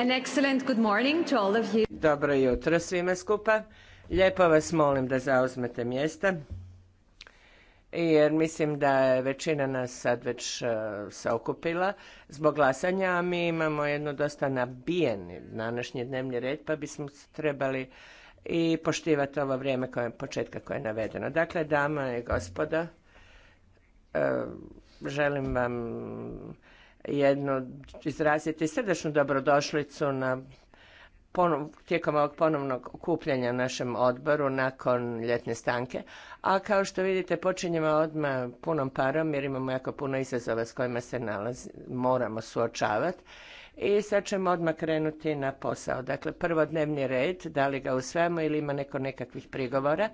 An excellent good morning to all of you. Dobro jutro svima skupa. Lijepo vas molim da zauzmete mjesta. Jer mislim da je većina nas sad već e, se okupila zbog glasanja, a mi imamo jedno dosta nabijen današnji dnevni red, pa bismo trebali i poštivati ovo vrijeme koje, početka koje je navedeno. Dakle, dama i gospoda, e, želim vam jednu izraziti srdečnu dobrodošlicu na tijekom ovog ponovnog okupljanja našem odboru nakon ljetne stanke. A kao što vidite počinjemo odmah punom parom jer imamo jako puno izazova s kojima se nalazi, moramo suočavati. I sad ćemo odmah krenuti na posao. Dakle, prvo dnevni red, da li ga usvajamo ili ima neko nekakvih prigovora,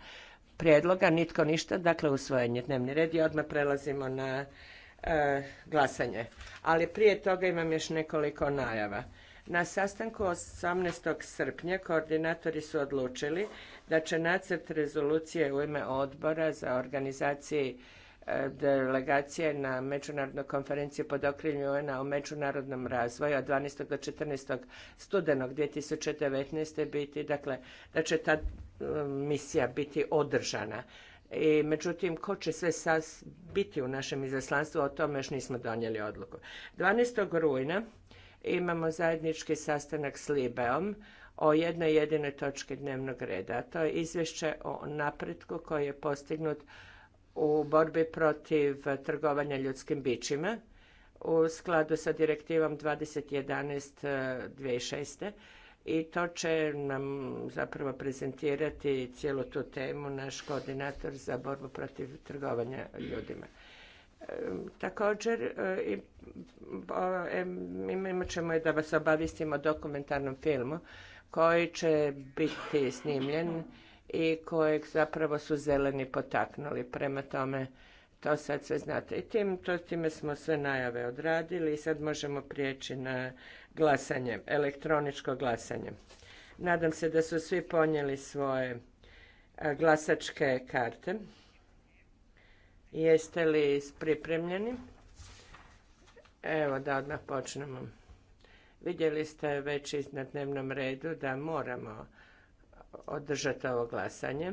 prijedloga, nitko ništa, dakle usvojenje dnevni red i odmah prelazimo na e, glasanje. Ali prije toga imam još nekoliko najava. Na sastanku 18. srpnja koordinatori su odlučili da će nacrt rezolucije u ime odbora za organizaciji e, delegacije na međunarodnoj konferenciji pod okriljem UN-a o međunarodnom razvoju od 12. do 14. studenog 2019. biti, dakle, da će ta e, misija biti održana. I međutim, ko će sve sas biti u našem izaslanstvu, o tome još nismo donijeli odluku. 12. rujna imamo zajednički sastanak s Libeom o jednoj jedinoj točki dnevnog reda. to je izvješće o napretku koji je postignut u borbi protiv trgovanja ljudskim bićima u skladu sa direktivom 2011 2006 i to će nam zapravo prezentirati cijelu tu temu naš koordinator za borbu protiv trgovanja ljudima. Također e, e, imat ćemo je da vas obavistimo o dokumentarnom filmu koji će biti snimljen i kojeg zapravo su zeleni potaknuli. Prema tome, to sad sve znate. I tim, time smo sve najave odradili i sad možemo prijeći na glasanje, elektroničko glasanje. Nadam se da su svi ponijeli svoje e, glasačke karte. Jeste li pripremljeni? Evo da odmah počnemo. Vidjeli ste već na dnevnom redu da moramo održati ovo glasanje.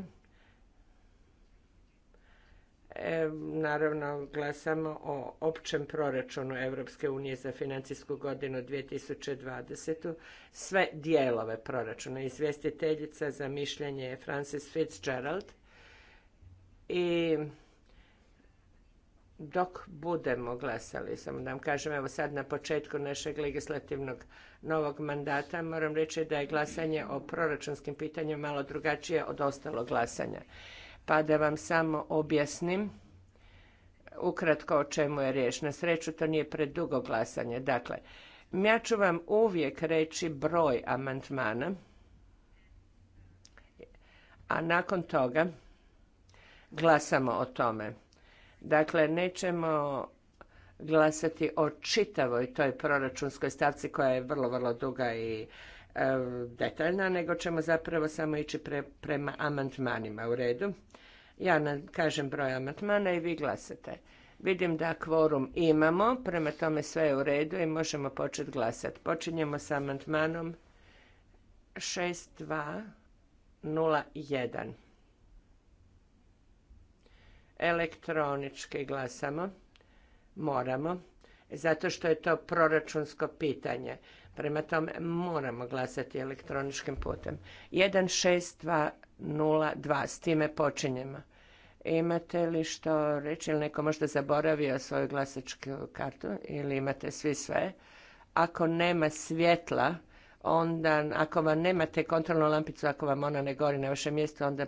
E, naravno glasamo o općem proračunu Europske unije za financijsku godinu 2020. Sve dijelove proračuna. Izvjestiteljica za mišljenje je Frances Fitzgerald. I dok budemo glasali, samo da vam kažem, evo sad na početku našeg legislativnog novog mandata moram reći da je glasanje o proračunskim pitanjima malo drugačije od ostalog glasanja pa da vam samo objasnim ukratko o čemu je riječ. Na sreću to nije predugo glasanje. Dakle, ja ću vam uvijek reći broj amandmana, a nakon toga glasamo o tome. Dakle, nećemo glasati o čitavoj toj proračunskoj stavci koja je vrlo, vrlo duga i E, detaljna, nego ćemo zapravo samo ići prema amantmanima u redu. Ja kažem broj amantmana i vi glasate. Vidim da kvorum imamo, prema tome sve je u redu i možemo početi glasati. Počinjemo sa amantmanom 6201. Elektronički glasamo. Moramo. Zato što je to proračunsko pitanje. Prema tome moramo glasati elektroničkim putem. 16202, s time počinjemo. Imate li što reći ili neko možda zaboravio svoju glasačku kartu ili imate svi sve? Ako nema svjetla, onda ako vam nemate kontrolnu lampicu, ako vam ona ne gori na vašem mjestu, onda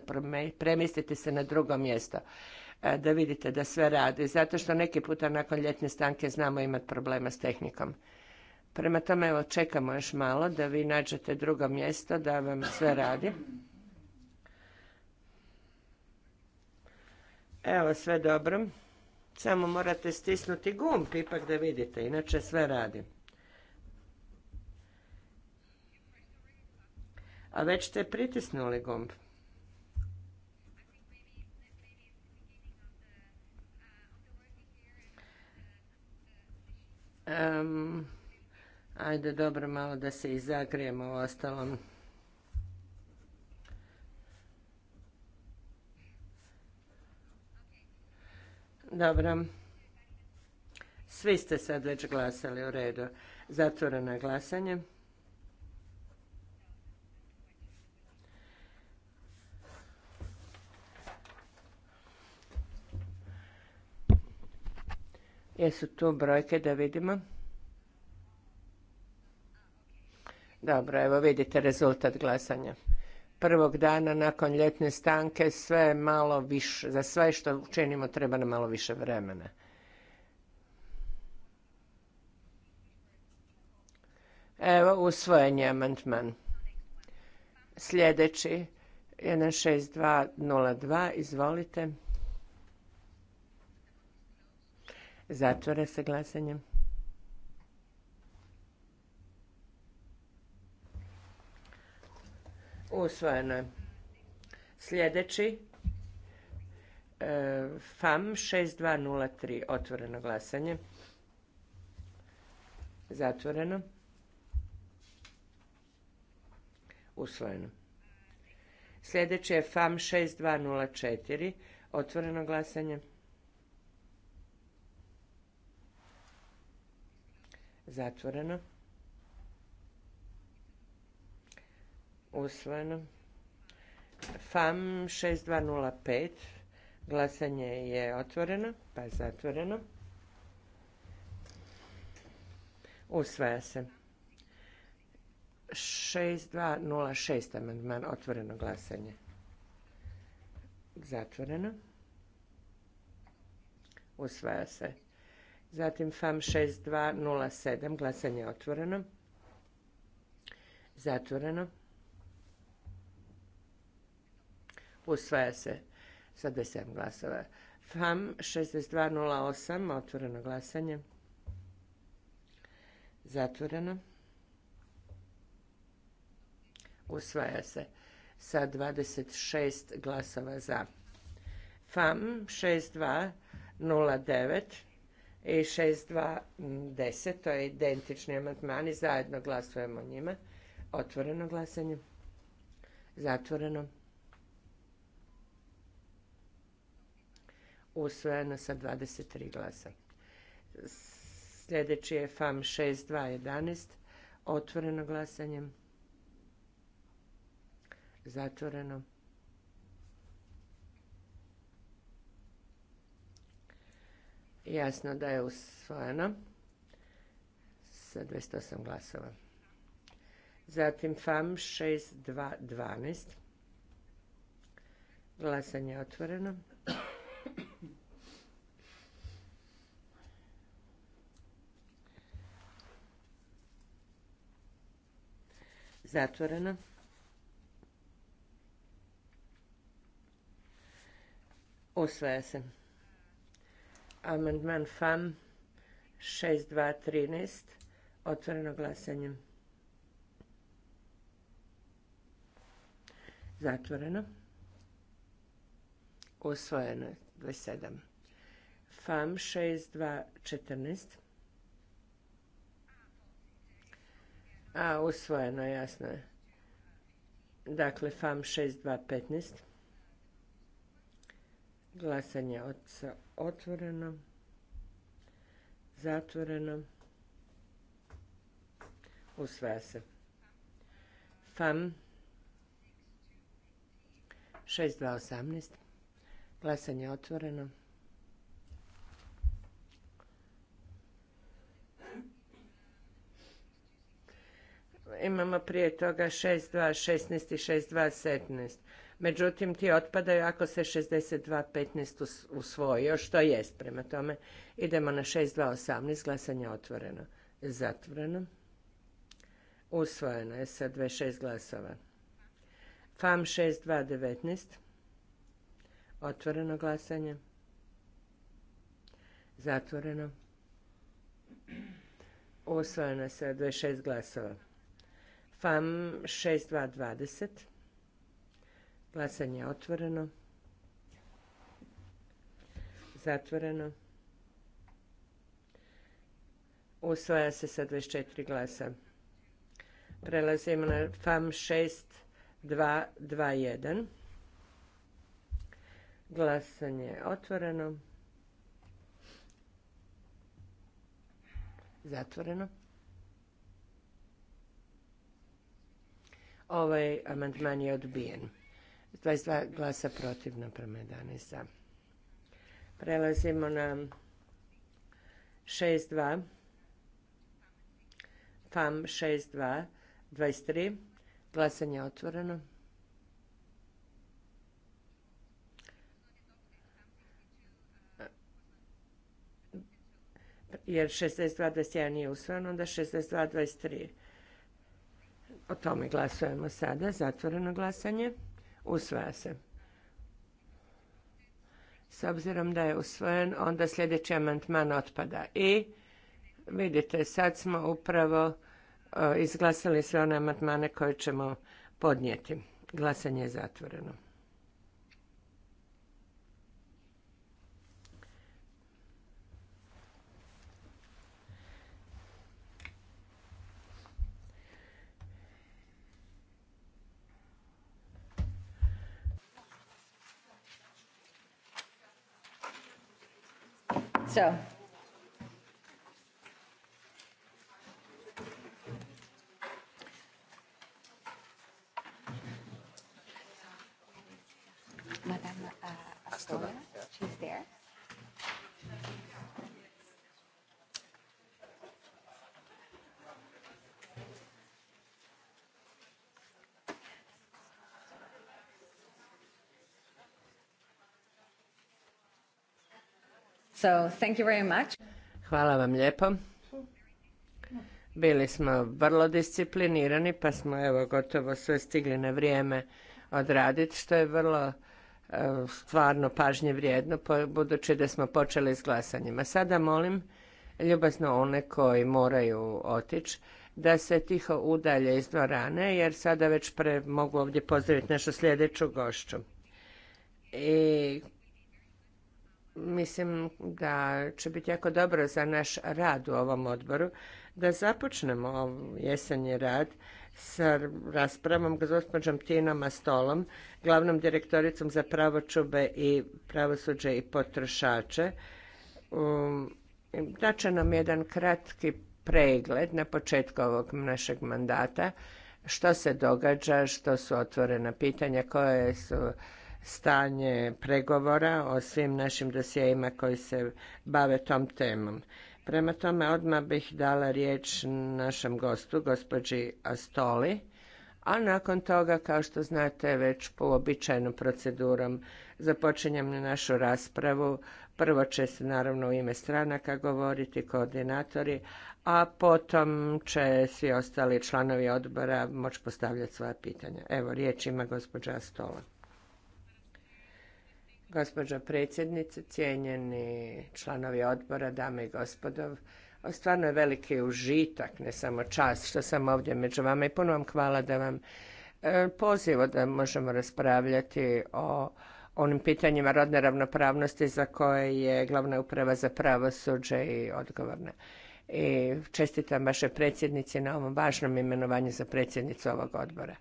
premjestite se na drugo mjesto e, da vidite da sve radi. Zato što neki puta nakon ljetne stanke znamo imati problema s tehnikom. Prema tome, evo, čekamo još malo da vi nađete drugo mjesto da vam sve radi. Evo, sve dobro. Samo morate stisnuti gumb ipak da vidite, inače sve radi. A već ste pritisnuli gumb. Um, Ajde, dobro, malo da se i zagrijemo u ostalom. Dobro. Svi ste sad već glasali u redu. Zatvoreno je glasanje. Jesu tu brojke da vidimo? Dobro, evo vidite rezultat glasanja. Prvog dana nakon ljetne stanke sve malo više, za sve što učinimo treba nam malo više vremena. Evo, usvojen je amantman. Sljedeći, 16202, izvolite. Zatvore se glasanjem. Usvojeno je. Sljedeći, e, FAM 6203, otvoreno glasanje. Zatvoreno. Usvojeno. Sljedeći je FAM 6204, otvoreno glasanje. Zatvoreno. usvojeno. FAM 6205, glasanje je otvoreno, pa je zatvoreno. Usvaja se. 6206 amandman, otvoreno glasanje. Zatvoreno. Usvaja se. Zatim FAM 6207, glasanje je otvoreno. Zatvoreno. Usvaja se sa 27 glasova. FAM 6208, otvoreno glasanje. Zatvoreno. Usvaja se sa 26 glasova za. FAM 6209 i 6210, to je identični amandmani, zajedno glasujemo njima. Otvoreno glasanje. Zatvoreno. usvojeno sa 23 glasa. Sljedeći je FAM 6211, otvoreno glasanje, zatvoreno. Jasno da je usvojeno sa 208 glasova. Zatim FAM 6212. Glasanje otvoreno. Zatvoreno. Osvaja se. Amendman FAM 6213. Otvoreno glasanje. Zatvoreno. Osvojeno je 27. FAM 6214. A, usvojeno, jasno je. Dakle, FAM 6215. Glasanje otvoreno. Zatvoreno. Usvaja se. FAM 6218. Glasanje otvoreno. imamo prije toga 6.2.16 i 6.2.17. Međutim, ti otpadaju ako se 62.15 usvoji, još to jest. Prema tome, idemo na 6.2.18, glasanje otvoreno. Zatvoreno. Usvojeno je sa 26 glasova. FAM 6.2.19, otvoreno glasanje. Zatvoreno. Usvojeno je sa 26 glasova. FAM 6220. Glasanje je otvoreno. Zatvoreno. Usvaja se sa 24 glasa. Prelazimo na FAM 6221. Glasanje je otvoreno. Zatvoreno. Ovaj amandman je odbijen. 22 glasa protiv naprema 11 Prelazimo na 6.2. FAM 6.2. 23. Glasanje je otvoreno. Jer 62.21 nije usvojeno, onda 62.23. O tome glasujemo sada. Zatvoreno glasanje. Usvaja se. S obzirom da je usvojen, onda sljedeći amandman otpada. I vidite, sad smo upravo e, izglasali sve one amandmane koje ćemo podnijeti. Glasanje je zatvoreno. So. Madame uh, she's there. So, thank Hvala vam lijepo. Bili smo vrlo disciplinirani pa smo evo gotovo sve stigli na vrijeme odraditi što je vrlo e, stvarno pažnje vrijedno budući da smo počeli s glasanjima. Sada molim ljubazno one koji moraju otići da se tiho udalje iz dvorane jer sada već mogu ovdje pozdraviti našu sljedeću gošću. I mislim da će biti jako dobro za naš rad u ovom odboru da započnemo jesenji rad sa raspravom s gospođom Tinom Stolom, glavnom direktoricom za pravočube i pravosuđe i potrošače. Um, dat će nam jedan kratki pregled na početku ovog našeg mandata, što se događa, što su otvorena pitanja, koje su stanje pregovora o svim našim dosjejima koji se bave tom temom. Prema tome, odmah bih dala riječ našem gostu, gospođi Astoli, a nakon toga, kao što znate, već po običajnom procedurom započinjem na našu raspravu. Prvo će se naravno u ime stranaka govoriti koordinatori, a potom će svi ostali članovi odbora moći postavljati svoja pitanja. Evo, riječ ima gospođa Astola. Gospođo predsjednice, cijenjeni članovi odbora, dame i gospodo, stvarno je veliki užitak, ne samo čast što sam ovdje među vama i puno vam hvala da vam e, pozivo da možemo raspravljati o onim pitanjima rodne ravnopravnosti za koje je glavna uprava za pravosuđe i odgovorna. I čestitam vaše predsjednici na ovom važnom imenovanju za predsjednicu ovog odbora.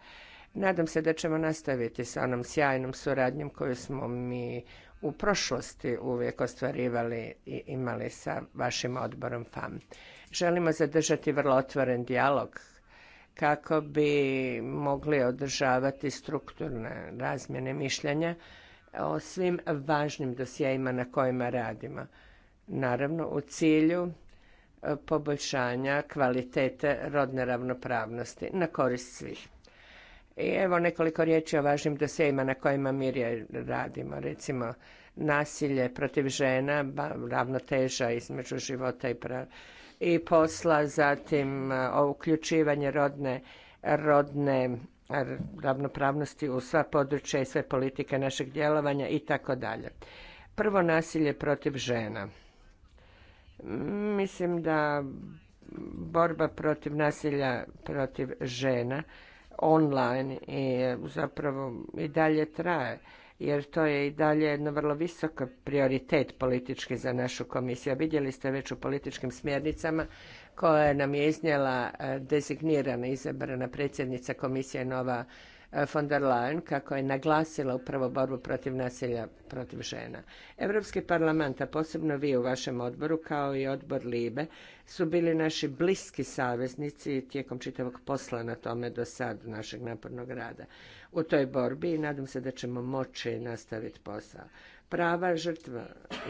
Nadam se da ćemo nastaviti sa onom sjajnom suradnjom koju smo mi u prošlosti uvijek ostvarivali i imali sa vašim odborom FAM. Želimo zadržati vrlo otvoren dijalog kako bi mogli održavati strukturne razmjene mišljenja o svim važnim dosjejima na kojima radimo. Naravno, u cilju e, poboljšanja kvalitete rodne ravnopravnosti na korist svih. I evo nekoliko riječi o važnim dosjeima na kojima mi radimo. Recimo nasilje protiv žena, ravnoteža između života i, i posla, zatim o e, uključivanje rodne, rodne ravnopravnosti u sva područja i sve politike našeg djelovanja i tako dalje. Prvo nasilje protiv žena. Mislim da borba protiv nasilja protiv žena online i zapravo i dalje traje jer to je i dalje jedna vrlo visok prioritet politički za našu komisiju. Vidjeli ste već u političkim smjernicama koje nam je iznijela e, dezignirana, izabrana predsjednica komisije nova Eh, von der Leyen kako je naglasila upravo borbu protiv nasilja protiv žena. Europski parlament, a posebno vi u vašem odboru kao i odbor Libe, su bili naši bliski saveznici tijekom čitavog posla na tome do sad našeg napornog rada u toj borbi i nadam se da ćemo moći nastaviti posao. Prava žrtva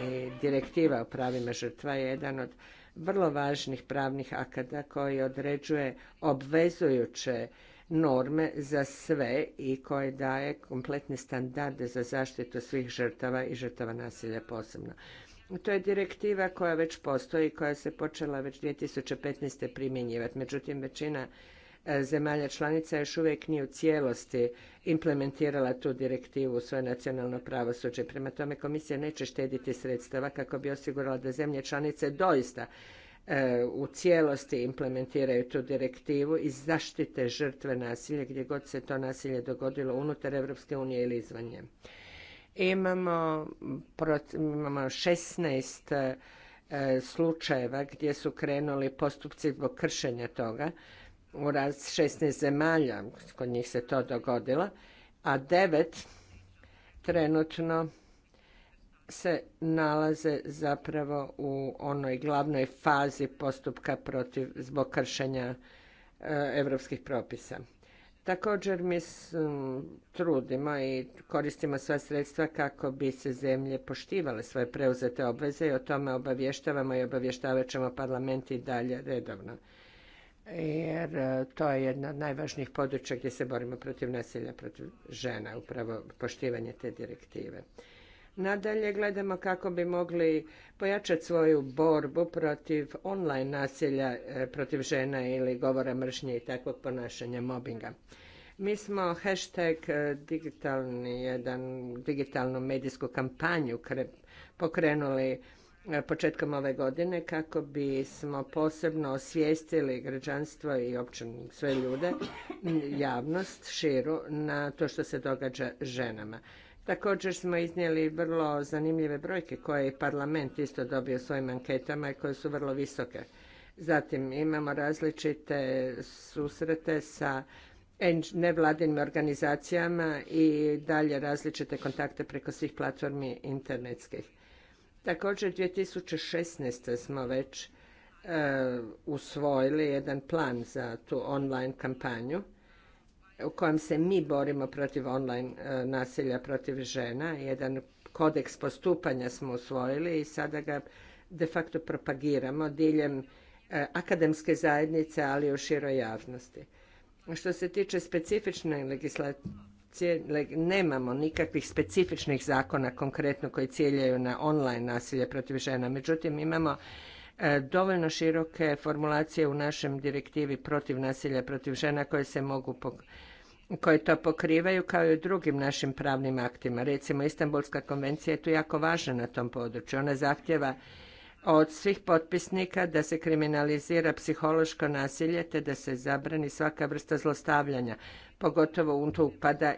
i direktiva o pravima žrtva je jedan od vrlo važnih pravnih akada koji određuje obvezujuće norme za sve i koje daje kompletne standarde za zaštitu svih žrtava i žrtava nasilja posebno. To je direktiva koja već postoji i koja se počela već 2015. primjenjivati. Međutim, većina e, zemalja članica još uvijek nije u cijelosti implementirala tu direktivu u svoje nacionalno pravosuđe. Prema tome, komisija neće štediti sredstava kako bi osigurala da zemlje članice doista E, u cijelosti implementiraju tu direktivu i zaštite žrtve nasilja gdje god se to nasilje dogodilo unutar Europske unije ili izvan nje. Imamo, imamo 16 e, slučajeva gdje su krenuli postupci zbog kršenja toga u raz 16 zemalja kod njih se to dogodilo, a devet trenutno se nalaze zapravo u onoj glavnoj fazi postupka protiv zbog kršenja europskih propisa. Također mi trudimo i koristimo sva sredstva kako bi se zemlje poštivale svoje preuzete obveze i o tome obavještavamo i obavještavat ćemo parlament i dalje redovno. Jer e, to je jedna od najvažnijih područja gdje se borimo protiv nasilja protiv žena, upravo poštivanje te direktive. Nadalje gledamo kako bi mogli pojačati svoju borbu protiv online nasilja, e, protiv žena ili govora mržnje i takvog ponašanja mobinga. Mi smo hashtag e, digitalni, jedan, digitalnu medijsku kampanju pokrenuli e, početkom ove godine kako bi smo posebno osvijestili građanstvo i opće sve ljude, javnost širu na to što se događa ženama. Također smo iznijeli vrlo zanimljive brojke koje je parlament isto dobio svojim anketama i koje su vrlo visoke. Zatim imamo različite susrete sa nevladinim organizacijama i dalje različite kontakte preko svih platformi internetskih. Također 2016. smo već e, usvojili jedan plan za tu online kampanju u kojem se mi borimo protiv online e, nasilja protiv žena. Jedan kodeks postupanja smo usvojili i sada ga de facto propagiramo diljem e, akademske zajednice, ali i u široj javnosti. Što se tiče specifične legislacije, nemamo nikakvih specifičnih zakona konkretno koji ciljaju na online nasilje protiv žena. Međutim, imamo E, dovoljno široke formulacije u našem direktivi protiv nasilja protiv žena koje se mogu koje to pokrivaju kao i u drugim našim pravnim aktima. Recimo, Istanbulska konvencija je tu jako važna na tom području. Ona zahtjeva od svih potpisnika da se kriminalizira psihološko nasilje te da se zabrani svaka vrsta zlostavljanja, pogotovo u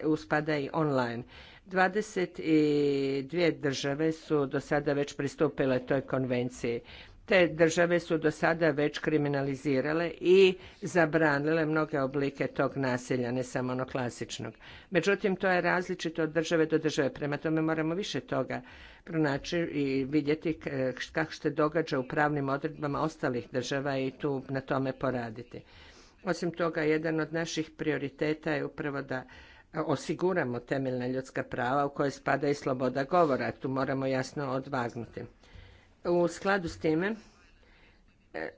uspada i online. 22 države su do sada već pristupile toj konvenciji. Te države su do sada već kriminalizirale i zabranile mnoge oblike tog nasilja, ne samo ono klasičnog. Međutim, to je različito od države do države. Prema tome moramo više toga pronaći i vidjeti kako se događa u pravnim odredbama ostalih država i tu na tome poraditi. Osim toga, jedan od naših prioriteta je upravo da osiguramo temeljna ljudska prava u koje spada i sloboda govora. Tu moramo jasno odvagnuti u skladu s time e,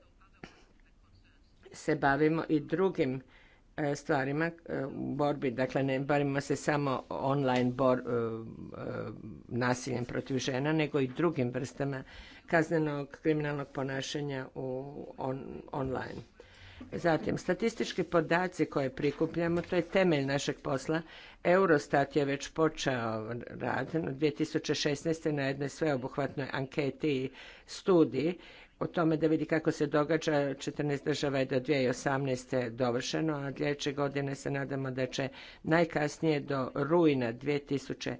se bavimo i drugim e, stvarima e, u borbi, dakle ne bavimo se samo online bor, nasiljem protiv žena, nego i drugim vrstama kaznenog kriminalnog ponašanja u on, online. Zatim, statistički podaci koje prikupljamo, to je temelj našeg posla. Eurostat je već počeo rad 2016. na jednoj sveobuhvatnoj anketi i studiji o tome da vidi kako se događa. 14 država je do 2018. dovršeno, a sljedeće godine se nadamo da će najkasnije do rujna 2020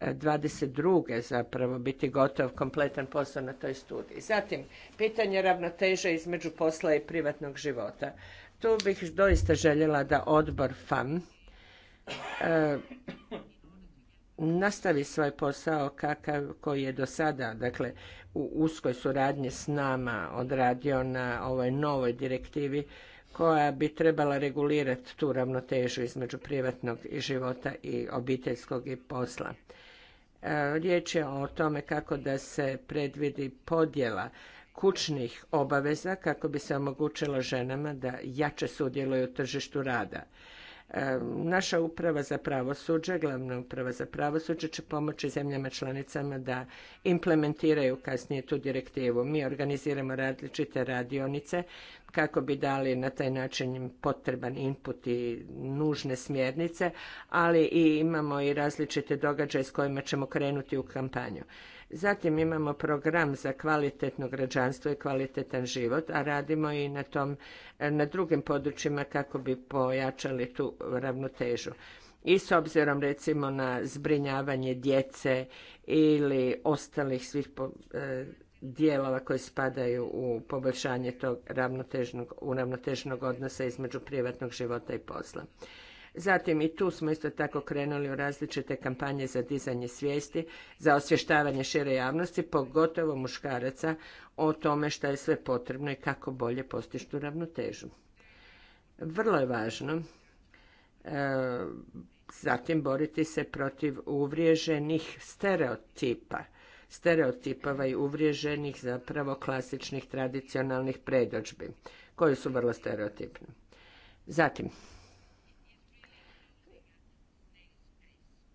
22. zapravo biti gotov kompletan posao na toj studiji. Zatim, pitanje ravnoteže između posla i privatnog života. Tu bih doista željela da odbor FAM e, nastavi svoj posao kakav koji je do sada, dakle u uskoj suradnji s nama odradio na ovoj novoj direktivi koja bi trebala regulirati tu ravnotežu između privatnog života i obiteljskog i posla. E, riječ je o tome kako da se predvidi podjela kućnih obaveza kako bi se omogućilo ženama da jače sudjeluju u tržištu rada. Naša uprava za pravosuđe, glavna uprava za pravosuđe će pomoći zemljama članicama da implementiraju kasnije tu direktivu. Mi organiziramo različite radionice kako bi dali na taj način potreban input i nužne smjernice, ali i imamo i različite događaje s kojima ćemo krenuti u kampanju. Zatim imamo program za kvalitetno građanstvo i kvalitetan život, a radimo i na tom, na drugim područjima kako bi pojačali tu ravnotežu. I s obzirom recimo na zbrinjavanje djece ili ostalih svih po, e, dijelova koji spadaju u poboljšanje tog ravnotežnog, uravnotežnog odnosa između privatnog života i posla. Zatim i tu smo isto tako krenuli u različite kampanje za dizanje svijesti, za osvještavanje šire javnosti, pogotovo muškaraca, o tome šta je sve potrebno i kako bolje postići tu ravnotežu. Vrlo je važno e, zatim boriti se protiv uvriježenih stereotipa, stereotipova i uvriježenih zapravo klasičnih tradicionalnih predođbi, koje su vrlo stereotipne. Zatim,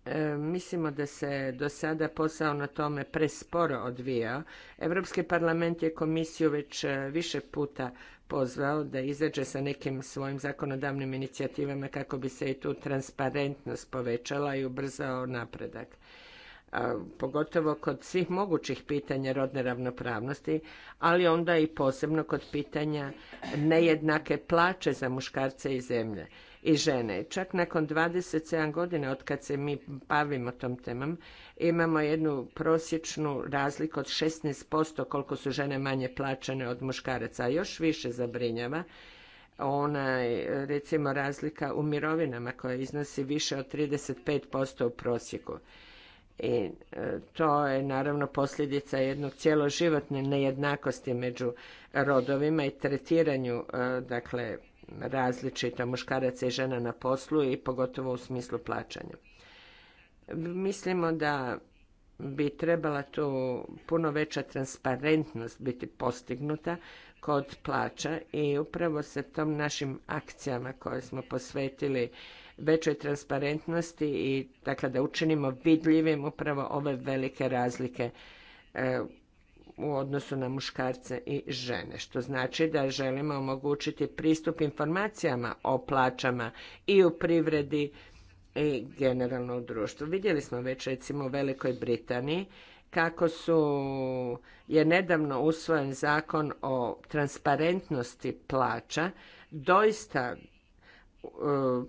E, mislimo da se do sada posao na tome presporo odvijao. Europski parlament je komisiju već e, više puta pozvao da izađe sa nekim svojim zakonodavnim inicijativama kako bi se i tu transparentnost povećala i ubrzao napredak. E, pogotovo kod svih mogućih pitanja rodne ravnopravnosti, ali onda i posebno kod pitanja nejednake plaće za muškarce i zemlje i žene. Čak nakon 27 godina od kad se mi bavimo tom temom, imamo jednu prosječnu razliku od 16% koliko su žene manje plaćene od muškaraca, a još više zabrinjava ona recimo razlika u mirovinama koja iznosi više od 35% u prosjeku. I e, to je naravno posljedica jednog cijeloživotne nejednakosti među rodovima i tretiranju e, dakle različita muškaraca i žena na poslu i pogotovo u smislu plaćanja. Mislimo da bi trebala tu puno veća transparentnost biti postignuta kod plaća i upravo se tom našim akcijama koje smo posvetili većoj transparentnosti i dakle da učinimo vidljivim upravo ove velike razlike e, u odnosu na muškarce i žene, što znači da želimo omogućiti pristup informacijama o plaćama i u privredi i generalno u društvu. Vidjeli smo već recimo u Velikoj Britaniji kako su, je nedavno usvojen zakon o transparentnosti plaća, doista e,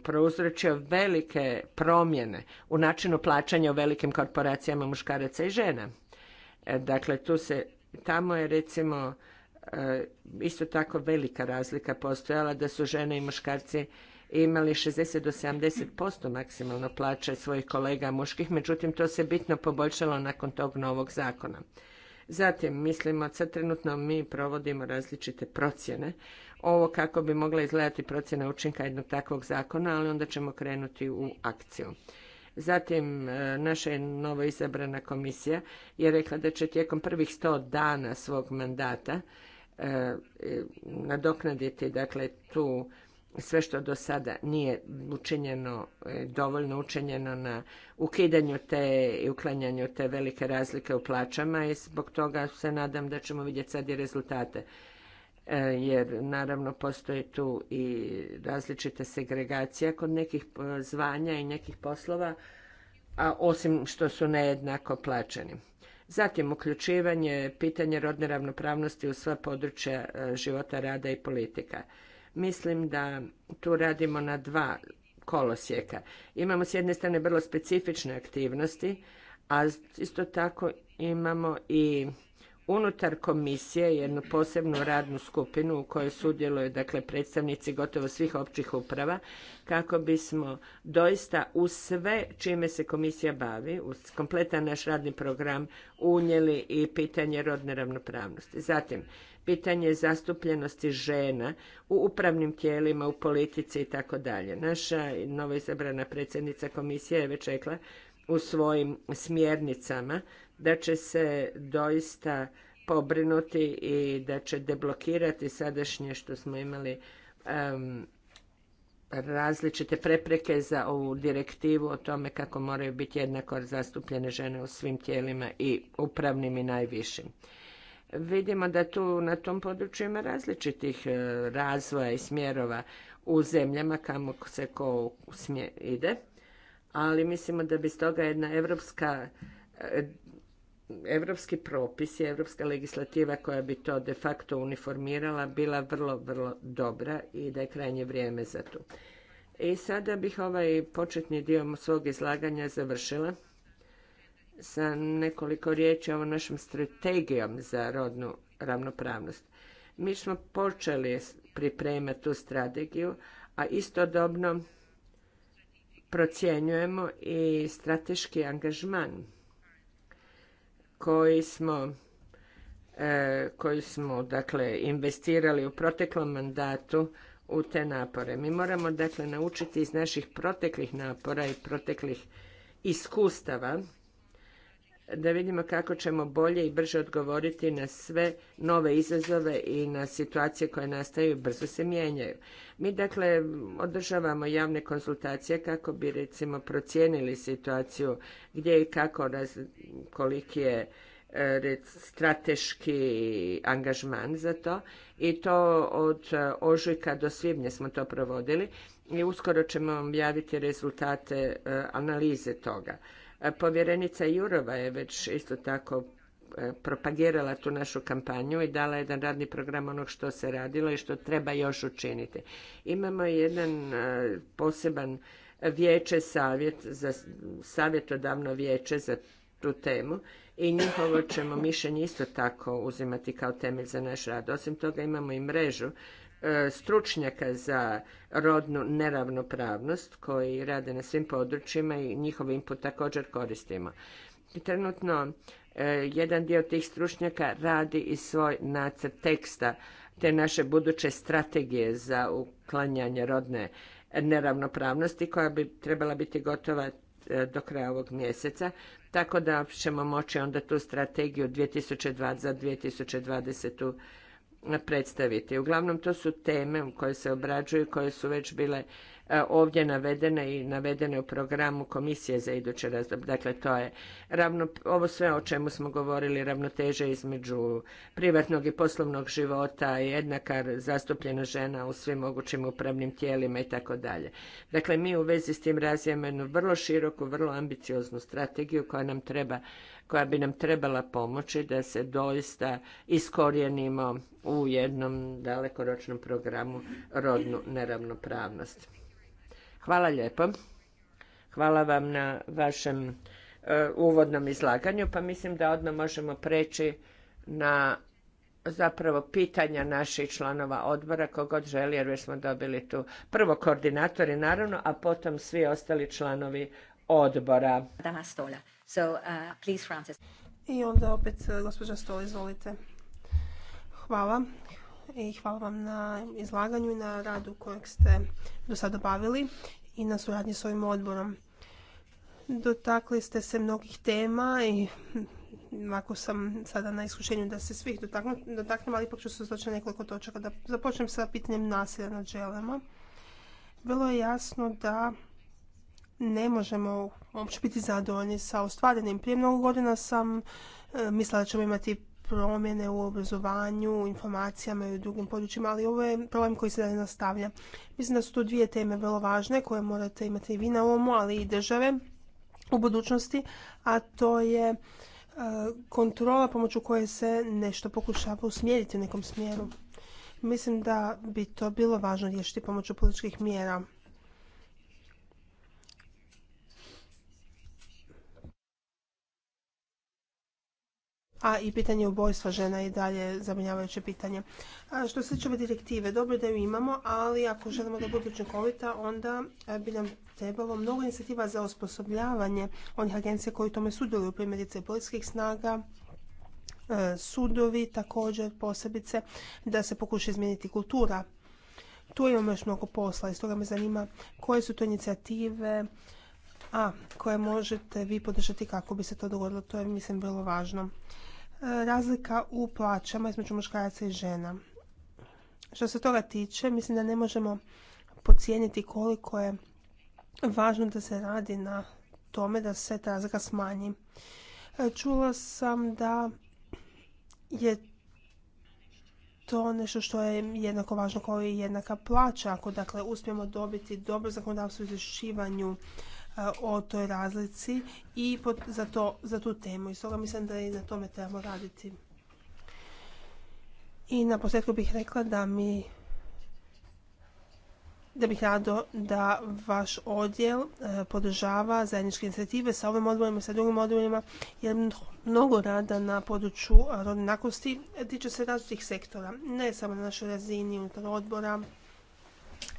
prouzročio velike promjene u načinu plaćanja u velikim korporacijama muškaraca i žena. E, dakle, tu se, tamo je recimo e, isto tako velika razlika postojala da su žene i muškarci imali 60 do 70% maksimalno plaće svojih kolega muških, međutim to se bitno poboljšalo nakon tog novog zakona. Zatim, mislimo, sad trenutno mi provodimo različite procjene. Ovo kako bi mogla izgledati procjena učinka jednog takvog zakona, ali onda ćemo krenuti u akciju. Zatim, e, naša je novo izabrana komisija je rekla da će tijekom prvih sto dana svog mandata e, e, nadoknaditi dakle, tu sve što do sada nije učinjeno, dovoljno učinjeno na ukidanju te i uklanjanju te velike razlike u plaćama i zbog toga se nadam da ćemo vidjeti sad i rezultate E, jer naravno postoji tu i različita segregacija kod nekih e, zvanja i nekih poslova, a osim što su nejednako plaćeni. Zatim uključivanje pitanje rodne ravnopravnosti u sva područja e, života, rada i politika. Mislim da tu radimo na dva kolosijeka. Imamo s jedne strane vrlo specifične aktivnosti, a isto tako imamo i unutar komisije jednu posebnu radnu skupinu u kojoj sudjeluju dakle predstavnici gotovo svih općih uprava kako bismo doista u sve čime se komisija bavi, u kompletan naš radni program unijeli i pitanje rodne ravnopravnosti. Zatim, pitanje zastupljenosti žena u upravnim tijelima, u politici i tako dalje. Naša novoizabrana predsjednica komisije je već rekla u svojim smjernicama da će se doista pobrinuti i da će deblokirati sadašnje što smo imali različite prepreke za ovu direktivu o tome kako moraju biti jednako zastupljene žene u svim tijelima i upravnim i najvišim. Vidimo da tu na tom području ima različitih e, razvoja i smjerova u zemljama kamo se ko ide, ali mislimo da bi stoga jedna evropska e, evropski propis i evropska legislativa koja bi to de facto uniformirala bila vrlo, vrlo dobra i da je krajnje vrijeme za to. I sada bih ovaj početni dio svog izlaganja završila sa nekoliko riječi o našom strategijom za rodnu ravnopravnost. Mi smo počeli pripremati tu strategiju, a istodobno procjenjujemo i strateški angažman koji smo e, koji smo dakle investirali u proteklom mandatu u te napore. Mi moramo dakle naučiti iz naših proteklih napora i proteklih iskustava da vidimo kako ćemo bolje i brže odgovoriti na sve nove izazove i na situacije koje nastaju i brzo se mijenjaju. Mi dakle održavamo javne konsultacije kako bi recimo procijenili situaciju gdje i kako, koliki je e, strateški angažman za to i to od e, ožujka do svibnja smo to provodili i uskoro ćemo objaviti rezultate e, analize toga. Povjerenica Jurova je već isto tako e, propagirala tu našu kampanju i dala jedan radni program onog što se radilo i što treba još učiniti. Imamo jedan e, poseban vijeće savjet, za, savjetodavno vijeće za tu temu i njihovo ćemo mišljenje isto tako uzimati kao temelj za naš rad. Osim toga imamo i mrežu E, stručnjaka za rodnu neravnopravnost koji rade na svim područjima i njihov input također koristimo. Trenutno e, jedan dio tih stručnjaka radi i svoj nacrt teksta te naše buduće strategije za uklanjanje rodne neravnopravnosti koja bi trebala biti gotova e, do kraja ovog mjeseca, tako da ćemo moći onda tu strategiju 2020 za 2020 predstaviti. Uglavnom to su teme koje se obrađuju, koje su već bile e, ovdje navedene i navedene u programu komisije za iduće razdoblje. Dakle, to je ravno, ovo sve o čemu smo govorili, ravnoteže između privatnog i poslovnog života, jednaka zastupljena žena u svim mogućim upravnim tijelima i tako dalje. Dakle, mi u vezi s tim razvijamo jednu vrlo široku, vrlo ambicioznu strategiju koja nam treba koja bi nam trebala pomoći da se doista iskorijenimo u jednom dalekoročnom programu rodnu neravnopravnost. Hvala lijepo. Hvala vam na vašem e, uvodnom izlaganju, pa mislim da odmah možemo preći na zapravo pitanja naših članova odbora, kogod želi, jer već smo dobili tu prvo koordinatori, naravno, a potom svi ostali članovi odbora. stolja. So, uh, please, Francis. I onda opet uh, gospođa Stol, izvolite. Hvala i hvala vam na izlaganju i na radu kojeg ste do sada obavili i na suradnji s ovim odborom. Dotakli ste se mnogih tema i hm, ako sam sada na iskušenju da se svih dotaknem, ali ipak ću se uzdoći nekoliko točaka. Da započnem sa pitanjem nasilja nad želama. Bilo je jasno da ne možemo uopće biti zadovoljni sa ostvarenim. Prije mnogo godina sam e, mislila da ćemo imati promjene u obrazovanju, informacijama i u drugim područjima, ali ovo je problem koji se dalje nastavlja. Mislim da su tu dvije teme vrlo važne koje morate imati i vi na umu, ali i države u budućnosti, a to je e, kontrola pomoću koje se nešto pokušava usmjeriti u nekom smjeru. Mislim da bi to bilo važno riješiti pomoću političkih mjera. a i pitanje ubojstva žena i dalje zabrinjavajuće pitanje. što se tiče ove direktive, dobro da ju imamo, ali ako želimo da bude učinkovita, onda e, bi nam trebalo mnogo inicijativa za osposobljavanje onih agencija koji tome sudjeluju, primjerice policijskih snaga, e, sudovi također posebice, da se pokuša izmijeniti kultura. Tu imamo još mnogo posla i stoga me zanima koje su to inicijative, a koje možete vi podržati kako bi se to dogodilo. To je, mislim, vrlo važno. E, razlika u plaćama između muškaraca i žena. Što se toga tiče, mislim da ne možemo pocijeniti koliko je važno da se radi na tome da se ta razlika smanji. E, čula sam da je to nešto što je jednako važno kao i jednaka plaća. Ako dakle uspijemo dobiti dobro zakonodavstvo u izvješćivanju o toj razlici i za, tu temu. I stoga mislim da i na tome trebamo raditi. I na posljedku bih rekla da mi da bih rado da vaš odjel e, podržava zajedničke inicijative sa ovim odborima i sa drugim odborima jer mnogo rada na području rodnakosti tiče se različitih sektora, ne samo na našoj razini unutar odbora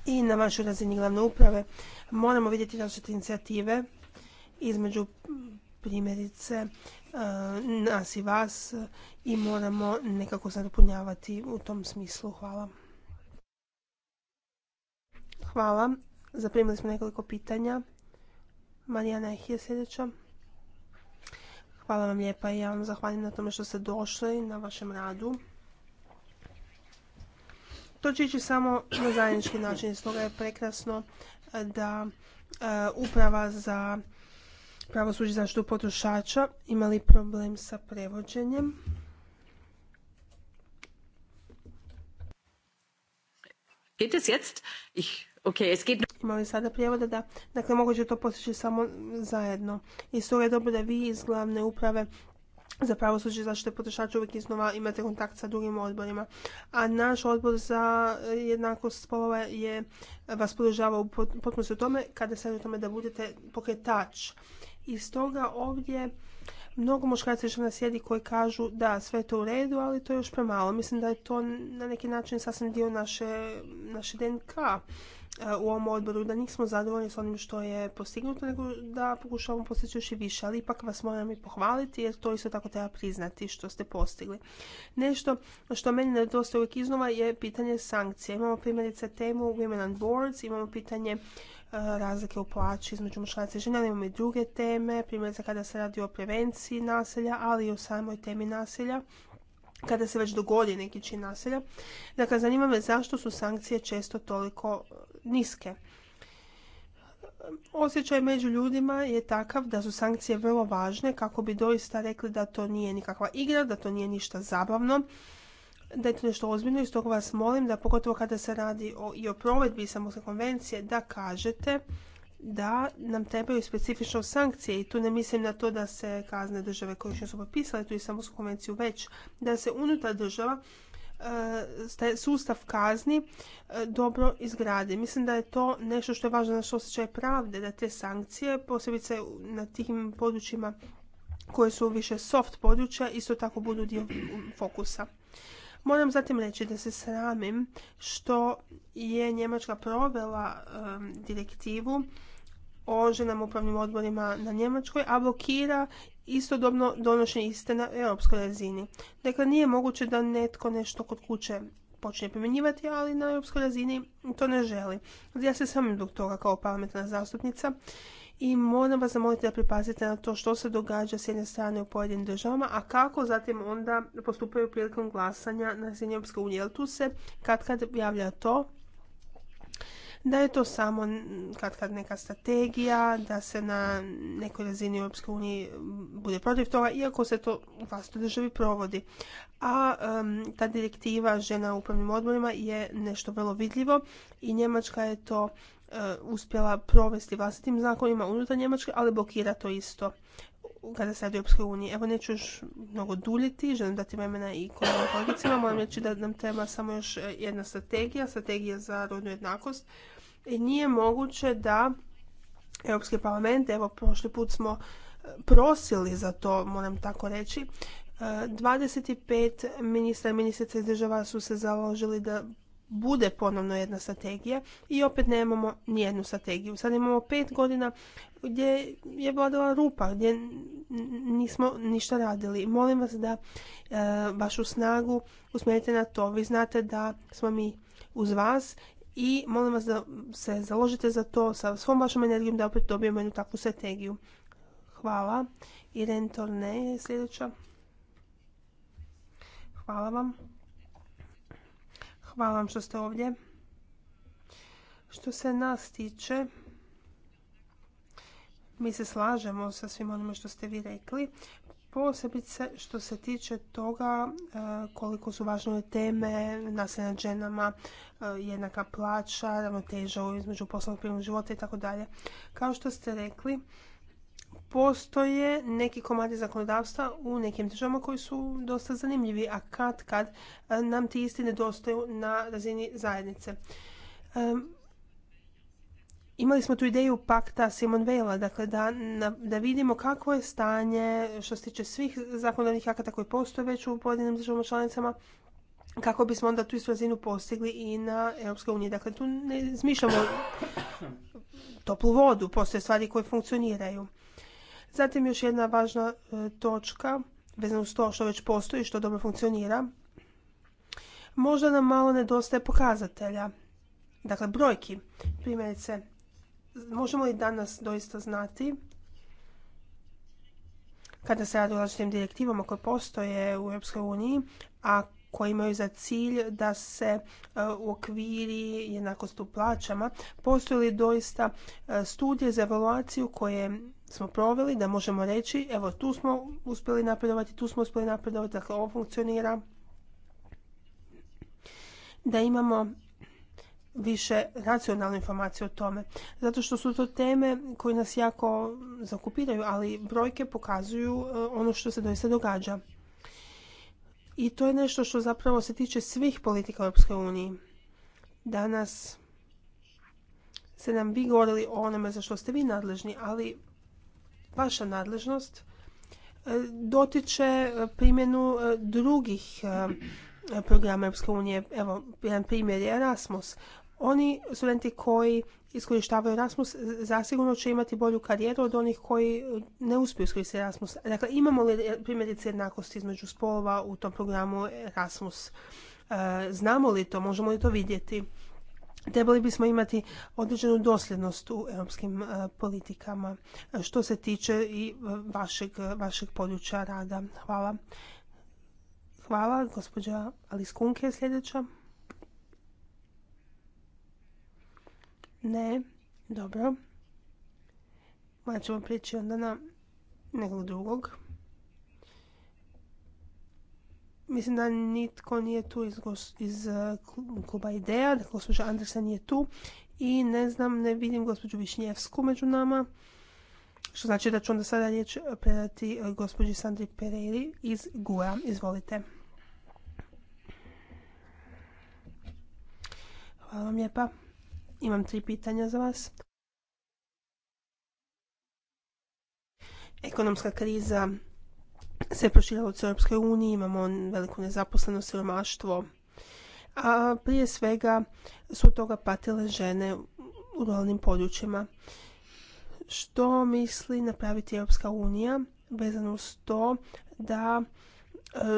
i na vašoj razini glavne uprave moramo vidjeti različite inicijative između primjerice e, nas i vas i moramo nekako se u tom smislu. Hvala. Hvala. Zaprimili smo nekoliko pitanja. Marijana je sljedeća. Hvala vam lijepa i ja vam zahvaljujem na tome što ste došli na vašem radu. To će ići samo na zajednički način, stoga je prekrasno da e, uprava za pravosuđe zaštitu potrošača imali problem sa prevođenjem. Geht es jetzt? Ich, okay, es geht... sada prijevoda, da. Dakle, moguće to postići samo zajedno. I je dobro da vi iz glavne uprave za pravosuđe i zaštite potrošača uvijek iznova imate kontakt sa drugim odborima. A naš odbor za jednakost spolova je vas podržavao u potpunosti u tome kada se o tome da budete pokretač. I stoga ovdje mnogo muškaraca više nas sjedi koji kažu da sve je to u redu, ali to je još premalo. Mislim da je to na neki način sasvim dio naše, naše DNK. E, u ovom odboru da nismo zadovoljni s onim što je postignuto, nego da pokušavamo postići još i više, ali ipak vas moram i pohvaliti jer to isto tako treba priznati što ste postigli. Nešto što meni nedostaje uvijek iznova je pitanje sankcija. Imamo primjerice temu Women on Boards, imamo pitanje e, razlike u plaći između muškaraca i žena, imamo i druge teme, primjerice kada se radi o prevenciji nasilja, ali i o samoj temi nasilja kada se već dogodi neki čin nasilja. Dakle, zanima me zašto su sankcije često toliko niske. Osjećaj među ljudima je takav da su sankcije vrlo važne kako bi doista rekli da to nije nikakva igra, da to nije ništa zabavno, da je to nešto ozbiljno i stoga vas molim da pogotovo kada se radi o, i o provedbi Istanbulske konvencije da kažete da nam trebaju specifično sankcije i tu ne mislim na to da se kazne države koje još nisu potpisale tu Istanbulsku konvenciju već da se unutar država E, taj sustav kazni e, dobro izgradi. Mislim da je to nešto što je važno naš osjećaj pravde, da te sankcije, posebice na tim područjima koje su više soft područja, isto tako budu dio fokusa. Moram zatim reći da se sramim što je Njemačka provela e, direktivu o ženama upravnim odborima na Njemačkoj, a blokira istodobno donošenje iste na europskoj razini. Dakle, nije moguće da netko nešto kod kuće počne primjenjivati, ali na europskoj razini to ne želi. Ja se sam zbog toga kao parlamentarna zastupnica i moram vas zamoliti da pripazite na to što se događa s jedne strane u pojedinim državama, a kako zatim onda postupaju prilikom glasanja na razini Europske unije. Jer tu se kad kad javlja to da je to samo kad neka strategija, da se na nekoj razini Europske unije bude protiv toga, iako se to u vlastitoj državi provodi. A ta direktiva žena u upravnim odborima je nešto vrlo vidljivo i Njemačka je to e, uspjela provesti vlastitim zakonima unutar Njemačke, ali blokira to isto kada se radi o Europskoj uniji. Evo neću još mnogo duljiti, želim dati vremena i kolegicima. Moram reći da nam treba samo još e, jedna strategija, strategija za rodnu jednakost nije moguće da Europski parlament, evo prošli put smo e, prosili za to, moram tako reći, 25 e, ministra i ministrica iz država su se založili da bude ponovno jedna strategija i opet nemamo nijednu strategiju. Sad imamo pet godina gdje je vladala rupa, gdje nismo ništa radili. Molim vas da e, vašu snagu usmjerite na to. Vi znate da smo mi uz vas i molim vas da se založite za to sa svom vašom energijom da opet dobijemo jednu takvu strategiju. Hvala. Irene Torne je sljedeća. Hvala vam. Hvala vam što ste ovdje. Što se nas tiče, mi se slažemo sa svim onima što ste vi rekli posebice što se tiče toga e, koliko su važne teme nasilja nad ženama, e, jednaka plaća, ravnoteža između poslovnog privatnog života i tako dalje. Kao što ste rekli, postoje neki komadi zakonodavstva u nekim državama koji su dosta zanimljivi, a kad kad e, nam ti isti nedostaju na razini zajednice imali smo tu ideju pakta Simon Vela, dakle da, da vidimo kakvo je stanje što se tiče svih zakonodavnih akata koji postoje već u pojedinim državama članicama, kako bismo onda tu razinu postigli i na Europskoj uniji. Dakle, tu ne izmišljamo toplu vodu, postoje stvari koje funkcioniraju. Zatim još jedna važna e, točka, vezano uz to što već postoji, što dobro funkcionira. Možda nam malo nedostaje pokazatelja, dakle brojki. Primjerice, možemo li danas doista znati kada se radi o različitim direktivama koje postoje u Europskoj uniji, a koje imaju za cilj da se e, u okviri jednakost u plaćama, Postoje li doista e, studije za evaluaciju koje smo proveli da možemo reći evo tu smo uspjeli napredovati, tu smo uspjeli napredovati, dakle ovo funkcionira. Da imamo više racionalne informacije o tome. Zato što su to teme koje nas jako zakupiraju, ali brojke pokazuju e, ono što se doista događa. I to je nešto što zapravo se tiče svih politika Europske EU. Danas ste nam vi govorili o onome za što ste vi nadležni, ali vaša nadležnost e, dotiče primjenu e, drugih programa Europske unije. Evo, jedan primjer je Erasmus. Oni studenti koji iskorištavaju Erasmus zasigurno će imati bolju karijeru od onih koji ne uspiju iskoristiti Erasmus. Dakle, imamo li primjerice jednakost između spolova u tom programu Erasmus? E, znamo li to? Možemo li to vidjeti? Trebali bismo imati određenu dosljednost u europskim e, politikama e, što se tiče i vašeg, vašeg područja rada. Hvala. Hvala, gospođa Alice Kunke je sljedeća. Ne. Dobro. Možda ćemo prijeći onda na nekog drugog. Mislim da nitko nije tu iz, uh, kluba Ideja, da gospođa Andersen nije tu i ne znam, ne vidim gospođu Višnjevsku među nama. Što znači da ću onda sada riječ predati uh, gospođi Sandri Pereri iz Gura. Izvolite. Hvala vam lijepa. Imam tri pitanja za vas. Ekonomska kriza se proširila u Europskoj uniji, imamo veliku nezaposlenost, siromaštvo, a prije svega su toga patile žene u ruralnim područjima. Što misli napraviti Europska unija vezano uz to da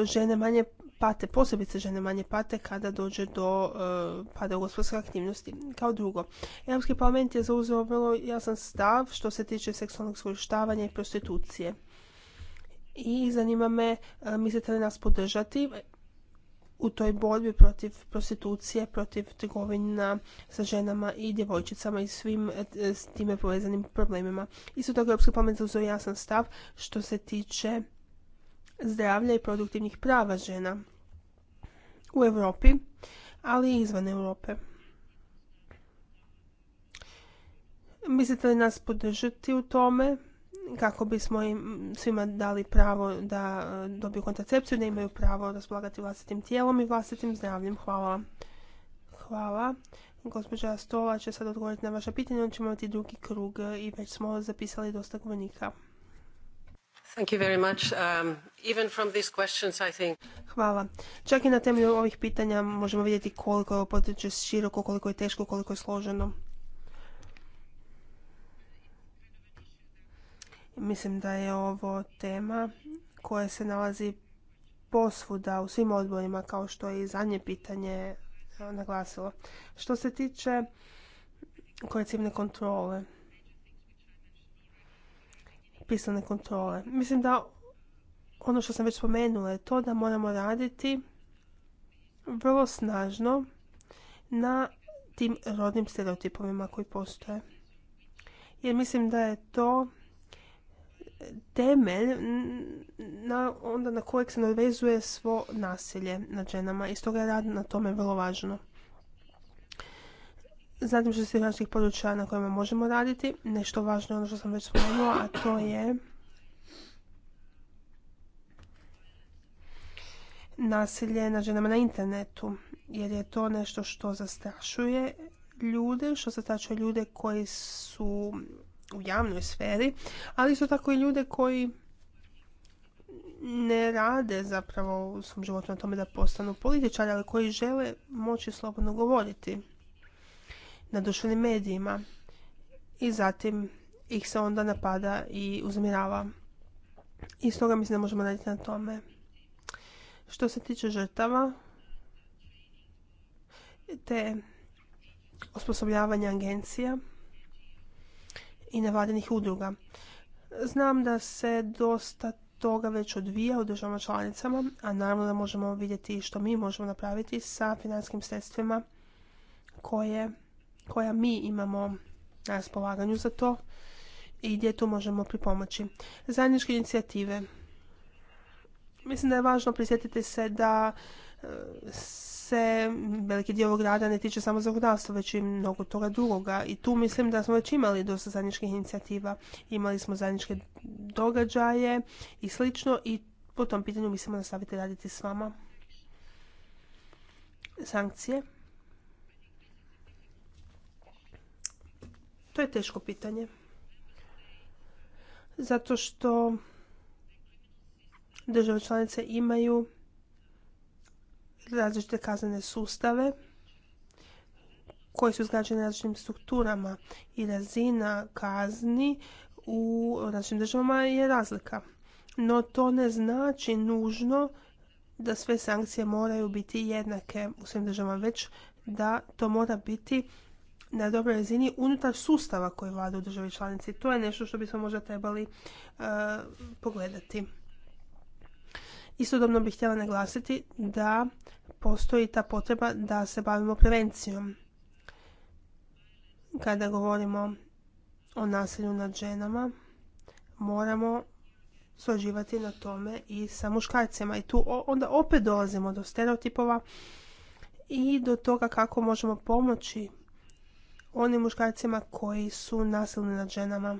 e, žene manje pate, posebice žene manje pate kada dođe do uh, pada gospodarske aktivnosti. Kao drugo, Europski parlament je zauzeo vrlo jasan stav što se tiče seksualnog skorištavanja i prostitucije. I zanima me, eh, mislite li nas podržati u toj borbi protiv prostitucije, protiv trgovina sa ženama i djevojčicama i svim eh, s time povezanim problemima. Isto tako Europski parlament zauzeo jasan stav što se tiče zdravlja i produktivnih prava žena u Europi, ali i izvan Europe. Mislite li nas podržati u tome kako bismo im svima dali pravo da e, dobiju kontracepciju, da imaju pravo raspolagati vlastitim tijelom i vlastitim zdravljem? Hvala. Hvala. Gospođa Stola će sad odgovoriti na vaša pitanja, on će imati drugi krug e, i već smo zapisali dosta govornika. Thank um, I Hvala. Čak i na temelju ovih pitanja možemo vidjeti koliko je potreće široko, koliko je teško, koliko je složeno. Mislim da je ovo tema koja se nalazi posvuda u svim odborima, kao što je i zadnje pitanje e, naglasilo. Što se tiče korecivne kontrole, pisane kontrole. Mislim da ono što sam već spomenula je to da moramo raditi vrlo snažno na tim rodnim stereotipovima koji postoje. Jer mislim da je to temelj na, onda na kojeg se nadvezuje svo nasilje nad ženama i stoga je rad na tome vrlo važno. Zatim što se naših područja na kojima možemo raditi, nešto važno je ono što sam već spomenula, a to je nasilje na ženama na internetu, jer je to nešto što zastrašuje ljude, što zastrašuje ljude koji su u javnoj sferi, ali isto tako i ljude koji ne rade zapravo u svom životu na tome da postanu političari, ali koji žele moći slobodno govoriti na društvenim medijima i zatim ih se onda napada i uzmirava. I toga mislim da možemo raditi na tome. Što se tiče žrtava, te osposobljavanja agencija i nevladinih udruga. Znam da se dosta toga već odvija u državama članicama, a naravno da možemo vidjeti što mi možemo napraviti sa financijskim sredstvima koje koja mi imamo na raspolaganju za to i gdje tu možemo pripomoći. Zajedničke inicijative. Mislim da je važno prisjetiti se da e, se veliki dio ovog rada ne tiče samo zakonodavstva, već i mnogo toga drugoga. I tu mislim da smo već imali dosta zajedničkih inicijativa. Imali smo zajedničke događaje i slično i po tom pitanju mislimo nastaviti raditi s vama. Sankcije. To je teško pitanje. Zato što države članice imaju različite kaznene sustave koje su izgrađene različitim strukturama i razina kazni u različitim državama je razlika. No to ne znači nužno da sve sankcije moraju biti jednake u svim državama, već da to mora biti na dobroj razini unutar sustava koji vlada u državi članici. To je nešto što bismo možda trebali uh, pogledati. Istodobno bih htjela naglasiti da postoji ta potreba da se bavimo prevencijom. Kada govorimo o nasilju nad ženama, moramo surađivati na tome i sa muškarcima. I tu onda opet dolazimo do stereotipova i do toga kako možemo pomoći onim muškarcima koji su nasilni nad ženama.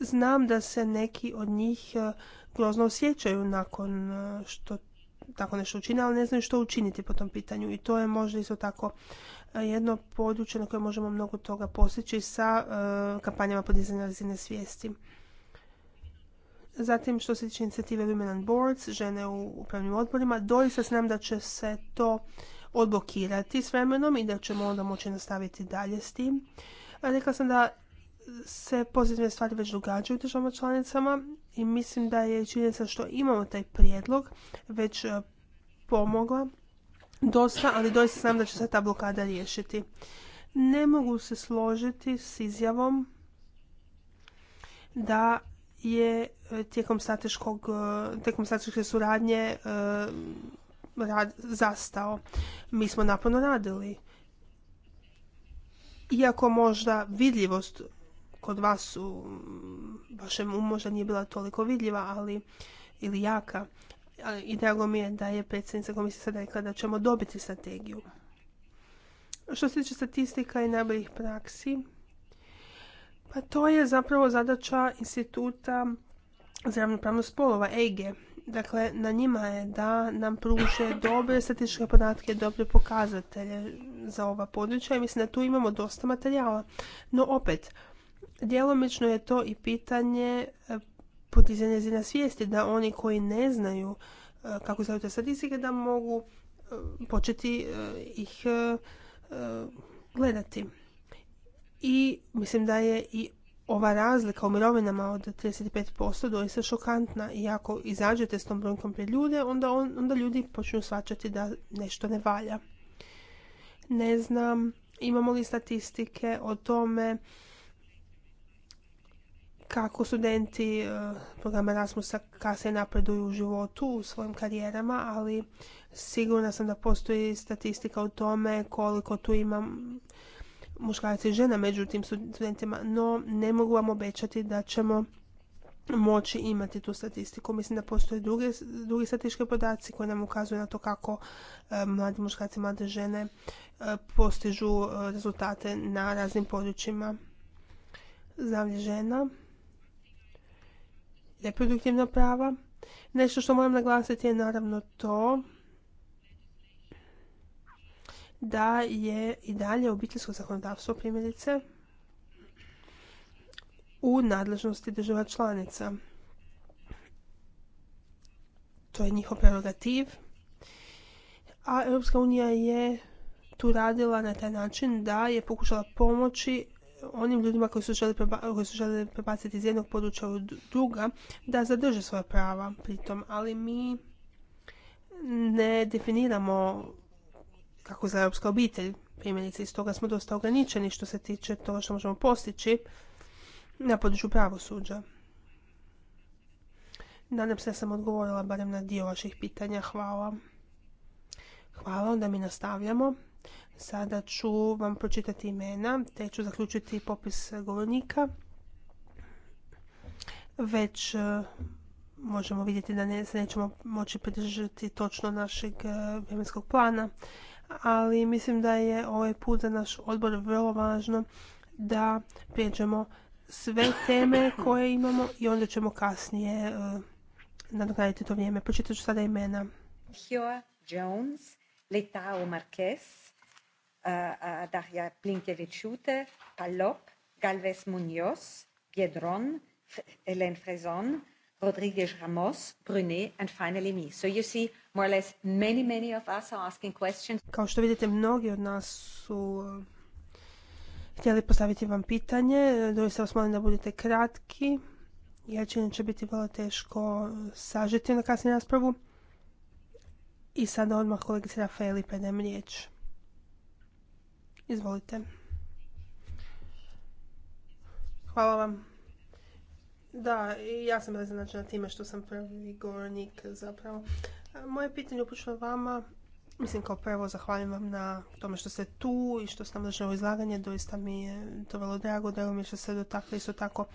Znam da se neki od njih e, grozno osjećaju nakon e, što tako nešto učine, ali ne znaju što učiniti po tom pitanju. I to je možda isto tako e, jedno područje na koje možemo mnogo toga postići sa kampanjama podizanja razine svijesti. Zatim što se tiče inicijative Women on Boards, žene u upravnim odborima, doista se nam da će se to odblokirati s vremenom i da ćemo onda moći nastaviti dalje s tim. Rekla sam da se pozitivne stvari već događaju u državama članicama i mislim da je činjenica što imamo taj prijedlog već pomogla dosta, ali doista znam da će se ta blokada riješiti. Ne mogu se složiti s izjavom da je e, tijekom strateškog, e, tijekom strateške suradnje e, rad zastao. Mi smo naporno radili. Iako možda vidljivost kod vas u vašem umu možda nije bila toliko vidljiva, ali ili jaka. I drago mi je da je predsjednica komisije sad rekla da ćemo dobiti strategiju. Što se tiče statistika i najboljih praksi, pa to je zapravo zadaća instituta za ravnopravnost spolova, EGE. Dakle, na njima je da nam pruže dobre statističke podatke, dobre pokazatelje za ova područja i mislim da tu imamo dosta materijala. No opet, djelomično je to i pitanje e, podizanje razine svijesti da oni koji ne znaju e, kako izgledaju te statistike da mogu e, početi ih gledati. I mislim da je i ova razlika u mirovinama od 35% doista šokantna i ako izađete s tom brojkom pred ljude, onda, onda ljudi počnu svačati da nešto ne valja. Ne znam, imamo li statistike o tome kako studenti e, programa Erasmusa kasnije napreduju u životu, u svojim karijerama, ali sigurna sam da postoji statistika o tome koliko tu ima muškarci i žena među tim studentima, no ne mogu vam obećati da ćemo moći imati tu statistiku. Mislim da postoje druge, drugi statistički podaci koji nam ukazuju na to kako e, mladi muškarci i mlade žene e, postižu e, rezultate na raznim područjima. Zdravlje žena, reproduktivna prava. Nešto što moram naglasiti je naravno to da je i dalje obiteljsko zakonodavstvo primjerice u nadležnosti država članica. To je njihov prerogativ. A Europska unija je tu radila na taj način da je pokušala pomoći onim ljudima koji su žele, koji su prebaciti iz jednog područja u druga da zadrže svoja prava pritom. Ali mi ne definiramo kako za europska obitelj primjerice. Iz toga smo dosta ograničeni što se tiče toga što možemo postići na području pravosuđa. Nadam se da sam odgovorila barem na dio vaših pitanja. Hvala. Hvala, Da mi nastavljamo. Sada ću vam pročitati imena, te ću zaključiti popis govornika. Već e, možemo vidjeti da se nećemo moći pridržati točno našeg e, vremenskog plana, ali mislim da je ovaj put za naš odbor vrlo važno da prijeđemo sve teme koje imamo i onda ćemo kasnije uh, e, nadograditi to vrijeme. Pročitat ću sada imena. Hjoa Jones, Letao Marquez, uh, uh, Darja Plinkevičute, Palop, Galvez Munoz, Piedron, F Frezon, Rodriguez Ramos, Brunet and finally me. So you see more or less many, many of us are asking questions. Kao što vidite, mnogi od nas su eh, htjeli postaviti vam pitanje. Doista vas molim da budete kratki, jer će neće biti vrlo teško eh, sažeti na kasnije raspravu. I sada odmah kolegice Rafaeli predajem riječ. Izvolite. Hvala vam. Da, ja sam raznačena time što sam prvi govornik zapravo. Moje pitanje upućeno vama, mislim kao prvo zahvaljujem vam na tome što ste tu i što ste nam držali izlaganje, doista mi je to vrlo drago, drago mi je što ste dotakli isto tako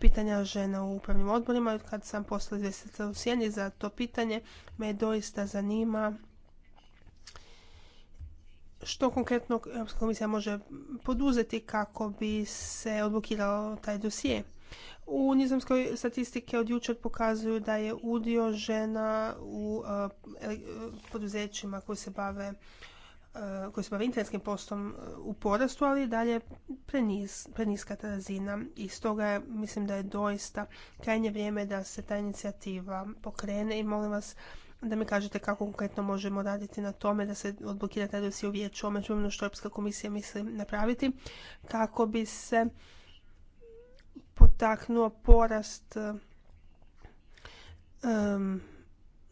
pitanja žena u upravnim odborima. Kad sam postala izvjestica u Sjeni za to pitanje, me doista zanima što konkretno Europska komisija može poduzeti kako bi se odblokirao taj dosije. U nizamskoj statistike od jučer pokazuju da je udio žena u uh, e, poduzećima koji se bave uh, koji se bave internetskim postom uh, u porastu, ali dalje preniska razina. I stoga mislim da je doista krajnje vrijeme da se ta inicijativa pokrene i molim vas da mi kažete kako konkretno možemo raditi na tome da se odblokira taj dosi u vijeću o ono što Europska komisija misli napraviti kako bi se potaknuo porast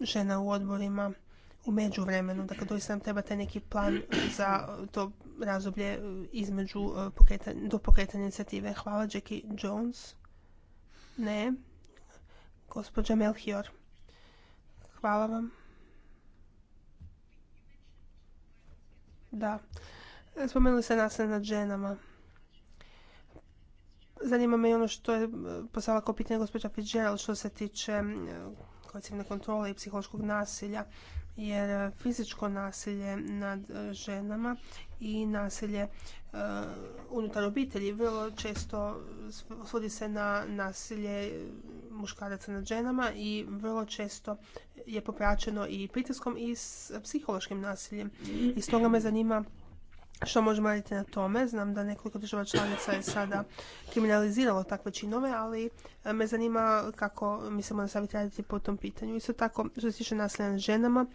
žena u odborima u međuvremenu. Dakle, doista nam treba taj neki plan za to razoblje e, između e, pokreta, do pokreta inicijative. Hvala, Jackie Jones. Ne. Gospođa Melchior. Hvala vam. Da. Spomenuli ste nas nad ženama. Zanima me i ono što je e, poslava kao pitanje gospođa Fitzgerald što se tiče kolektivne kontrole i psihološkog nasilja jer e, fizičko nasilje nad e, ženama i nasilje unutar obitelji vrlo često svodi se na nasilje muškaraca nad ženama i vrlo često je popraćeno i pritiskom i s psihološkim nasiljem. I stoga me zanima što možemo raditi na tome? Znam da nekoliko država članica je sada kriminaliziralo takve činove, ali e, me zanima kako mislimo nastaviti raditi po tom pitanju. Isto tako, što se tiče nasilja nad ženama,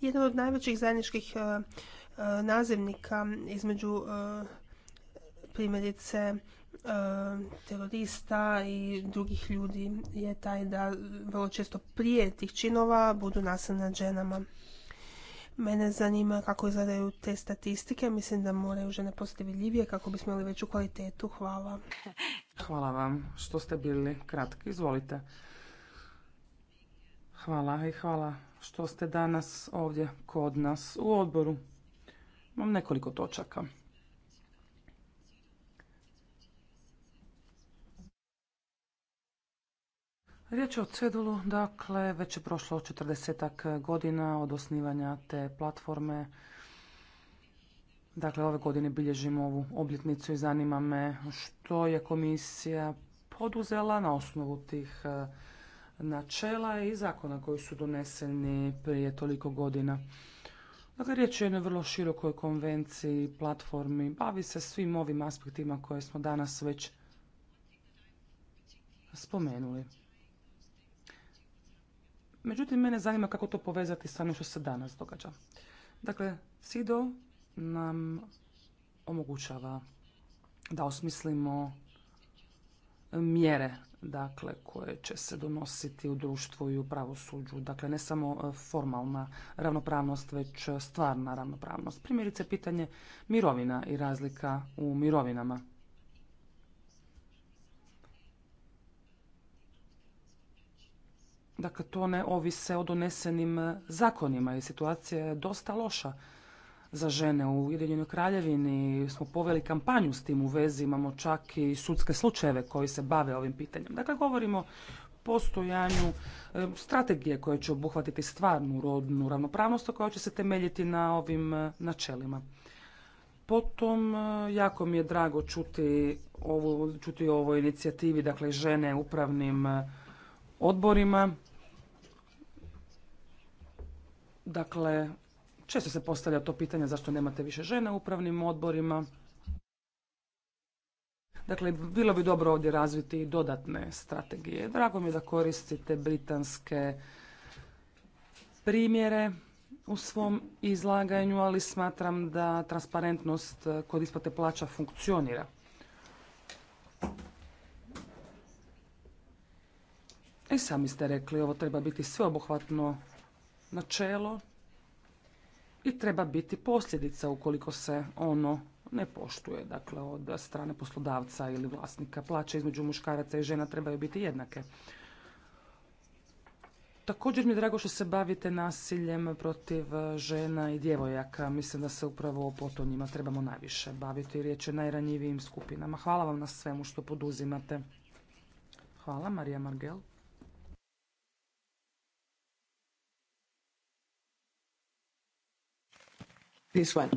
jedan od najvećih zajedničkih e, e, nazivnika između primjerice terorista i drugih ljudi je taj da vrlo često prije tih činova budu nasilne nad ženama. Mene zanima kako izgledaju te statistike. Mislim da moraju žene postati vidljivije kako bismo imali veću kvalitetu. Hvala. Hvala vam što ste bili kratki. Izvolite. Hvala i hvala što ste danas ovdje kod nas u odboru. Imam nekoliko točaka. Riječ je o cedulu, dakle već je prošlo četrdesetak godina od osnivanja te platforme. Dakle, ove godine bilježimo ovu obljetnicu i zanima me što je komisija poduzela na osnovu tih e, načela i zakona koji su doneseni prije toliko godina. Dakle, riječ je o jednoj vrlo širokoj konvenciji, platformi, bavi se svim ovim aspektima koje smo danas već spomenuli. Međutim, mene zanima kako to povezati sa onim što se danas događa. Dakle, SIDO nam omogućava da osmislimo mjere dakle, koje će se donositi u društvu i u pravosuđu. Dakle, ne samo e, formalna ravnopravnost, već stvarna ravnopravnost. Primjerice, pitanje mirovina i razlika u mirovinama. Dakle, to ne ovise o donesenim zakonima i situacija je dosta loša za žene. U Ujedinjenoj kraljevini smo poveli kampanju s tim u vezi, imamo čak i sudske slučajeve koji se bave ovim pitanjem. Dakle, govorimo o postojanju e, strategije koja će obuhvatiti stvarnu rodnu ravnopravnost, koja će se temeljiti na ovim e, načelima. Potom, e, jako mi je drago čuti, ovo, čuti ovoj inicijativi, dakle žene upravnim odborima. Dakle, često se postavlja to pitanje zašto nemate više žena u upravnim odborima. Dakle, bilo bi dobro ovdje razviti dodatne strategije. Drago mi je da koristite britanske primjere u svom izlaganju, ali smatram da transparentnost kod isplate plaća funkcionira. I e, sami ste rekli, ovo treba biti sveobuhvatno načelo i treba biti posljedica ukoliko se ono ne poštuje. Dakle, od strane poslodavca ili vlasnika plaće između muškaraca i žena trebaju biti jednake. Također mi je drago što se bavite nasiljem protiv žena i djevojaka. Mislim da se upravo o njima trebamo najviše baviti. Riječ je najranjivijim skupinama. Hvala vam na svemu što poduzimate. Hvala, Marija Margel. This one.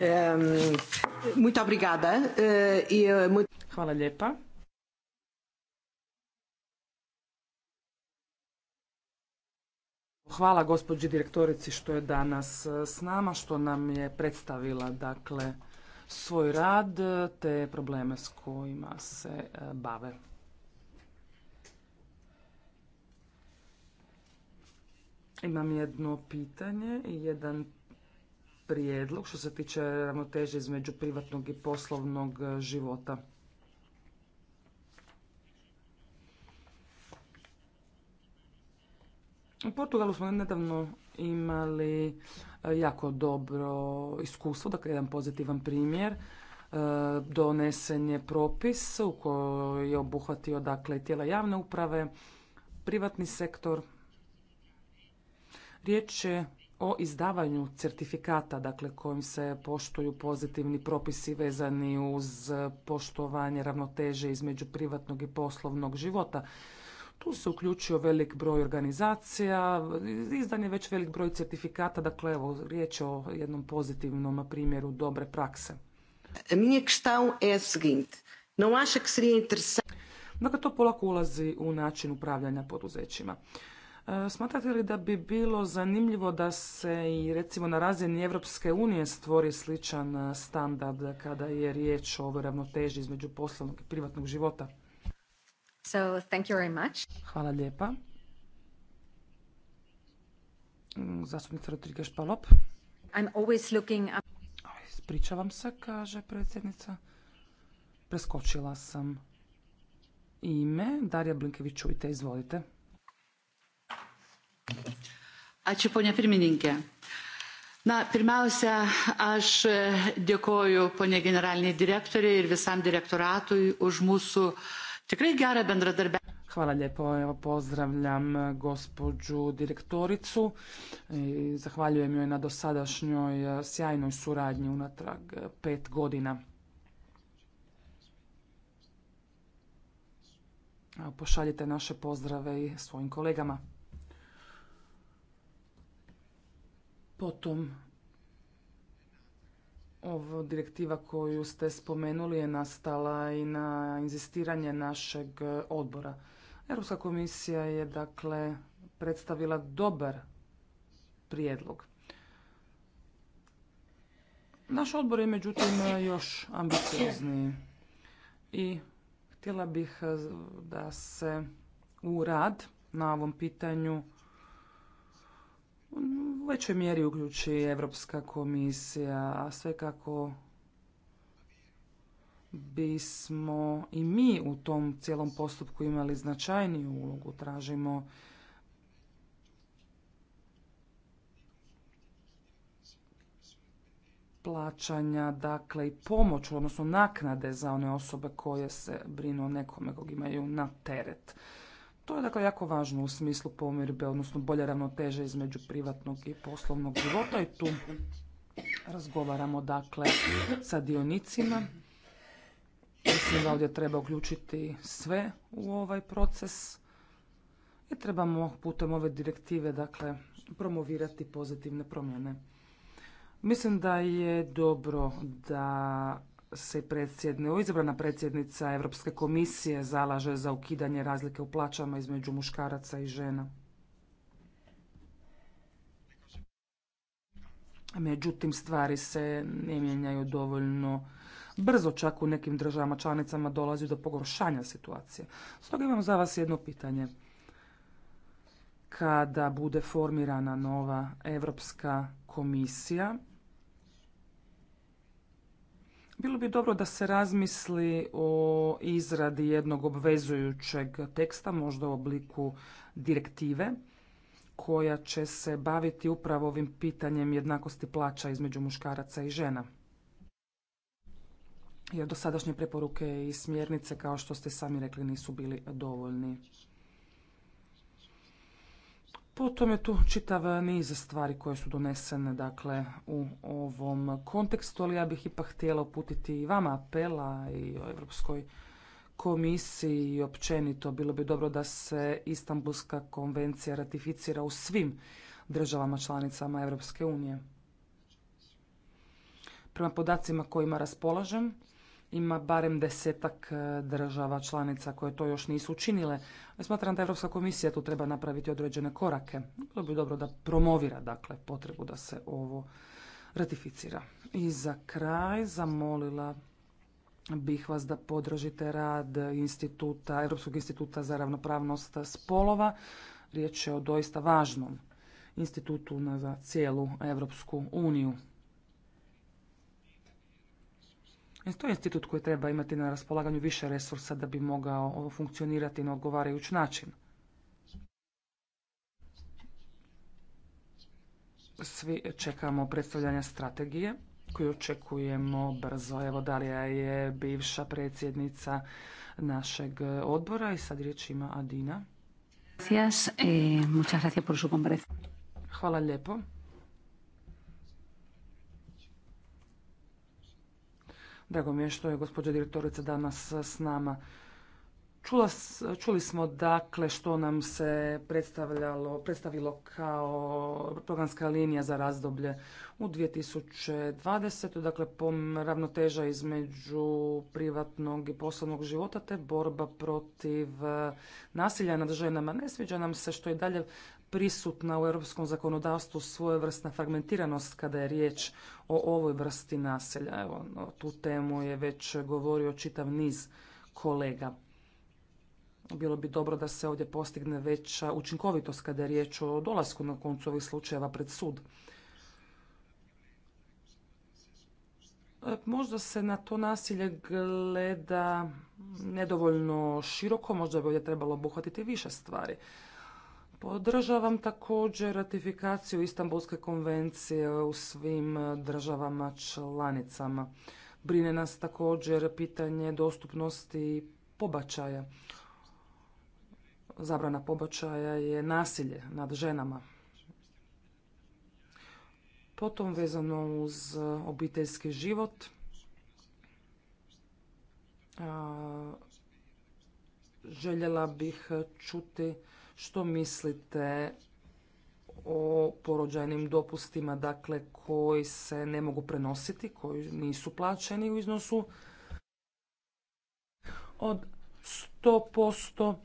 Um, muito obrigada. Eh, e, eh, muito... Hvala lijepa. Hvala gospođi direktorici što je danas eh, s nama, što nam je predstavila dakle svoj rad te probleme s kojima se bave. Imam jedno pitanje i jedan prijedlog što se tiče ravnoteže između privatnog i poslovnog e, života. U Portugalu smo nedavno imali e, jako dobro iskustvo, dakle jedan pozitivan primjer. E, donesen je propis u koji je obuhvatio dakle tijela javne uprave, privatni sektor. Riječ je o izdavanju certifikata, dakle kojim se poštuju pozitivni propisi vezani uz poštovanje ravnoteže između privatnog i poslovnog života. Tu se uključio velik broj organizacija, izdan je već velik broj certifikata, dakle evo, riječ je o jednom pozitivnom primjeru dobre prakse. Dakle, to polako ulazi u način upravljanja poduzećima. E, smatrate li da bi bilo zanimljivo da se i recimo na razini Europske unije stvori sličan e, standard kada je riječ o ovoj ravnoteži između poslovnog i privatnog života? Hvala lijepa. Mm, zastupnica Rotrike Špalop. Ispričavam se, kaže predsjednica. Preskočila sam ime. Darija Blinkević, čujte, izvolite. Ačiū, ponia pirmininkė. Na, pirmiausia, aš e, dėkoju ponia generaliniai direktoriai ir visam direktoratui už mūsų tikrai gerą bendradarbiavimą. Hvala lijepo, evo pozdravljam e, gospođu direktoricu i e, zahvaljujem joj na dosadašnjoj sjajnoj suradnji unatrag pet godina. Pošaljite naše pozdrave i svojim kolegama. Potom ova direktiva koju ste spomenuli je nastala i na inzistiranje našeg odbora. Europska komisija je dakle predstavila dobar prijedlog. Naš odbor je međutim još ambiciozniji i htjela bih eh, da se u rad na ovom pitanju u većoj mjeri uključi Europska komisija, a sve kako bismo i mi u tom cijelom postupku imali značajniju ulogu. Tražimo plaćanja, dakle i pomoć, odnosno naknade za one osobe koje se brinu o nekome kog imaju na teret. To je dakle jako važno u smislu pomirbe, odnosno bolje ravnoteže između privatnog i poslovnog života i tu razgovaramo dakle sa dionicima. Mislim da ovdje treba uključiti sve u ovaj proces i trebamo putem ove direktive dakle promovirati pozitivne promjene. Mislim da je dobro da se izabrana predsjednica Europske komisije zalaže za ukidanje razlike u plaćama između muškaraca i žena. Međutim, stvari se ne mijenjaju dovoljno brzo, čak u nekim državama članicama dolazi do pogoršanja situacije. Stoga imam za vas jedno pitanje. Kada bude formirana nova Europska komisija, bilo bi dobro da se razmisli o izradi jednog obvezujućeg teksta, možda u obliku direktive, koja će se baviti upravo ovim pitanjem jednakosti plaća između muškaraca i žena. Jer dosadašnje preporuke i smjernice, kao što ste sami rekli, nisu bili dovoljni. Potom je tu čitav niz stvari koje su donesene dakle, u ovom kontekstu, ali ja bih ipak htjela uputiti i vama apela i o Europskoj komisiji i općenito. Bilo bi dobro da se Istanbulska konvencija ratificira u svim državama članicama Europske unije. Prema podacima kojima raspolažem, ima barem desetak e, država članica koje to još nisu učinile. smatram da Europska komisija tu treba napraviti određene korake. Bilo bi dobro da promovira dakle, potrebu da se ovo ratificira. I za kraj zamolila bih vas da podržite rad instituta, Europskog instituta za ravnopravnost spolova. Riječ je o doista važnom institutu za cijelu Europsku uniju. To je institut koji treba imati na raspolaganju više resursa da bi mogao funkcionirati na odgovarajući način. Svi čekamo predstavljanja strategije koju očekujemo brzo. Evo dalija je bivša predsjednica našeg odbora i sad riječ ima Adina. Eh, Hvala lijepo. Drago mi je što je gospođa direktorica danas s nama čuli smo dakle što nam se predstavljalo, predstavilo kao programska linija za razdoblje u 2020. Dakle, ravnoteža između privatnog i poslovnog života te borba protiv eh, nasilja nad ženama. Ne sviđa nam se što je dalje prisutna u europskom zakonodavstvu svojevrsna fragmentiranost kada je riječ o ovoj vrsti nasilja. Evo, tu temu je već govorio čitav niz kolega. Bilo bi dobro da se ovdje postigne veća učinkovitost kada je riječ o dolasku na koncu ovih slučajeva pred sud. E, možda se na to nasilje gleda nedovoljno široko, možda bi ovdje trebalo obuhvatiti više stvari. Podržavam također ratifikaciju Istanbulske konvencije u svim državama članicama. Brine nas također pitanje dostupnosti pobačaja zabrana pobačaja je nasilje nad ženama. Potom vezano uz obiteljski život, željela bih čuti što mislite o porođajnim dopustima, dakle koji se ne mogu prenositi, koji nisu plaćeni u iznosu od 100%.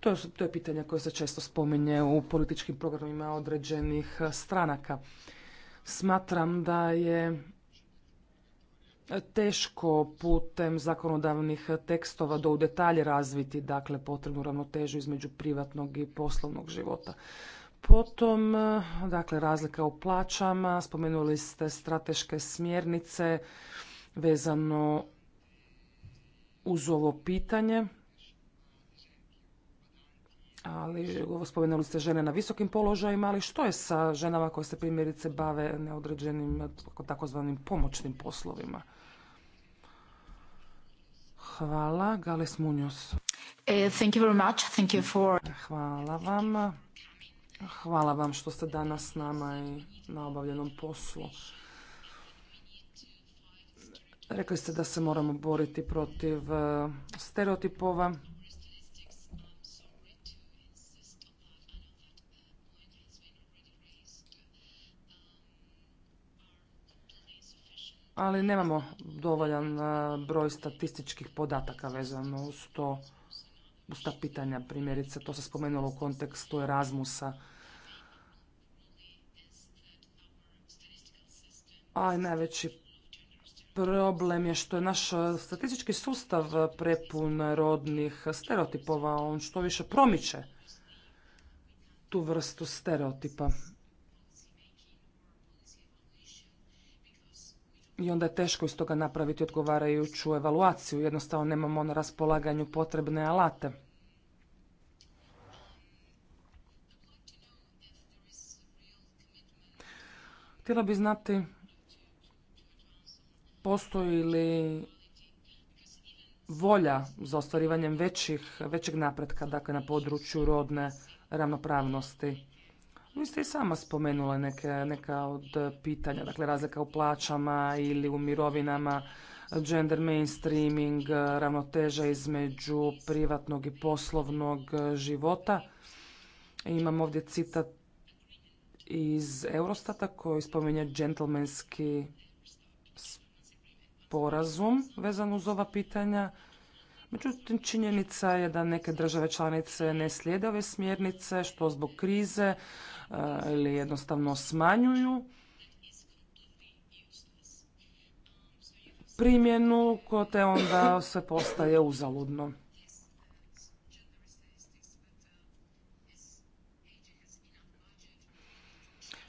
To je, to je pitanje koje se često spominje u političkim programima određenih e, stranaka. Smatram da je teško putem zakonodavnih tekstova do u detalje razviti dakle potrebnu ravnotežu između privatnog i poslovnog života. Potom, e, dakle, razlika u plaćama, spomenuli ste strateške smjernice vezano uz ovo pitanje ali spomenuli ste žene na visokim položajima, ali što je sa ženama koje se primjerice bave neodređenim takozvanim pomoćnim poslovima? Hvala, Gales Munoz. E, Hvala vam. Hvala vam što ste danas s nama i na obavljenom poslu. Rekli ste da se moramo boriti protiv e, stereotipova, ali nemamo dovoljan e, broj statističkih podataka vezano uz to, uz ta pitanja. Primjerice, to se spomenulo u kontekstu Erasmusa. A najveći problem je što je naš statistički sustav prepun rodnih stereotipova. On što više promiče tu vrstu stereotipa. i onda je teško iz toga napraviti odgovarajuću evaluaciju. Jednostavno nemamo na raspolaganju potrebne alate. Htjela bi znati postoji li volja za ostvarivanjem većeg napretka dakle, na području rodne ravnopravnosti. Vi ste i sama spomenula neke, neka od pitanja, dakle razlika u plaćama ili u mirovinama, gender mainstreaming, ravnoteža između privatnog i poslovnog života. Imam ovdje citat iz Eurostata koji spominje gentlemanski sporazum vezan uz ova pitanja. Međutim, činjenica je da neke države članice ne slijede ove smjernice, što zbog krize, Eh, ili jednostavno smanjuju primjenu, ko te onda se postaje uzaludno.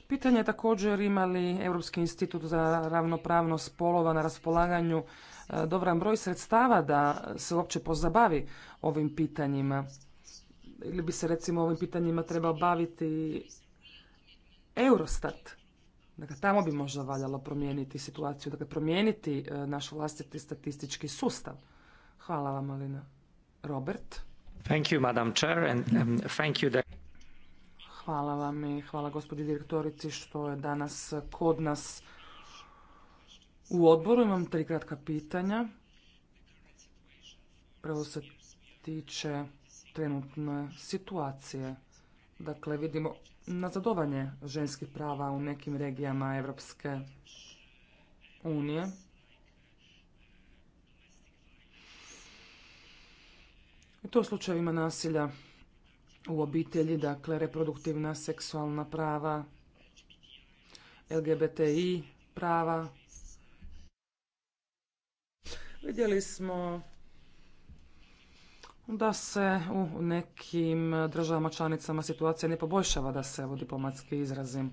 Pitanje je također ima li Europski institut za ravnopravnost spolova na raspolaganju eh, dobran broj sredstava da se uopće pozabavi ovim pitanjima. Ili bi se recimo ovim pitanjima trebao baviti Eurostat. Dakle, tamo bi možda valjalo promijeniti situaciju, dakle promijeniti e, naš vlastiti statistički sustav. Hvala vam, Alina. Robert. Thank you, Madam Chair, and um, thank you Hvala vam i hvala gospođi direktorici što je danas kod nas u odboru. Imam tri kratka pitanja. Prvo se tiče trenutne situacije Dakle, vidimo nazadovanje ženskih prava u nekim regijama Evropske unije. I to u slučajevima nasilja u obitelji, dakle, reproduktivna seksualna prava, LGBTI prava. Vidjeli smo da se u nekim državama članicama situacija ne poboljšava, da se evo diplomatski izrazim.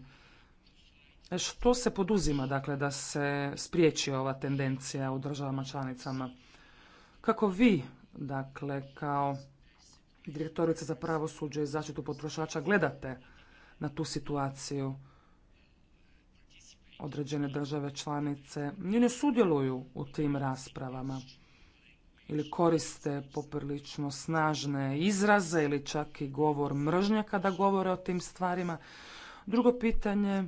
E, što se poduzima dakle da se spriječi ova tendencija u državama članicama? Kako vi dakle kao direktorica za pravosuđe i zaštitu potrošača gledate na tu situaciju? Određene države članice ni ne sudjeluju u tim raspravama ili koriste poprilično snažne izraze ili čak i govor mržnja kada govore o tim stvarima. Drugo pitanje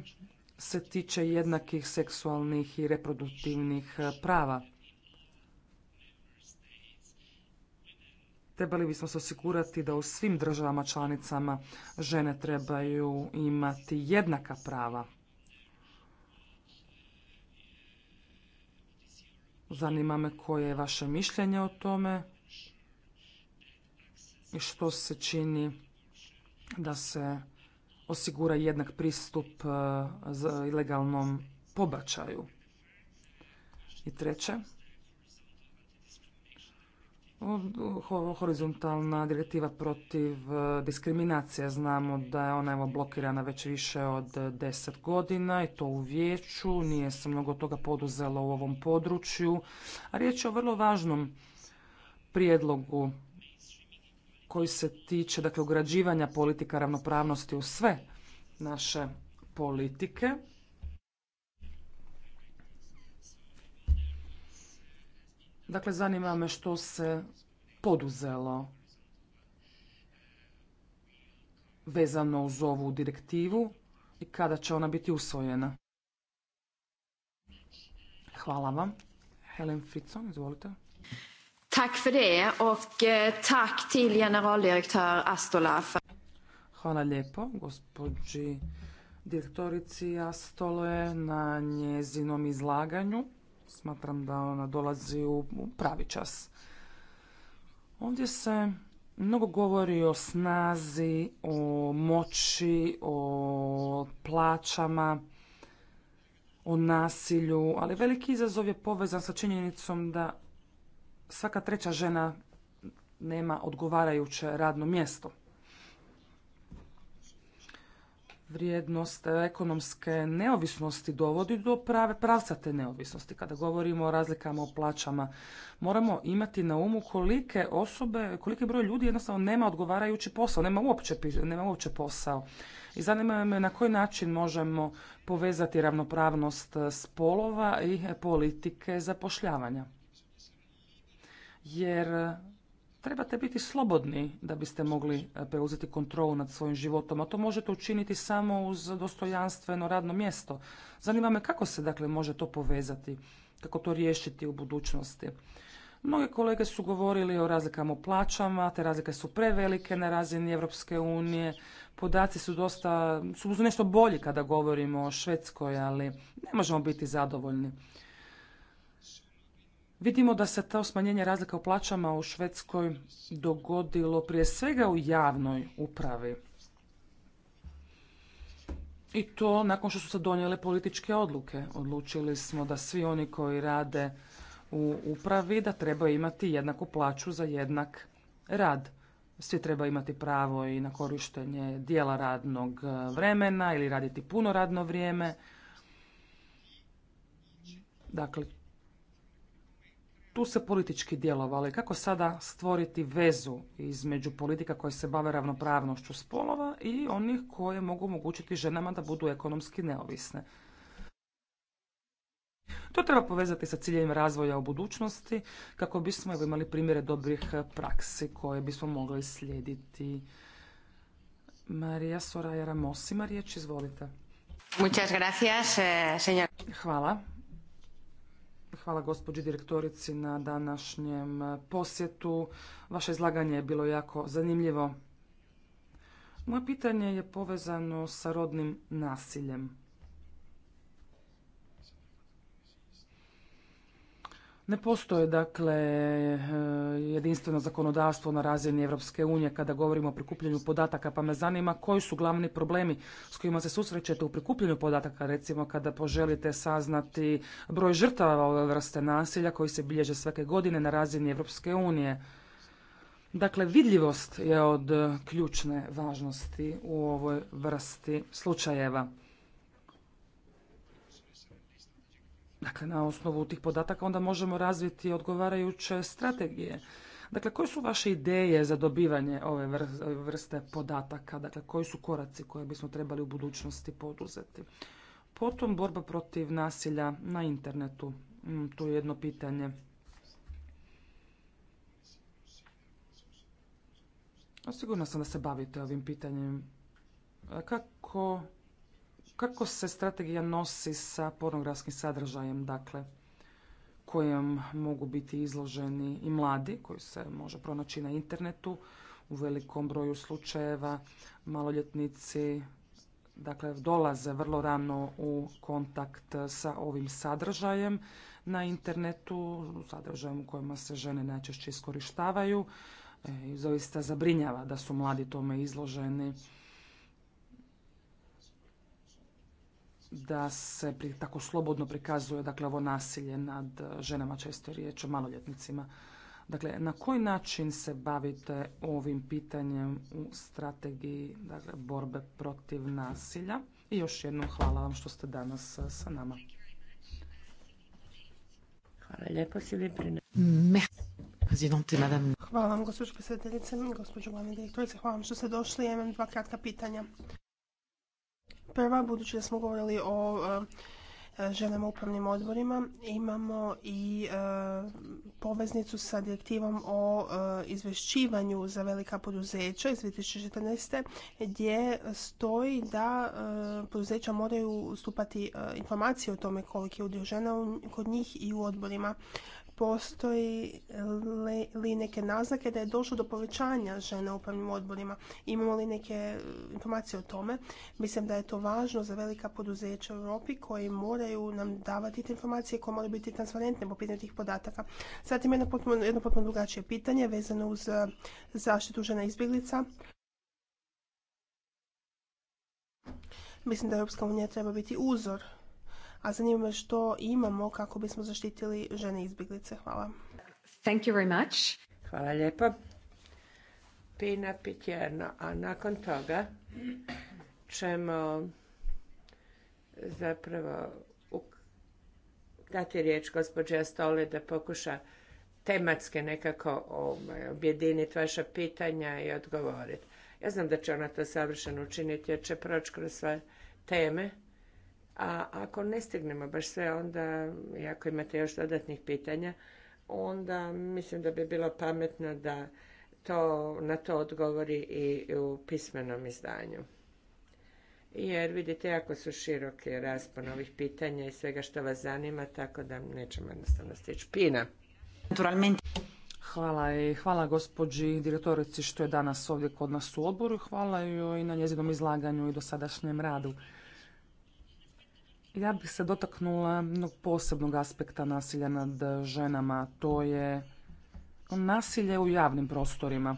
se tiče jednakih seksualnih i reproduktivnih e, prava. Trebali bismo se osigurati da u svim državama članicama žene trebaju imati jednaka prava. Zanima me koje je vaše mišljenje o tome i što se čini da se osigura jednak pristup e, za ilegalnom pobačaju. I treće, horizontalna direktiva protiv e, diskriminacije. Znamo da je ona blokirana već više od deset godina i to u vijeću. Nije se mnogo toga poduzelo u ovom području. A riječ je o vrlo važnom prijedlogu koji se tiče dakle, ugrađivanja politika ravnopravnosti u sve naše politike. Dakle, zanima me što se poduzelo vezano uz ovu direktivu i kada će ona biti usvojena. Hvala vam. Helen Fritzon, izvolite. Tack för det och eh, tack till generaldirektör Astola. Hvala lijepo gospođi direktorici Astole na njezinom izlaganju. Smatram da ona dolazi u pravi čas. Ovdje se mnogo govori o snazi, o moći, o plaćama, o nasilju, ali veliki izazov je povezan sa činjenicom da svaka treća žena nema odgovarajuće radno mjesto vrijednost ekonomske neovisnosti dovodi do prave pravca te neovisnosti. Kada govorimo o razlikama u plaćama, moramo imati na umu kolike osobe, koliki broj ljudi jednostavno nema odgovarajući posao, nema uopće, nema uopće posao. I zanima me na koji način možemo povezati ravnopravnost spolova i politike zapošljavanja. Jer trebate biti slobodni da biste mogli e, preuzeti kontrolu nad svojim životom, a to možete učiniti samo uz dostojanstveno radno mjesto. Zanima me kako se dakle može to povezati, kako to riješiti u budućnosti. Mnoge kolege su govorili o razlikama u plaćama, te razlike su prevelike na razini Europske unije. Podaci su dosta, su nešto bolji kada govorimo o Švedskoj, ali ne možemo biti zadovoljni. Vidimo da se to smanjenje razlika u plaćama u Švedskoj dogodilo prije svega u javnoj upravi. I to nakon što su se donijele političke odluke. Odlučili smo da svi oni koji rade u upravi da trebaju imati jednaku plaću za jednak rad. Svi treba imati pravo i na korištenje dijela radnog vremena ili raditi puno radno vrijeme. Dakle, tu se politički djelovali. Kako sada stvoriti vezu između politika koje se bave ravnopravnošću spolova i onih koje mogu omogućiti ženama da budu ekonomski neovisne? To treba povezati sa ciljevima razvoja u budućnosti kako bismo imali primjere dobrih praksi koje bismo mogli slijediti. Marija sorajera Mosima, riječ izvolite. Eh, Hvala. Hvala gospođi direktorici na današnjem e, posjetu. Vaše izlaganje je bilo jako zanimljivo. Moje pitanje je povezano sa rodnim nasiljem. Ne postoje dakle e, jedinstveno zakonodavstvo na razini Europske unije kada govorimo o prikupljanju podataka, pa me zanima koji su glavni problemi s kojima se susrećete u prikupljanju podataka, recimo kada poželite saznati broj žrtava ove vrste nasilja koji se bilježe svake godine na razini Europske unije. Dakle, vidljivost je od ključne važnosti u ovoj vrsti slučajeva. Dakle, na osnovu tih podataka onda možemo razviti odgovarajuće strategije. Dakle, koje su vaše ideje za dobivanje ove vrste podataka? Dakle, koji su koraci koje bismo trebali u budućnosti poduzeti? Potom borba protiv nasilja na internetu. Mm, tu je jedno pitanje. Sigurno sam da se bavite ovim pitanjem. Kako kako se strategija nosi sa pornografskim sadržajem, dakle, kojem mogu biti izloženi i mladi, koji se može pronaći na internetu u velikom broju slučajeva. Maloljetnici dakle, dolaze vrlo rano u kontakt sa ovim sadržajem na internetu, sadržajem u kojima se žene najčešće iskorištavaju. E, I zaista zabrinjava da su mladi tome izloženi. da se tako slobodno prikazuje dakle, ovo nasilje nad ženama, često je riječ o maloljetnicima. Dakle, na koji način se bavite ovim pitanjem u strategiji dakle, borbe protiv nasilja? I još jednom hvala vam što ste danas e, sa nama. Hvala lijepo, Hvala vam, gospođo predsjedateljice, gospođo direktorice. Hvala vam što ste došli. Ja imam dva kratka pitanja. Prva, budući da smo govorili o e, e, ženama u upravnim odborima, imamo i e, poveznicu sa direktivom o izvješćivanju za velika poduzeća iz 2014. gdje stoji da poduzeća moraju ustupati informacije o tome koliki je udio žena kod njih i u odborima postoji li neke naznake da je došlo do povećanja žena u upravnim odborima? Imamo li neke e, informacije o tome? Mislim da je to važno za velika poduzeća u Europi koji moraju nam davati te informacije koje moraju biti transparentne po pitanju tih podataka. Zatim jedno potpuno, jedno drugačije pitanje vezano uz e, zaštitu žena izbjeglica. Mislim da Europska unija treba biti uzor a zanima me što imamo kako bismo zaštitili žene izbjeglice. Hvala. Thank you very much. Hvala lijepo. Pina Pitjerno, a nakon toga ćemo zapravo dati riječ gospođe stoli da pokuša tematske nekako ovaj, objediniti vaša pitanja i odgovoriti. Ja znam da će ona to savršeno učiniti jer će proći kroz sve teme a ako ne stignemo baš sve, onda, i ako imate još dodatnih pitanja, onda mislim da bi bilo pametno da to, na to odgovori i u pismenom izdanju. Jer vidite, jako su široki raspon ovih pitanja i svega što vas zanima, tako da nećemo jednostavno stići. Pina. Hvala i hvala gospođi direktorici što je danas ovdje kod nas u odboru. Hvala i na njezinom izlaganju i dosadašnjem radu. Ja bih se dotaknula jednog posebnog aspekta nasilja nad ženama, to je nasilje u javnim prostorima.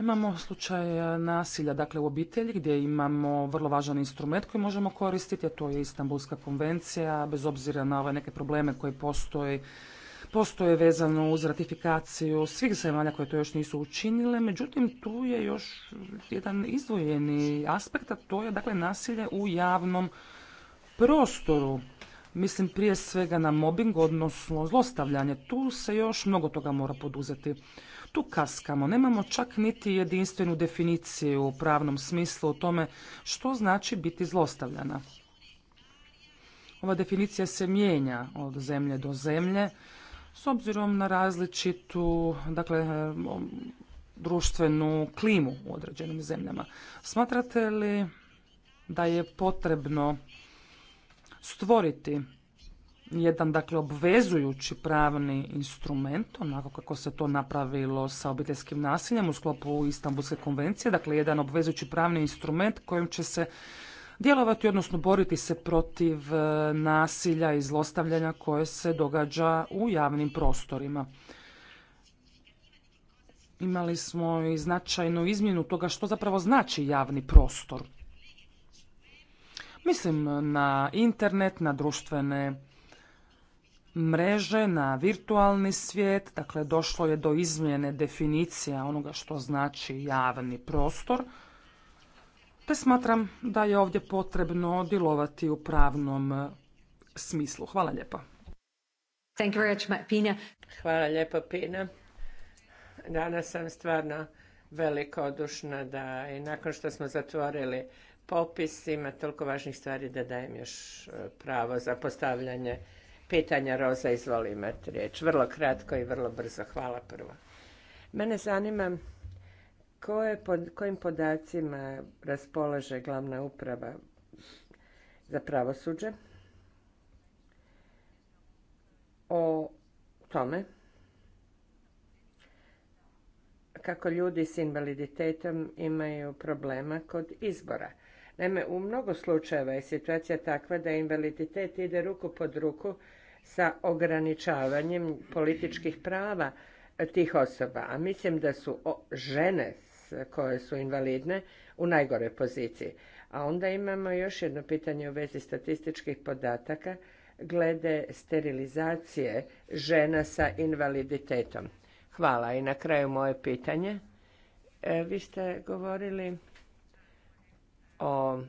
Imamo slučaj nasilja dakle, u obitelji gdje imamo vrlo važan instrument koji možemo koristiti, a to je Istanbulska konvencija, bez obzira na ove neke probleme koje postoje postoje vezano uz ratifikaciju svih zemalja koje to još nisu učinile, međutim tu je još jedan izdvojeni aspekt, a to je dakle nasilje u javnom prostoru. Mislim prije svega na mobbing, odnosno zlostavljanje. Tu se još mnogo toga mora poduzeti. Tu kaskamo, nemamo čak niti jedinstvenu definiciju u pravnom smislu o tome što znači biti zlostavljana. Ova definicija se mijenja od zemlje do zemlje s obzirom na različitu, dakle, um, društvenu klimu u određenim zemljama. Smatrate li da je potrebno stvoriti jedan dakle obvezujući pravni instrument, onako kako se to napravilo sa obiteljskim nasiljem u sklopu Istanbulske konvencije, dakle jedan obvezujući pravni instrument kojim će se djelovati, odnosno boriti se protiv e, nasilja i zlostavljanja koje se događa u javnim prostorima. Imali smo i značajnu izmjenu toga što zapravo znači javni prostor. Mislim na internet, na društvene mreže, na virtualni svijet. Dakle, došlo je do izmjene definicija onoga što znači javni prostor te smatram da je ovdje potrebno djelovati u pravnom e, smislu. Hvala lijepo. Hvala lijepo, Pina. Danas sam stvarno odušna da i nakon što smo zatvorili popis, ima toliko važnih stvari da dajem još e, pravo za postavljanje pitanja. Roza, izvoli imati riječ. Vrlo kratko i vrlo brzo. Hvala prvo. Mene zanima koje, kojim podacima raspolaže glavna uprava za pravosuđe o tome kako ljudi s invaliditetom imaju problema kod izbora. Naime, u mnogo slučajeva je situacija takva da invaliditet ide ruku pod ruku sa ograničavanjem političkih prava tih osoba. A mislim da su žene koje su invalidne u najgoroj poziciji. A onda imamo još jedno pitanje u vezi statističkih podataka glede sterilizacije žena sa invaliditetom. Hvala. I na kraju moje pitanje. E, vi ste govorili o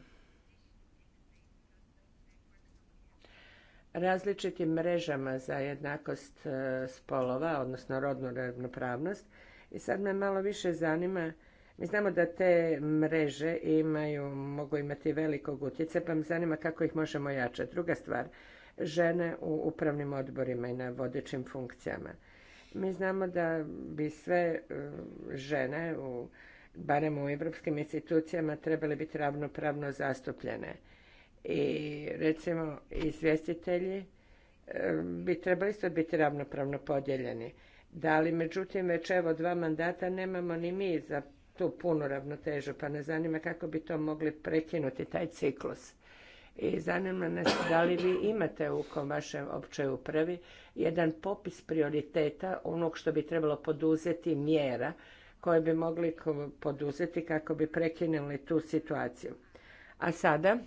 različitim mrežama za jednakost e, spolova, odnosno rodnu ravnopravnost. I sad me malo više zanima mi znamo da te mreže imaju, mogu imati velikog utjecaja, pa me zanima kako ih možemo jačati. Druga stvar, žene u upravnim odborima i na vodećim funkcijama. Mi znamo da bi sve e, žene, u, barem u evropskim institucijama, trebale biti ravnopravno zastupljene. I recimo izvjestitelji e, bi trebali isto biti ravnopravno podijeljeni. Da li međutim već evo dva mandata nemamo ni mi za tu punu ravnotežu, pa nas zanima kako bi to mogli prekinuti, taj ciklus. I zanima nas da li vi imate u vašem općoj upravi jedan popis prioriteta onog što bi trebalo poduzeti mjera koje bi mogli poduzeti kako bi prekinuli tu situaciju. A sada,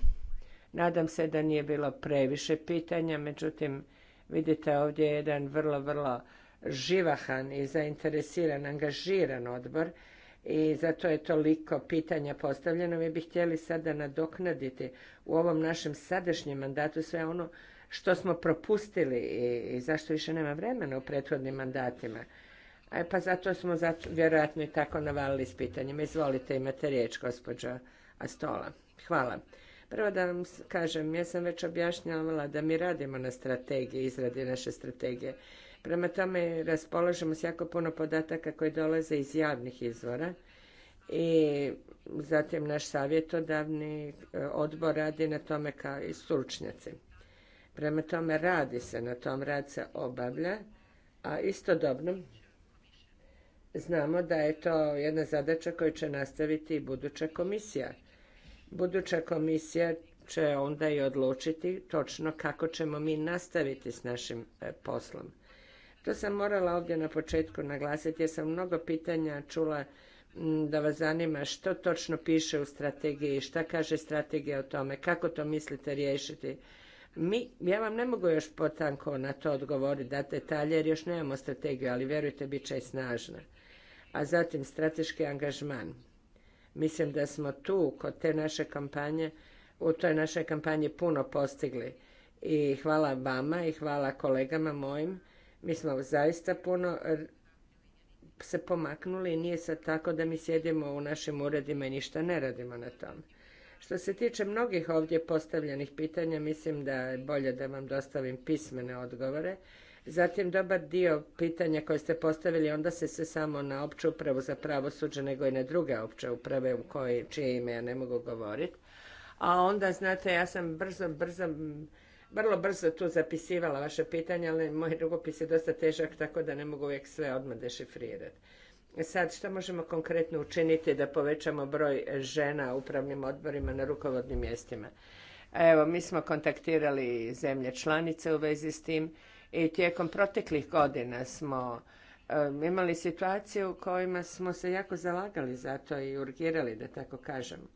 nadam se da nije bilo previše pitanja, međutim vidite ovdje jedan vrlo, vrlo živahan i zainteresiran, angažiran odbor i zato je toliko pitanja postavljeno. Mi bi htjeli sada nadoknaditi u ovom našem sadašnjem mandatu sve ono što smo propustili i zašto više nema vremena u prethodnim mandatima. A e, pa zato smo vjerojatno i tako navalili s pitanjima. Izvolite, imate riječ, gospođo Astola. Hvala. Prvo da vam kažem, ja sam već objašnjavala da mi radimo na strategiji, izradi naše strategije Prema tome raspolažemo s jako puno podataka koji dolaze iz javnih izvora i zatim naš savjetodavni e, odbor radi na tome kao i stručnjaci. Prema tome radi se na tom, rad se obavlja, a istodobno znamo da je to jedna zadaća koju će nastaviti i buduća komisija. Buduća komisija će onda i odlučiti točno kako ćemo mi nastaviti s našim e, poslom. To sam morala ovdje na početku naglasiti jer sam mnogo pitanja čula da vas zanima što točno piše u strategiji, šta kaže strategija o tome, kako to mislite riješiti. Mi, ja vam ne mogu još potanko na to odgovoriti, da detalje, jer još nemamo strategiju, ali vjerujte, bit će i snažna. A zatim strateški angažman. Mislim da smo tu, kod te naše kampanje, u toj našoj kampanji puno postigli. I hvala vama i hvala kolegama mojim mi smo zaista puno e, se pomaknuli i nije sad tako da mi sjedimo u našim uredima i ništa ne radimo na tome. Što se tiče mnogih ovdje postavljenih pitanja, mislim da je bolje da vam dostavim pismene odgovore. Zatim dobar dio pitanja koje ste postavili onda se se samo na opću upravu za pravosuđe nego i na druge opće uprave u čije ime ja ne mogu govoriti. A onda, znate, ja sam brzo, brzo vrlo brzo tu zapisivala vaše pitanje, ali moj rukopis je dosta težak, tako da ne mogu uvijek sve odmah dešifrirati. E sad, što možemo konkretno učiniti da povećamo broj žena u upravnim odborima na rukovodnim mjestima? Evo, mi smo kontaktirali zemlje članice u vezi s tim i tijekom proteklih godina smo imali situacije u kojima smo se jako zalagali za to i urgirali, da tako kažemo.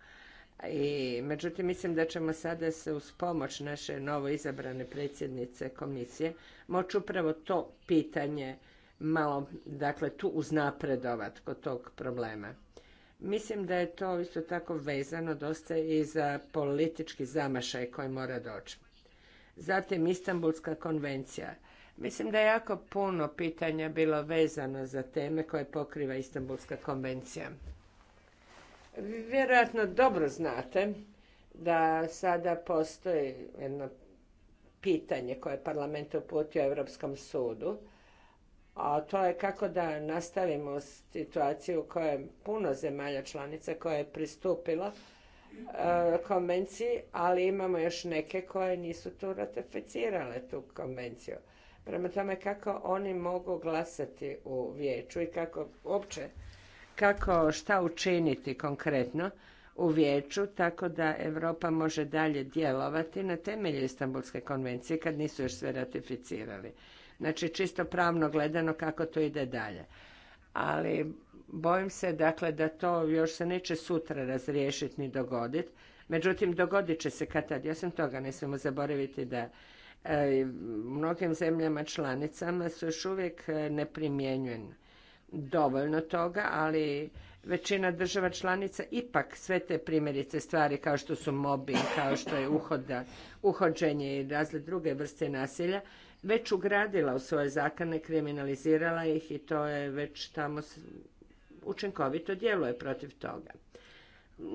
I, međutim, mislim da ćemo sada se uz pomoć naše novo izabrane predsjednice komisije moći upravo to pitanje malo, dakle, tu uznapredovat kod tog problema. Mislim da je to isto tako vezano dosta i za politički zamašaj koji mora doći. Zatim Istanbulska konvencija. Mislim da je jako puno pitanja bilo vezano za teme koje pokriva Istanbulska konvencija. Vjerojatno dobro znate da sada postoji jedno pitanje koje je parlament uputio Europskom sudu, a to je kako da nastavimo situaciju u kojoj puno zemalja članica koje je pristupilo e, konvenciji, ali imamo još neke koje nisu tu ratificirale tu konvenciju. Prema tome kako oni mogu glasati u vijeću i kako uopće kako šta učiniti konkretno u vijeću tako da Europa može dalje djelovati na temelju Istanbulske konvencije kad nisu još sve ratificirali. Znači čisto pravno gledano kako to ide dalje. Ali bojim se dakle da to još se neće sutra razriješiti ni dogoditi. Međutim, dogodit će se kad tad. sam toga, ne smijemo zaboraviti da e, u mnogim zemljama članicama su još uvijek e, primjenjuje dovoljno toga, ali većina država članica ipak sve te primjerice stvari kao što su mobbing, kao što je uhoda, uhođenje i razne druge vrste nasilja, već ugradila u svoje zakone, kriminalizirala ih i to je već tamo učinkovito djeluje protiv toga.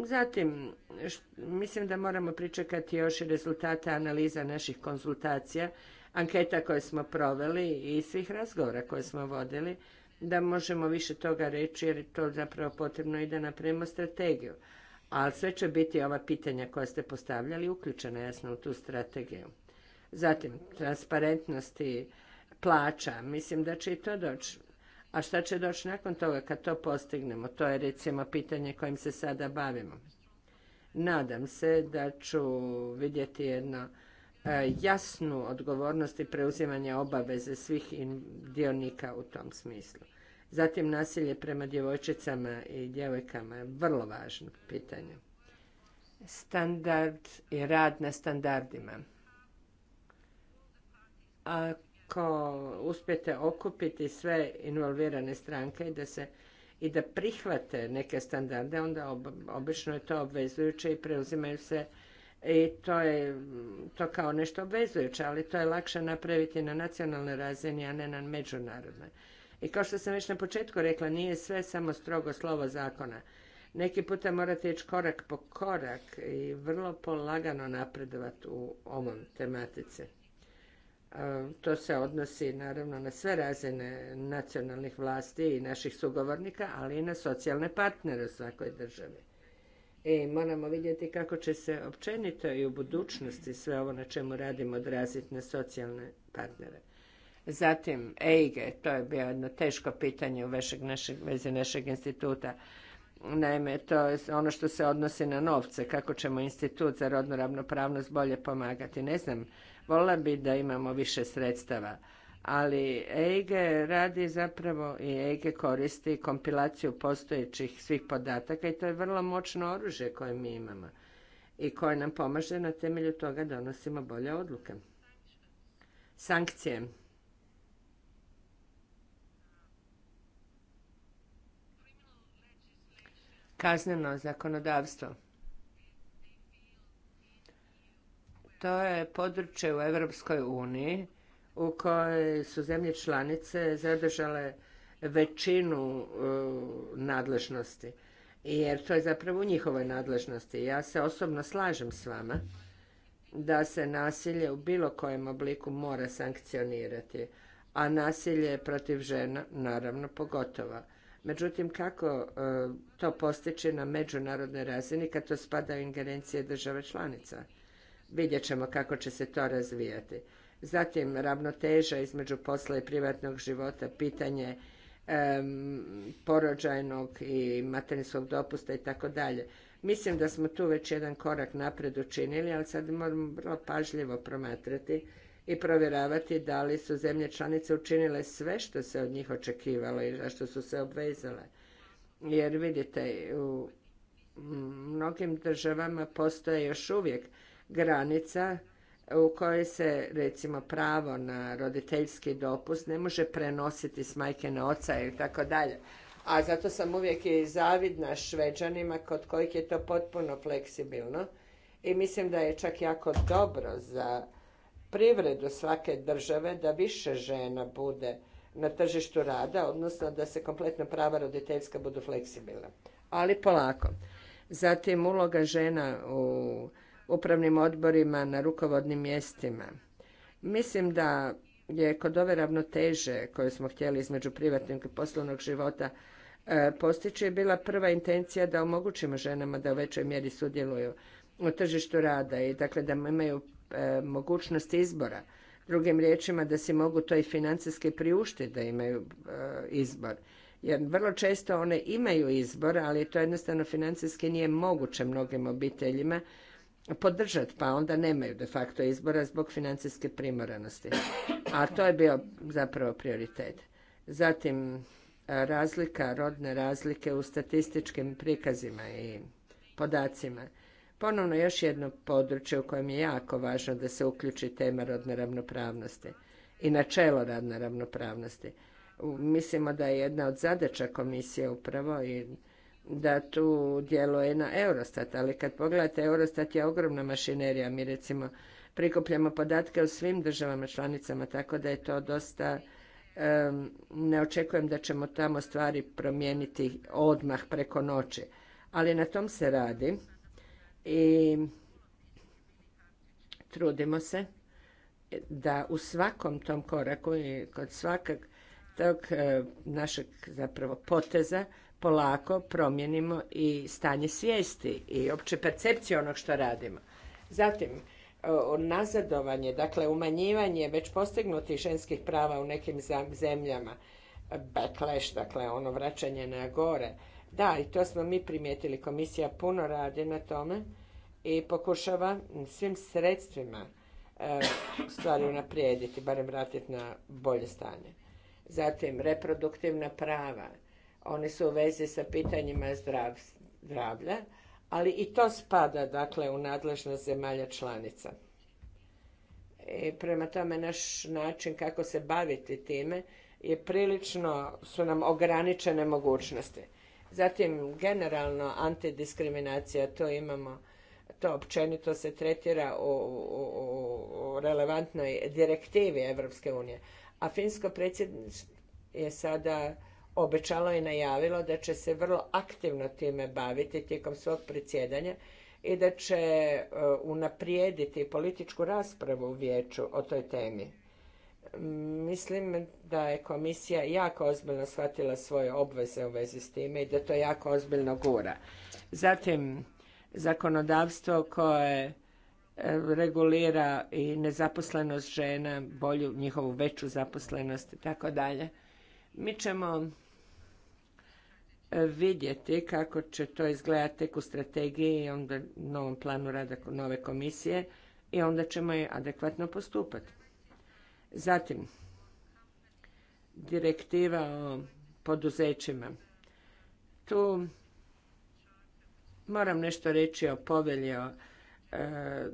Zatim, mislim da moramo pričekati još i rezultate analiza naših konzultacija, anketa koje smo proveli i svih razgovora koje smo vodili da možemo više toga reći jer je to zapravo potrebno i da napravimo strategiju. Ali sve će biti ova pitanja koja ste postavljali uključena jasno u tu strategiju. Zatim, transparentnosti plaća, mislim da će i to doći. A šta će doći nakon toga kad to postignemo? To je recimo pitanje kojim se sada bavimo. Nadam se da ću vidjeti jedno e, jasnu odgovornost i preuzimanje obaveze svih dionika u tom smislu. Zatim nasilje prema djevojčicama i djevojkama je vrlo važno pitanje. Standard i rad na standardima. Ako uspijete okupiti sve involvirane stranke i da se i da prihvate neke standarde, onda obično je to obvezujuće i preuzimaju se i to je to kao nešto obvezujuće, ali to je lakše napraviti na nacionalnoj razini, a ne na međunarodnoj. I kao što sam već na početku rekla, nije sve samo strogo slovo zakona. Neki puta morate ići korak po korak i vrlo polagano napredovati u ovom tematici. E, to se odnosi naravno na sve razine nacionalnih vlasti i naših sugovornika, ali i na socijalne partnere u svakoj državi. I e, moramo vidjeti kako će se općenito i u budućnosti sve ovo na čemu radimo odraziti na socijalne partnere. Zatim EIGE, to je bio jedno teško pitanje u vezi našeg instituta. Naime, to je ono što se odnosi na novce, kako ćemo institut za rodnu ravnopravnost bolje pomagati. Ne znam, volila bi da imamo više sredstava, ali EIGE radi zapravo i EIGE koristi kompilaciju postojećih svih podataka i to je vrlo moćno oružje koje mi imamo i koje nam pomaže na temelju toga donosimo bolje odluke. Sankcije. kazneno zakonodavstvo. To je područje u Europskoj uniji u kojoj su zemlje članice zadržale većinu e, nadležnosti. Jer to je zapravo u njihovoj nadležnosti. Ja se osobno slažem s vama da se nasilje u bilo kojem obliku mora sankcionirati, a nasilje protiv žena naravno pogotovo. Međutim, kako e, to postići na međunarodnoj razini kad to spada u ingerencije države članica? Vidjet ćemo kako će se to razvijati. Zatim, ravnoteža između posla i privatnog života, pitanje porođajnog i materinskog dopusta i tako dalje. Mislim da smo tu već jedan korak napred učinili, ali sad moramo vrlo pažljivo promatrati i provjeravati da li su zemlje članice učinile sve što se od njih očekivalo i za što su se obvezale. Jer vidite, u mnogim državama postoje još uvijek granica u kojoj se recimo pravo na roditeljski dopust ne može prenositi s majke na oca i tako dalje. A zato sam uvijek i zavidna šveđanima kod kojih je to potpuno fleksibilno i mislim da je čak jako dobro za privredu svake države da više žena bude na tržištu rada, odnosno da se kompletno prava roditeljska budu fleksibilna. Ali polako. Zatim uloga žena u upravnim odborima na rukovodnim mjestima. Mislim da je kod ove ravnoteže koje smo htjeli između privatnog i poslovnog života e, postići je bila prva intencija da omogućimo ženama da u većoj mjeri sudjeluju u tržištu rada i dakle da imaju E, mogućnost izbora. Drugim riječima da si mogu to i financijski priuštiti da imaju e, izbor. Jer vrlo često one imaju izbor, ali to jednostavno financijski nije moguće mnogim obiteljima podržati, pa onda nemaju de facto izbora zbog financijske primoranosti. A to je bio zapravo prioritet. Zatim, e, razlika, rodne razlike u statističkim prikazima i podacima ponovno još jedno područje u kojem je jako važno da se uključi tema rodne ravnopravnosti i načelo radne ravnopravnosti. Mislimo da je jedna od zadaća komisije upravo i da tu djeluje na Eurostat, ali kad pogledate Eurostat je ogromna mašinerija, mi recimo prikupljamo podatke u svim državama članicama, tako da je to dosta ne očekujem da ćemo tamo stvari promijeniti odmah preko noći, ali na tom se radi i trudimo se da u svakom tom koraku i kod svakog tog e, našeg zapravo poteza polako promijenimo i stanje svijesti i opće percepcije onog što radimo. Zatim, e, nazadovanje, dakle umanjivanje već postignutih ženskih prava u nekim zemljama, backlash, dakle ono vraćanje na gore, da, i to smo mi primijetili. Komisija puno radi na tome i pokušava svim sredstvima e, stvari unaprijediti, barem vratiti na bolje stanje. Zatim, reproduktivna prava. Oni su u vezi sa pitanjima zdravlja, ali i to spada dakle u nadležnost zemalja članica. I e, prema tome naš način kako se baviti time je prilično su nam ograničene mogućnosti. Zatim generalno antidiskriminacija, to imamo, to općenito se tretira u, relevantnoj direktivi Evropske unije. A finsko predsjedništvo je sada obećalo i najavilo da će se vrlo aktivno time baviti tijekom svog predsjedanja i da će e, unaprijediti političku raspravu u vijeću o toj temi mislim da je komisija jako ozbiljno shvatila svoje obveze u vezi s time i da to jako ozbiljno gura. Zatim, zakonodavstvo koje e, regulira i nezaposlenost žena, bolju njihovu veću zaposlenost i tako dalje. Mi ćemo e, vidjeti kako će to izgledati tek u strategiji i onda novom planu rada nove komisije i onda ćemo je adekvatno postupati. Zatim, direktiva o poduzećima. Tu moram nešto reći o povelji o e,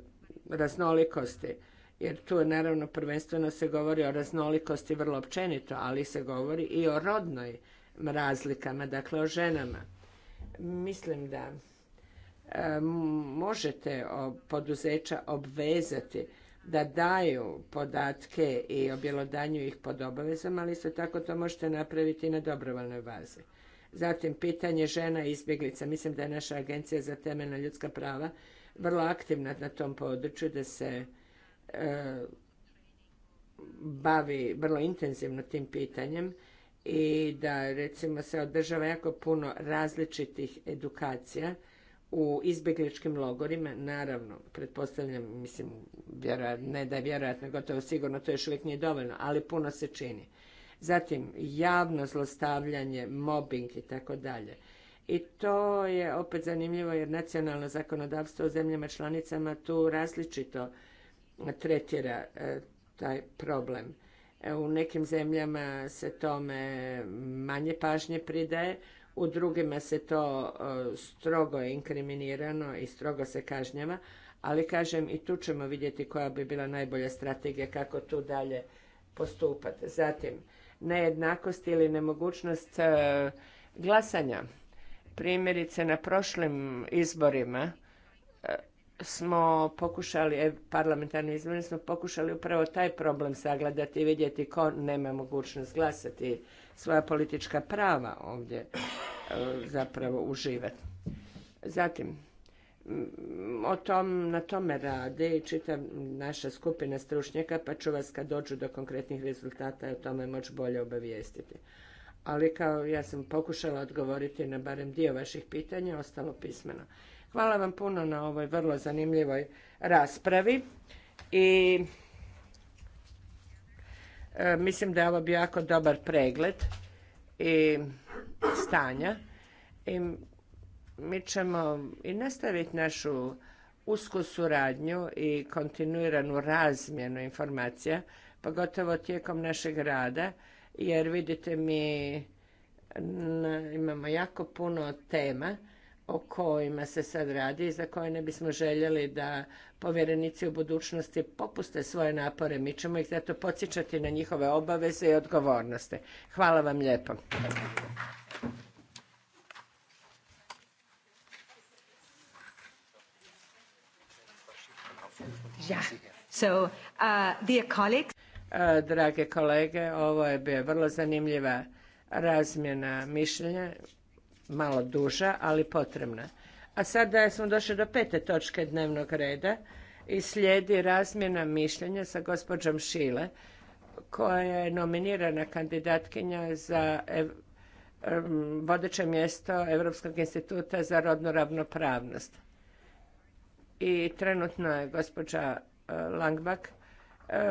raznolikosti, jer tu naravno prvenstveno se govori o raznolikosti vrlo općenito, ali se govori i o rodnoj razlikama, dakle o ženama. Mislim da e, možete poduzeća obvezati da daju podatke i objelodanju ih pod obavezom, ali isto tako to možete napraviti i na dobrovoljnoj bazi. Zatim, pitanje žena i izbjeglica. Mislim da je naša agencija za temeljna ljudska prava vrlo aktivna na tom području, da se e, bavi vrlo intenzivno tim pitanjem i da recimo se održava jako puno različitih edukacija u izbjegličkim logorima, naravno, pretpostavljam, mislim, ne da je vjerojatno, gotovo sigurno to još uvijek nije dovoljno, ali puno se čini. Zatim, javno zlostavljanje, mobbing i tako dalje. I to je opet zanimljivo jer nacionalno zakonodavstvo u zemljama članicama tu različito tretira e, taj problem. E, u nekim zemljama se tome manje pažnje pridaje, u drugima se to e, strogo je inkriminirano i strogo se kažnjava, ali kažem i tu ćemo vidjeti koja bi bila najbolja strategija kako tu dalje postupati. Zatim, nejednakost ili nemogućnost e, glasanja. Primjerice, na prošlim izborima e, smo pokušali, parlamentarni izbori smo pokušali upravo taj problem sagledati i vidjeti ko nema mogućnost glasati svoja politička prava ovdje e, zapravo uživati. Zatim, o na tome rade i čita naša skupina stručnjaka, pa ću vas kad dođu do konkretnih rezultata o tome moći bolje obavijestiti. Ali kao ja sam pokušala odgovoriti na barem dio vaših pitanja, ostalo pismeno. Hvala vam puno na ovoj vrlo zanimljivoj raspravi i E, mislim da je ovo bio jako dobar pregled i stanja i mi ćemo i nastaviti našu usku suradnju i kontinuiranu razmjenu informacija, pogotovo tijekom našeg rada, jer vidite mi imamo jako puno tema o kojima se sad radi i za koje ne bismo željeli da povjerenici u budućnosti popuste svoje napore. Mi ćemo ih zato podsjećati na njihove obaveze i odgovornosti. Hvala vam lijepo. Uh, drage kolege, ovo je bio vrlo zanimljiva razmjena mišljenja malo duža, ali potrebna. A sada smo došli do pete točke dnevnog reda i slijedi razmjena mišljenja sa gospođom Šile, koja je nominirana kandidatkinja za vodeće mjesto Europskog instituta za rodnu ravnopravnost. I trenutno je gospođa e, Langbak, e,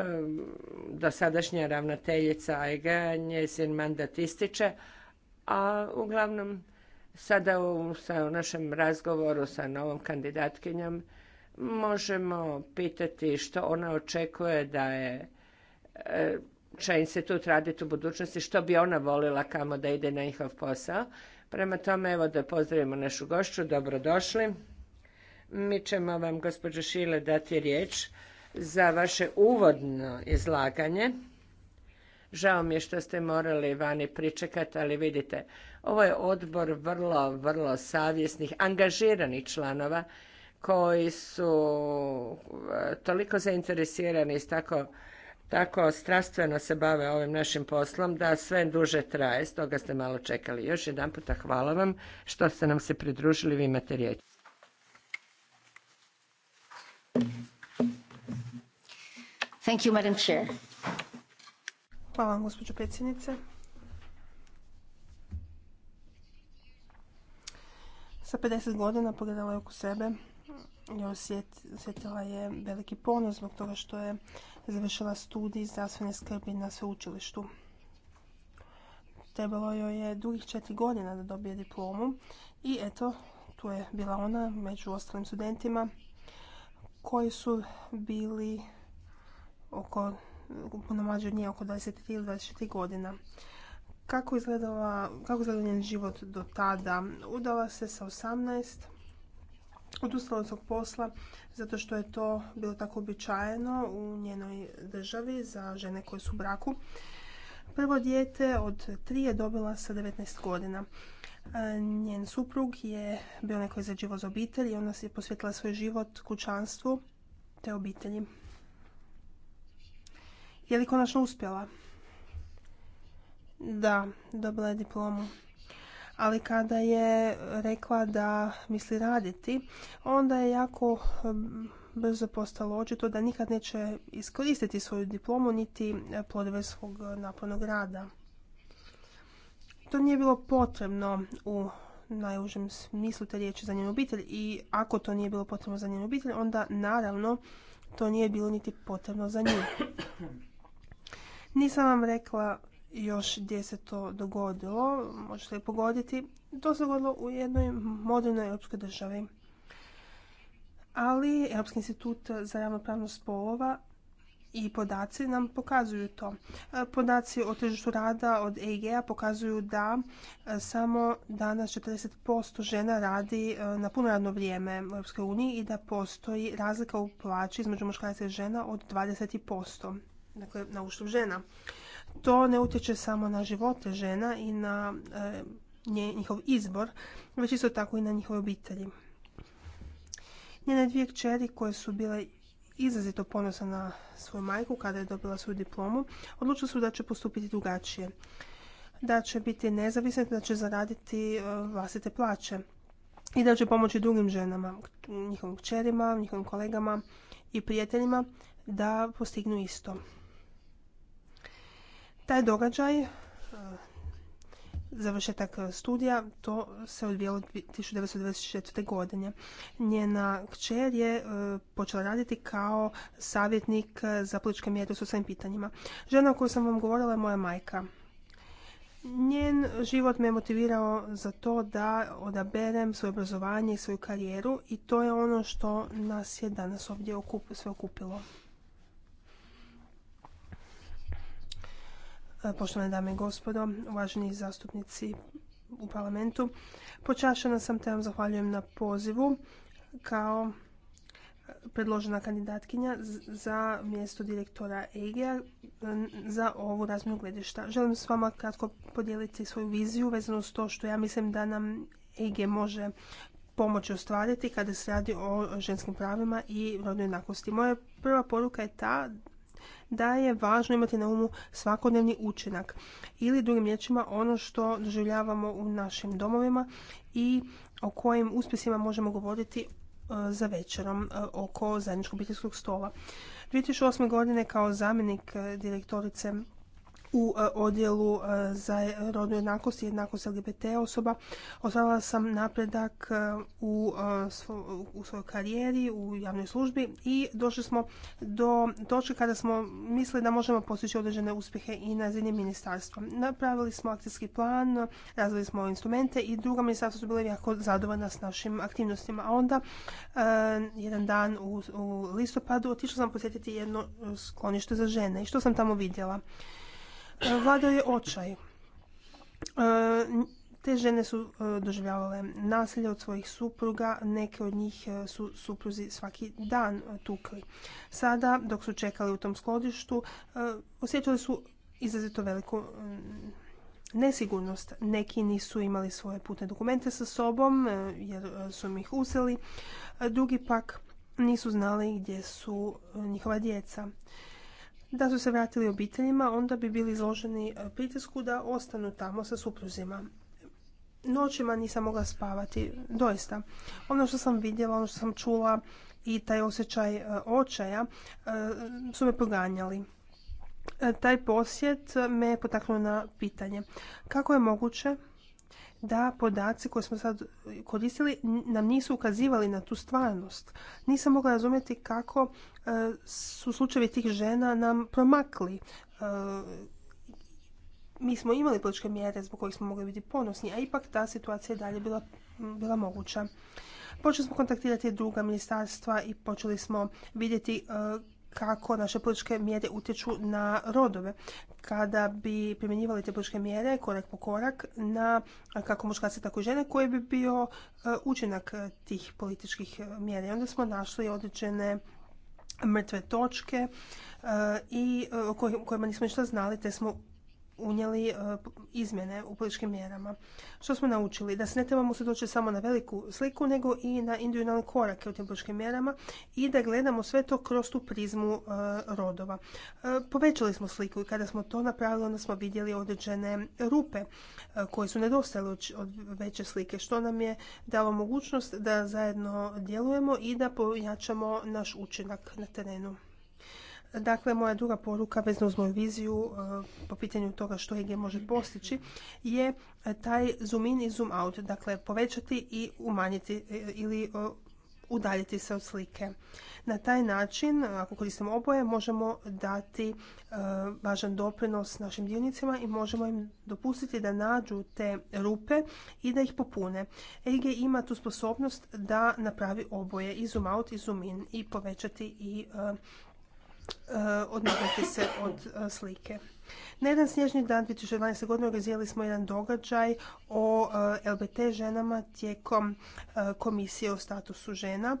dosadašnja ravnateljica njezin mandat ističe, a uglavnom Sada u, našem razgovoru sa novom kandidatkinjom možemo pitati što ona očekuje da je e, će institut raditi u budućnosti, što bi ona volila kamo da ide na njihov posao. Prema tome, evo da pozdravimo našu gošću, dobrodošli. Mi ćemo vam, gospođo Šile, dati riječ za vaše uvodno izlaganje Žao mi je što ste morali vani pričekati, ali vidite, ovo je odbor vrlo, vrlo savjesnih, angažiranih članova koji su e, toliko zainteresirani i tako, tako strastveno se bave ovim našim poslom da sve duže traje, stoga ste malo čekali. Još jedan puta hvala vam što ste nam se pridružili, vi imate riječ. Thank you, Madam Chair. Hvala vam, gospođo predsjednice. Sa 50 godina pogledala je oko sebe i osjetila je veliki ponos zbog toga što je završila studij zdravstvene skrbi na sveučilištu. Trebalo joj je drugih četiri godina da dobije diplomu i eto, tu je bila ona među ostalim studentima koji su bili oko puno mlađi od nje, oko 23 ili 24 godina. Kako izgledala, njen život do tada? Udala se sa 18, odustala od svog posla zato što je to bilo tako običajeno u njenoj državi za žene koje su u braku. Prvo dijete od tri je dobila sa 19 godina. E, njen suprug je bio neko izrađivo za obitelj i ona se je posvetila svoj život kućanstvu te obitelji. Je li konačno uspjela? Da, dobila je diplomu. Ali kada je rekla da misli raditi, onda je jako brzo postalo očito da nikad neće iskoristiti svoju diplomu niti e, plodove svog napornog rada. To nije bilo potrebno u najužem smislu te riječi za njenu obitelj i ako to nije bilo potrebno za njenu obitelj, onda naravno to nije bilo niti potrebno za nju. Nisam vam rekla još gdje se to dogodilo, možete li pogoditi. To se dogodilo u jednoj modernoj europskoj državi. Ali Europski institut za ravnopravnost spolova i podaci nam pokazuju to. Podaci o tržištu rada od EG-a pokazuju da e, samo danas 40% žena radi e, na puno radno vrijeme u EU i da postoji razlika u plaći između muškaraca i žena od 20% dakle, na uštup žena. To ne utječe samo na živote žena i na e, njihov izbor, već isto tako i na njihove obitelji. Njene dvije kćeri koje su bile izrazito ponosa na svoju majku kada je dobila svoju diplomu, odlučili su da će postupiti drugačije. Da će biti nezavisne, da će zaraditi e, vlastite plaće i da će pomoći drugim ženama, njihovim kćerima, njihovim kolegama i prijateljima da postignu isto. Taj događaj, e, završetak studija, to se odvijelo 1994. godine. Njena kćer je e, počela raditi kao savjetnik e, za političke mjere u svojim pitanjima. Žena o kojoj sam vam govorila je moja majka. Njen život me motivirao za to da odaberem svoje obrazovanje i svoju karijeru i to je ono što nas je danas ovdje sve okupilo. poštovane dame i gospodo, uvaženi zastupnici u parlamentu. Počašena sam te vam zahvaljujem na pozivu kao predložena kandidatkinja za mjesto direktora EGE-a za ovu razmjenu gledišta. Želim s vama kratko podijeliti svoju viziju vezano s to što ja mislim da nam EG može pomoći ostvariti kada se radi o ženskim pravima i rodnoj jednakosti. Moja prva poruka je ta da je važno imati na umu svakodnevni učinak ili drugim riječima ono što doživljavamo u našim domovima i o kojim uspjesima možemo govoriti e, za večerom e, oko zajedničkog obiteljskog stola. 2008. godine kao zamjenik e, direktorice u e, odjelu e, za rodnu jednakost i jednakost LGBT osoba. Ostvarila sam napredak e, u, u svojoj karijeri, u javnoj službi i došli smo do točke kada smo mislili da možemo postići određene uspjehe i na razini ministarstva. Napravili smo akcijski plan, razvili smo instrumente i druga ministarstva su bila jako zadovoljna s našim aktivnostima. A onda, jedan dan u, u listopadu, otišla sam posjetiti jedno sklonište za žene i što sam tamo vidjela? E, Vlada je očaj. E, te žene su e, doživljavale nasilje od svojih supruga, neke od njih su supruzi svaki dan tukli. Sada, dok su čekali u tom sklodištu, osjećali su izrazito veliku mm, nesigurnost. Neki nisu imali svoje putne dokumente sa sobom jer su im ih uzeli, drugi pak nisu znali gdje su njihova djeca da su se vratili obiteljima, onda bi bili izloženi e, pritisku da ostanu tamo sa supruzima. Noćima nisam mogla spavati, doista. Ono što sam vidjela, ono što sam čula i taj osjećaj e, očaja e, su me proganjali. Taj posjet me je potaknuo na pitanje kako je moguće da podaci koje smo sad koristili nam nisu ukazivali na tu stvarnost. Nisam mogla razumjeti kako e, su slučajevi tih žena nam promakli. E, mi smo imali političke mjere zbog kojih smo mogli biti ponosni, a ipak ta situacija je dalje bila, bila moguća. Počeli smo kontaktirati druga ministarstva i počeli smo vidjeti e, kako naše političke mjere utječu na rodove. Kada bi primjenjivali te političke mjere korak po korak na kako muškarce tako i žene, koji bi bio e, učinak e, tih političkih e, mjera. I onda smo našli određene mrtve točke i o kojima nismo ništa znali, te smo unijeli e, izmjene u političkim mjerama. Što smo naučili? Da se ne trebamo doći samo na veliku sliku, nego i na individualne korake u tim političkim mjerama i da gledamo sve to kroz tu prizmu e, rodova. E, povećali smo sliku i kada smo to napravili, onda smo vidjeli određene rupe koje su nedostale od veće slike, što nam je dalo mogućnost da zajedno djelujemo i da pojačamo naš učinak na terenu. Dakle, moja druga poruka vezno uz moju viziju e, po pitanju toga što EG može postići je e, taj zoom in i zoom out, dakle povećati i umanjiti e, ili udaljiti se od slike. Na taj način, ako koristimo oboje, možemo dati važan doprinos našim dionicima i možemo im dopustiti da nađu te rupe i da ih popune. EG ima tu sposobnost da napravi oboje i zoom out i zoom in i povećati i Eh, odmaknuti se od eh, slike. Na jedan snježni dan 2012. godine organizirali smo jedan događaj o eh, LBT ženama tijekom komisije o statusu žena.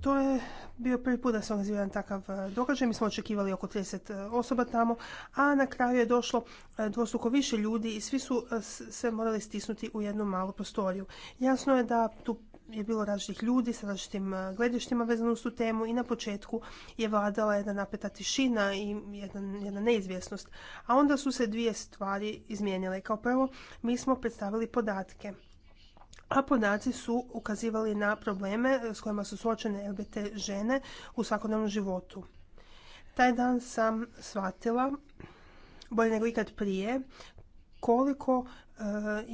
To je bio prvi put da se jedan takav događaj. Mi smo očekivali oko 30 osoba tamo, a na kraju je došlo dvostruko više ljudi i svi su se morali stisnuti u jednu malu prostoriju. Jasno je da tu je bilo različitih ljudi sa različitim e, gledištima vezano uz tu temu i na početku je vladala jedna napeta tišina i jedna, jedna neizvjesnost. A onda su se dvije stvari izmijenile. Kao prvo, mi smo predstavili podatke a podaci su ukazivali na probleme e, s kojima su suočene LBT žene u svakodnevnom životu. Taj dan sam shvatila, bolje nego ikad prije, koliko e,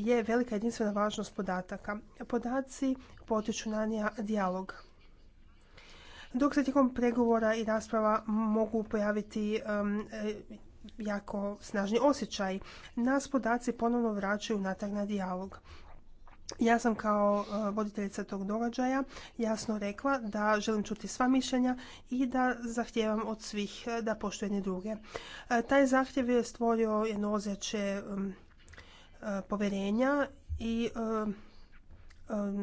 je velika jedinstvena važnost podataka. Podaci potiču na dijalog. Dok se tijekom pregovora i rasprava mogu pojaviti e, jako snažni osjećaj, nas podaci ponovno vraćaju natrag na dijalog. Ja sam kao e, voditeljica tog događaja jasno rekla da želim čuti sva mišljenja i da zahtijevam od svih e, da poštuje jedne druge. E, taj zahtjev je stvorio jedno ozeće povjerenja i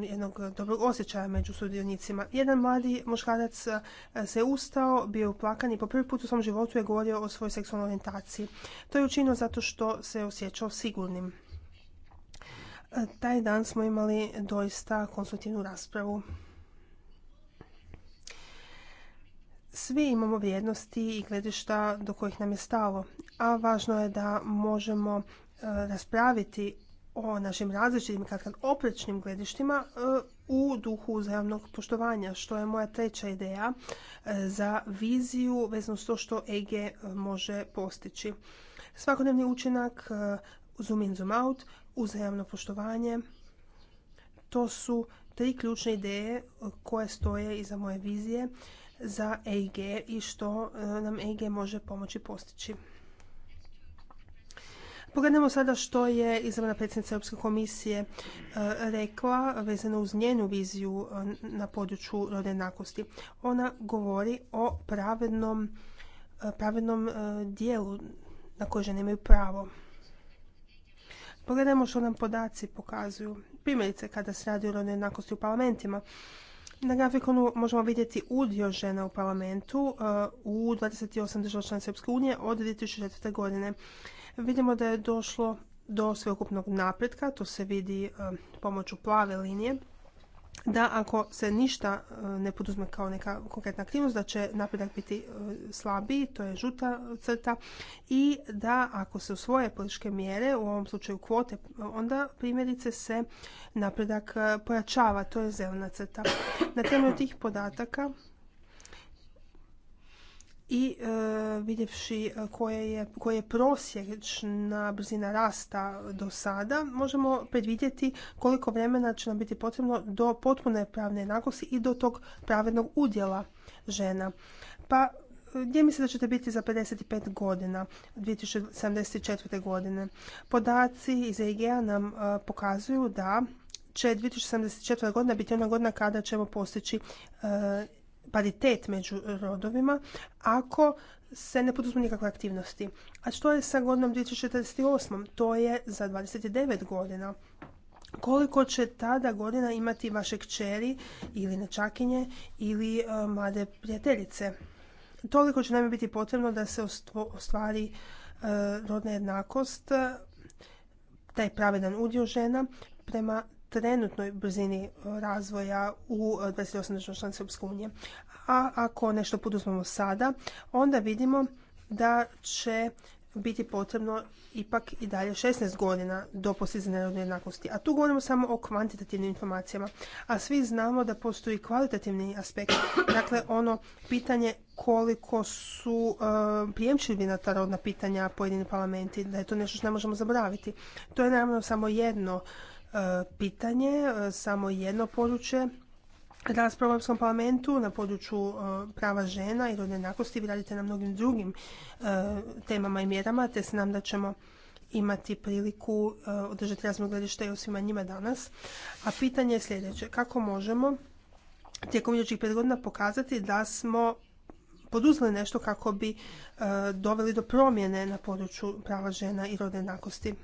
jednog dobrog osjećaja među sudionicima. Jedan mladi muškarac se ustao, bio uplakan i po prvi put u svom životu je govorio o svojoj seksualnoj orijentaciji. To je učinio zato što se osjećao sigurnim. Taj dan smo imali doista konstruktivnu raspravu. Svi imamo vrijednosti i gledišta do kojih nam je stalo, a važno je da možemo e, raspraviti o našim različitim i oprečnim gledištima e, u duhu uzajamnog poštovanja, što je moja treća ideja e, za viziju vezano s to što EG može postići. Svakodnevni učinak zoom in, zoom out, uzajamno poštovanje. To su tri ključne ideje e, koje stoje iza moje vizije za EIG i što e, nam EIG može pomoći postići. Pogledamo sada što je izravna predsjednica Europske komisije e, rekla vezano uz njenu viziju na području rodne jednakosti. Ona govori o pravednom, pravednom dijelu na koje žene imaju pravo. Pogledajmo što nam podaci pokazuju. Primjerice, kada se radi o rodnoj jednakosti u parlamentima, na grafikonu možemo vidjeti udio žena u parlamentu uh, u 28 država članica Srpske unije od 2004. godine. Vidimo da je došlo do sveukupnog napretka, to se vidi uh, pomoću plave linije da ako se ništa e, ne poduzme kao neka konkretna aktivnost, da će napredak biti e, slabiji, to je žuta crta, i da ako se usvoje političke mjere, u ovom slučaju kvote, onda primjerice se napredak e, pojačava, to je zelena crta. Na temelju tih podataka i e, vidjevši e, koje je, prosječna brzina rasta do sada, možemo predvidjeti koliko vremena će nam biti potrebno do potpune pravne jednakosti i do tog pravednog udjela žena. Pa gdje mislite da ćete biti za 55 godina, 2074. godine? Podaci iz eig nam e, pokazuju da će 2074. godina biti ona godina kada ćemo postići paritet među rodovima ako se ne poduzmu nikakve aktivnosti. A što je sa godinom 2048? To je za 29 godina. Koliko će tada godina imati vaše kćeri ili nečakinje ili e, mlade prijateljice? Toliko će nam biti potrebno da se ostvari e, rodna jednakost, taj pravedan udio žena prema trenutnoj brzini e, razvoja u 28 članice članica Europske unije a ako nešto poduzmemo sada, onda vidimo da će biti potrebno ipak i dalje 16 godina do postizanja rodne jednakosti. A tu govorimo samo o kvantitativnim informacijama. A svi znamo da postoji kvalitativni aspekt. Dakle, ono pitanje koliko su uh, prijemčivi na ta rodna pitanja pojedini parlamenti, da je to nešto što ne možemo zaboraviti. To je naravno samo jedno eh, pitanje, eh, samo jedno područje rasprava u Europskom parlamentu na području e, prava žena i rodne jednakosti. Vi radite na mnogim drugim e, temama i mjerama, te se nam da ćemo imati priliku e, održati razmog gledišta i o njima danas. A pitanje je sljedeće. Kako možemo tijekom idućih pet godina pokazati da smo poduzeli nešto kako bi doveli do promjene na području prava žena i rodne jednakosti?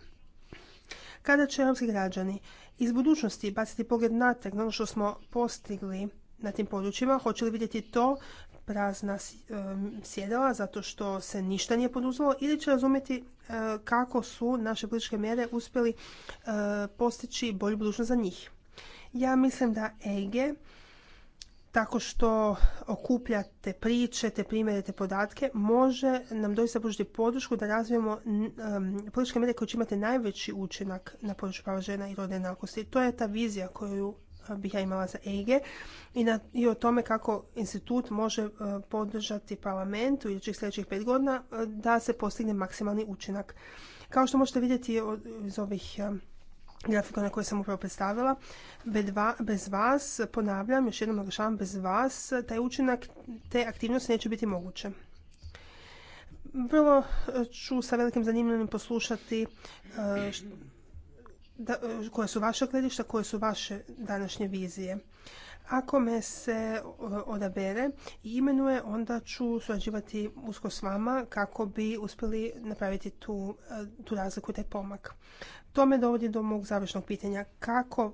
Kada će europski građani iz budućnosti baciti pogled natrag na ono što smo postigli na tim područjima. Hoće li vidjeti to prazna sjedala zato što se ništa nije poduzelo ili će razumjeti e, kako su naše političke mjere uspjeli e, postići bolju budućnost za njih. Ja mislim da EG tako što okupljate priče, te primjere, te podatke, može nam doista pružiti podršku da razvijemo političke mjere koje će imati najveći učinak na području prava žena i rodne jednakosti. To je ta vizija koju bih ja imala za EG i, o tome kako institut može podržati parlament u idućih sljedećih pet godina da se postigne maksimalni učinak. Kao što možete vidjeti iz ovih grafikona koje sam upravo predstavila, bez vas, ponavljam, još jednom naglašavam, bez vas taj učinak te aktivnosti neće biti moguće. Prvo eh, ću sa velikim zanimljivim poslušati eh, da, eh, koje su vaše gledišta, koje su vaše današnje vizije. Ako me se odabere i imenuje, onda ću surađivati usko s vama kako bi uspjeli napraviti tu, e, tu razliku, taj pomak. To me dovodi do mog završnog pitanja. Kako e,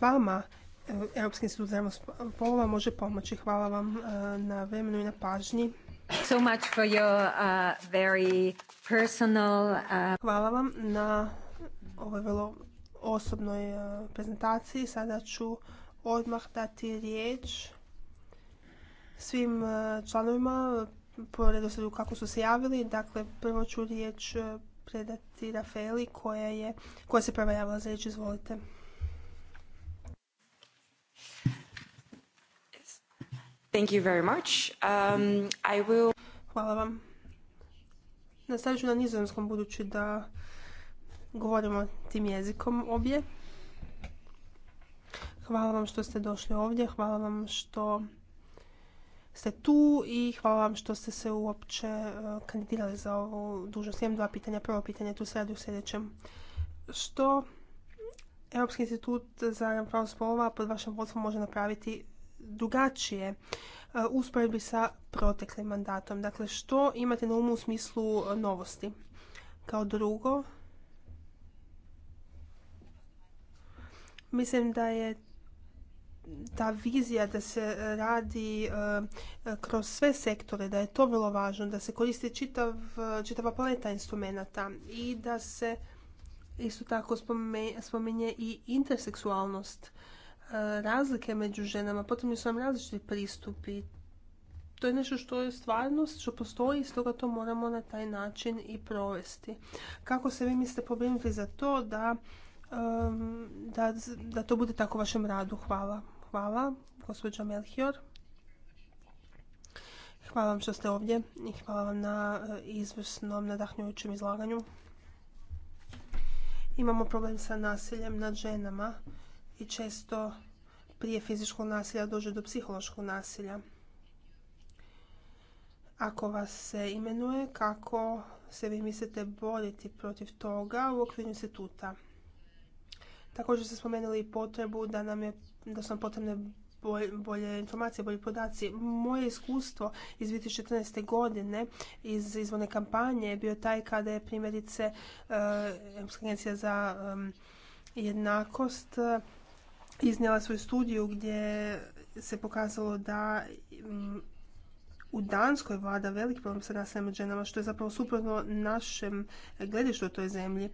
vama e, Europski institut za polova može pomoći? Hvala vam na vremenu i na pažnji. Uh, very personal, uh, Hvala vam na ovoj vrlo osobnoj prezentaciji. Sada ću odmah dati riječ svim e, članovima po redoslijedu kako su se javili. Dakle, prvo ću riječ e, predati Rafaeli koja, koja se prva javila za riječ. Izvolite. Thank um, Hvala vam. Nastavit ću na nizozemskom budući da govorimo tim jezikom obje. Hvala vam što ste došli ovdje, hvala vam što ste tu i hvala vam što ste se uopće e, kandidirali za ovu dužnost. Imam dva pitanja. Prvo pitanje tu se radi u sljedećem. Što Europski institut za ravnopravnost spolova pod vašim vodstvom može napraviti drugačije e, usporedbi sa proteklim mandatom? Dakle, što imate na umu u smislu novosti? Kao drugo, mislim da je ta vizija da se radi e, kroz sve sektore, da je to vrlo važno, da se koristi čitav, čitava paleta instrumenata i da se isto tako spominje i interseksualnost, e, razlike među ženama, potrebni su nam različiti pristupi. To je nešto što je stvarnost, što postoji i stoga to moramo na taj način i provesti. Kako se vi mislite pobrinuti za to da da, da to bude tako u vašem radu. Hvala. Hvala, gospođo Melchior. Hvala vam što ste ovdje i hvala vam na e, izvrsnom, nadahnjujućem izlaganju. Imamo problem sa nasiljem nad ženama i često prije fizičkog nasilja dođe do psihološkog nasilja. Ako vas se imenuje, kako se vi mislite boriti protiv toga u okviru instituta? Također ste spomenuli i potrebu da nam je da su nam potrebne bolje informacije, bolji podaci. Moje iskustvo iz 2014. godine iz izvorne kampanje je bio taj kada je primjerice e, Europska agencija za jednakost e, iznijela svoju studiju gdje se pokazalo da u Danskoj vlada velik problem sa nasiljem ženama, što je zapravo suprotno našem gledištu u toj zemlji.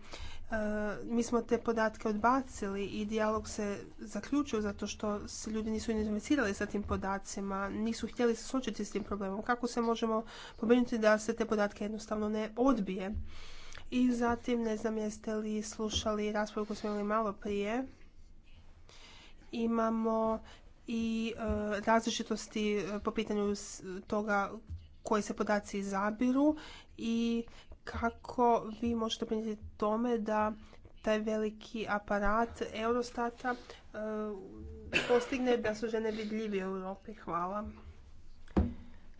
E, mi smo te podatke odbacili i dijalog se zaključio zato što se ljudi nisu identificirali sa tim podacima, nisu htjeli se suočiti s tim problemom. Kako se možemo pobrinuti da se te podatke jednostavno ne odbije? I zatim, ne znam jeste li slušali raspravu koju smo imali malo prije, imamo i e, različitosti e, po pitanju toga koji se podaci izabiru i kako vi možete prinijeti tome da taj veliki aparat Eurostata e, postigne da su žene vidljivije u Europi. Hvala.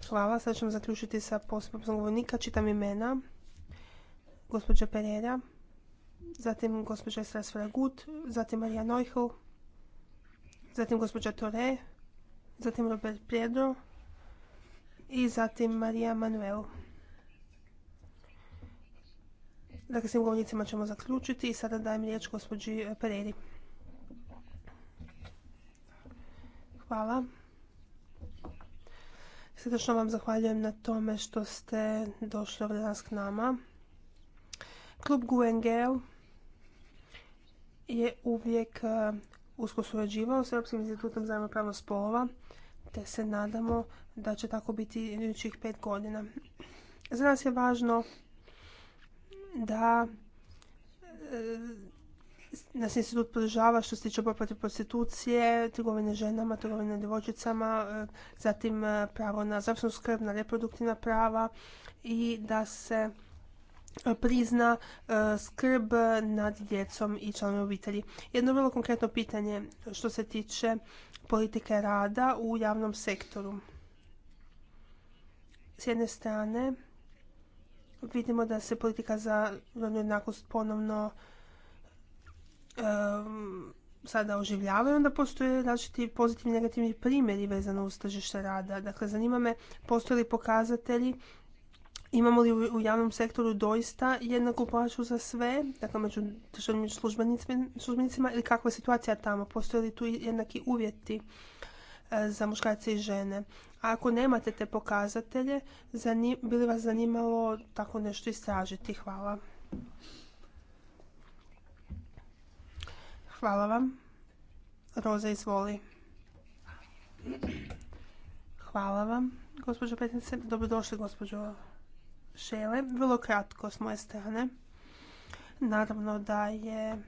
Hvala, sad ćemo zaključiti sa postupom govornika. Čitam imena. Gospođa Pereira, zatim gospođa Estras Fragut, zatim Marija Neuchel, zatim gospođa Tore, zatim Robert Prijero i zatim Marija Manuel. Dakle, s tim govornicima ćemo zaključiti i sada dajem riječ gospođi Pereri. Hvala. Srdečno vam zahvaljujem na tome što ste došli ovdje danas k nama. Klub Guengel je uvijek e, usko surađivao s Europskim institutom za ravnopravnost spolova, te se nadamo da će tako biti idućih pet godina. Za nas je važno da nas e, institut podržava što se tiče borbe protiv prostitucije, trgovine ženama, trgovine djevojčicama, e, zatim e, pravo na zdravstvenu skrb, na reproduktivna prava i da se prizna skrb nad djecom i članom obitelji. Jedno vrlo konkretno pitanje što se tiče politike rada u javnom sektoru. S jedne strane, vidimo da se politika za rodnu jednakost ponovno sada oživljava i onda postoje različiti pozitivni i negativni primjeri vezano uz tržište rada. Dakle, zanima me postoje li pokazatelji Imamo li u javnom sektoru doista jednaku plaću za sve, dakle među državnim službenicima ili kakva je situacija tamo? Postoje li tu jednaki uvjeti eh, za muškarce i žene? ako nemate te pokazatelje, bi li vas zanimalo tako nešto istražiti? Hvala. Hvala vam. Roza, izvoli. Hvala vam, gospođo Petnice. Dobrodošli, gospođo Šele. Vrlo kratko s moje strane. Naravno da je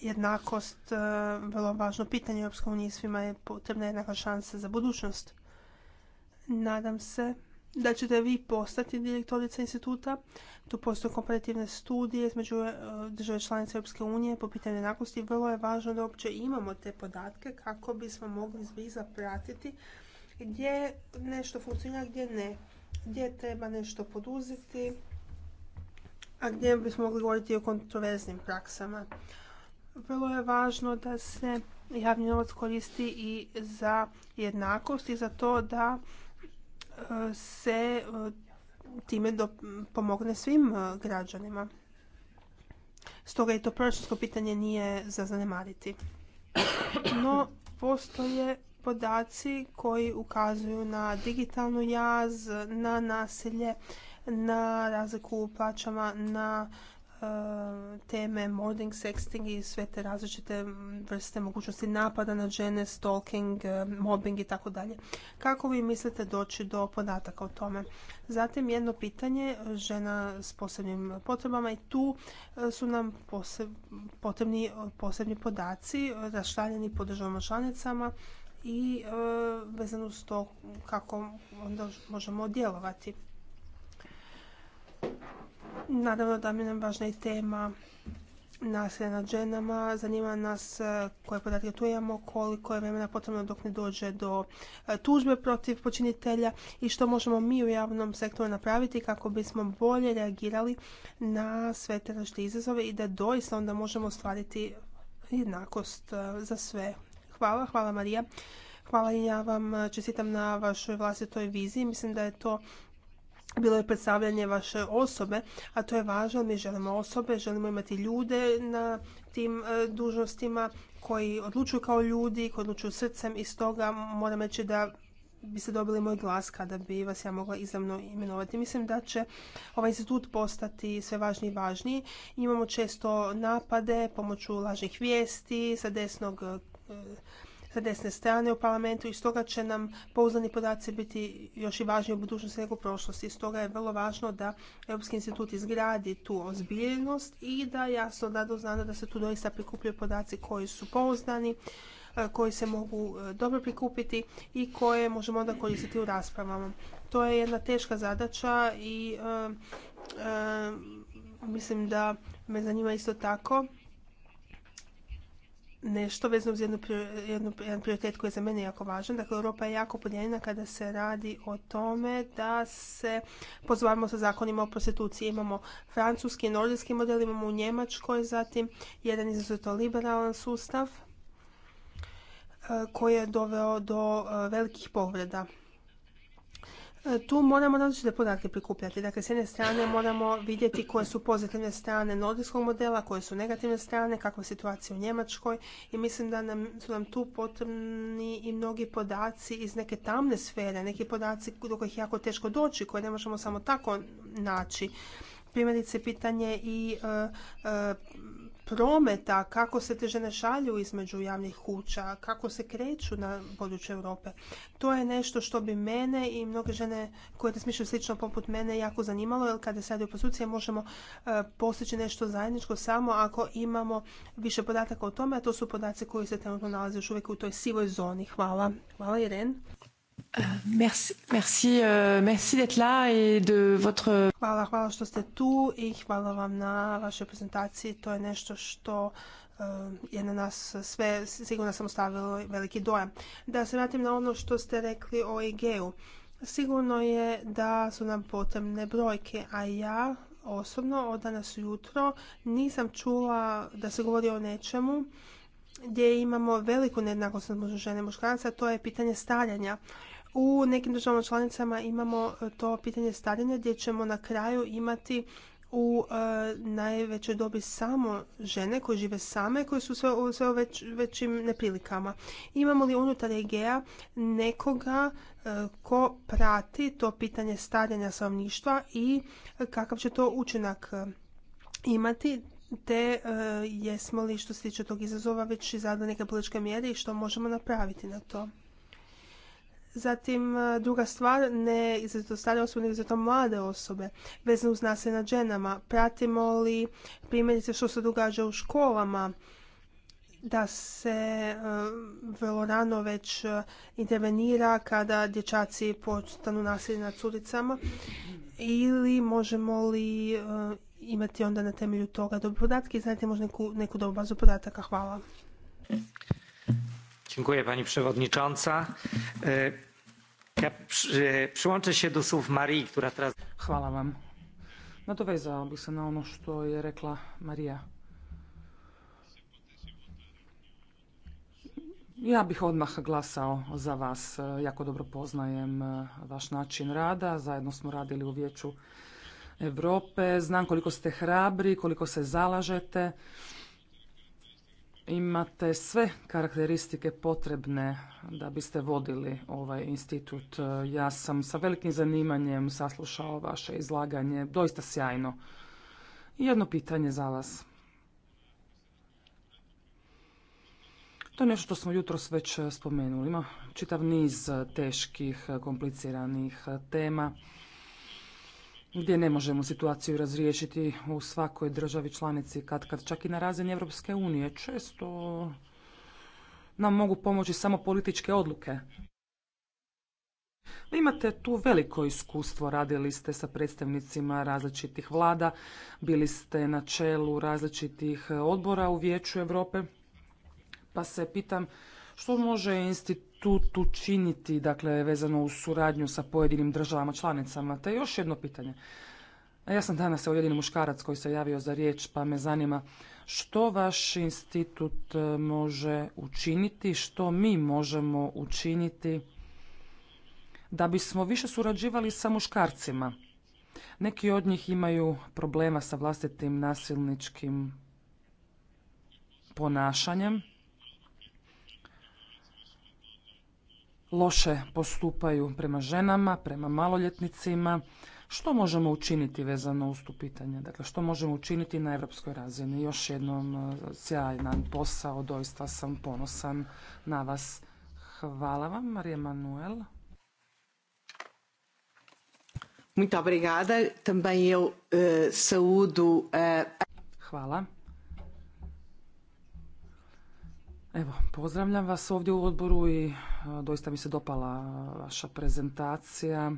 jednakost e, vrlo važno pitanje Europske unije. Svima je potrebna jednaka šansa za budućnost. Nadam se da ćete vi postati direktorica instituta. Tu postoje komparativne studije između e, države članice Europske unije po pitanju jednakosti. Vrlo je važno da uopće imamo te podatke kako bismo mogli svi pratiti gdje nešto funkcionira, gdje ne. Gdje treba nešto poduzeti, a gdje bismo mogli govoriti o kontroverznim praksama. Vrlo je važno da se javni novac koristi i za jednakost i za to da e, se e, time pomogne svim e, građanima. Stoga i to proračunsko pitanje nije za zanemariti. No, postoje podaci koji ukazuju na digitalnu jaz, na nasilje, na razliku u plaćama, na Eh, teme mobbing, sexting i sve te različite vrste mogućnosti napada na žene, stalking, eh, mobbing i tako dalje. Kako vi mislite doći do podataka o tome? Zatim jedno pitanje žena s posebnim potrebama i tu eh, su nam potrebni posebni podaci raštaljeni po državama članicama i vezano uz to kako onda možemo djelovati. Naravno da mi nam važna i tema nasilja nad ženama. Zanima nas e, koje podatke tu imamo, koliko je vremena potrebno dok ne dođe do e, tužbe protiv počinitelja i što možemo mi u javnom sektoru napraviti kako bismo bolje reagirali na sve te različite izazove i da doista onda možemo ostvariti jednakost e, za sve. Hvala, hvala Marija. Hvala i ja vam čestitam na vašoj vlastitoj viziji. Mislim da je to bilo je predstavljanje vaše osobe, a to je važno. Mi želimo osobe, želimo imati ljude na tim e, dužnostima koji odlučuju kao ljudi, koji odlučuju srcem i stoga moram reći da biste dobili moj glas kada bi vas ja mogla izravno imenovati. Mislim da će ovaj institut postati sve važniji i važniji. Imamo često napade pomoću lažnih vijesti sa desnog e, sa desne strane u parlamentu i stoga će nam pouzdani podaci biti još i važniji u budućnosti nego u prošlosti. Stoga je vrlo važno da Europski institut izgradi tu ozbiljnost i da jasno da doznano da se tu doista prikupljaju podaci koji su pouzdani, e, koji se mogu e, dobro prikupiti i koje možemo onda koristiti u raspravama. To je jedna teška zadaća i e, mislim da me zanima isto tako nešto vezano uz jednu, jednu, jedan prioritet koji je za mene jako važan. Dakle, Europa je jako podijeljena kada se radi o tome da se pozvamo sa zakonima o prostituciji. Imamo francuski i nordijski model, imamo u Njemačkoj, zatim jedan izuzetno liberalan sustav e, koji je doveo do e, velikih povreda tu moramo različite podatke prikupljati. Dakle, s jedne strane moramo vidjeti koje su pozitivne strane nordijskog modela, koje su negativne strane, kakva je situacija u Njemačkoj i mislim da nam, su nam tu potrebni i mnogi podaci iz neke tamne sfere, neki podaci do kojih je jako teško doći, koje ne možemo samo tako naći primjerice pitanje i e, e, prometa, kako se te žene šalju između javnih kuća, kako se kreću na području Europe. To je nešto što bi mene i mnoge žene koje razmišljaju slično poput mene jako zanimalo, jer kada se radi o možemo e, postići nešto zajedničko samo ako imamo više podataka o tome, a to su podaci koji se trenutno nalaze još uvijek u toj sivoj zoni. Hvala. Hvala Iren. Merci, merci, euh, Hvala, hvala što ste tu i hvala vam na vašoj prezentaciji. To je nešto što eh, je na nas sve, sigurno sam ostavila veliki dojam. Da se vratim na ono što ste rekli o EG-u. Sigurno je da su nam potrebne brojke, a ja osobno od danas ujutro nisam čula da se govori o nečemu gdje imamo veliku nejednakost između žene i muškaraca, to je pitanje staranja. U nekim državama članicama imamo e, to pitanje staranja gdje ćemo na kraju imati u e, najvećoj dobi samo žene koje žive same, koje su sve, u sve već, većim neprilikama. Imamo li unutar EGEA nekoga e, ko prati to pitanje staranja stanovništva i e, kakav će to učinak imati te e, jesmo li što se tiče tog izazova već izradili neke političke mjere i što možemo napraviti na to. Zatim, e, druga stvar, ne izrazito stare osobe, ne izrazito mlade osobe, vezano uz nasilje nad ženama. Pratimo li primjerice što se događa u školama, da se e, vrlo rano već intervenira kada dječaci postanu nasilje nad curicama ili možemo li imati onda na temelju toga dobro podatke i znati možda neku, neku bazu podataka. Hvala. Dziękuję pani przewodnicząca. E, ja e, przyłączę się do słów Marii, która teraz... Hvala vam. Nadovezao bih se na ono što je rekla Marija. Ja bih odmah glasao za vas. E, jako dobro poznajem vaš način rada. Zajedno smo radili u vijeću Europe. Znam koliko ste hrabri, koliko se zalažete. Imate sve karakteristike potrebne da biste vodili ovaj institut. Ja sam sa velikim zanimanjem saslušao vaše izlaganje, doista sjajno. Jedno pitanje za vas. To je nešto što smo jutros već spomenuli. Ima čitav niz teških, kompliciranih tema gdje ne možemo situaciju razriješiti u svakoj državi članici, kad, kad čak i na razini Europske unije. Često nam mogu pomoći samo političke odluke. Vi imate tu veliko iskustvo, radili ste sa predstavnicima različitih vlada, bili ste na čelu različitih odbora u Vijeću Europe, pa se pitam što može institucija statutu činiti, dakle, vezano u suradnju sa pojedinim državama članicama? Te još jedno pitanje. Ja sam danas jedini muškarac koji se javio za riječ, pa me zanima što vaš institut e, može učiniti, što mi možemo učiniti da bismo više surađivali sa muškarcima. Neki od njih imaju problema sa vlastitim nasilničkim ponašanjem. loše postupaju prema ženama, prema maloljetnicima. Što možemo učiniti vezano uz to pitanje? Dakle, što možemo učiniti na europskoj razini? Još jednom e, sjajan posao, doista sam ponosan na vas. Hvala vam, Marija Manuel. Muito obrigada. Também eu eh, saúdo. Eh, Hvala. Evo, pozdravljam vas ovdje u odboru i e, doista mi se dopala vaša prezentacija.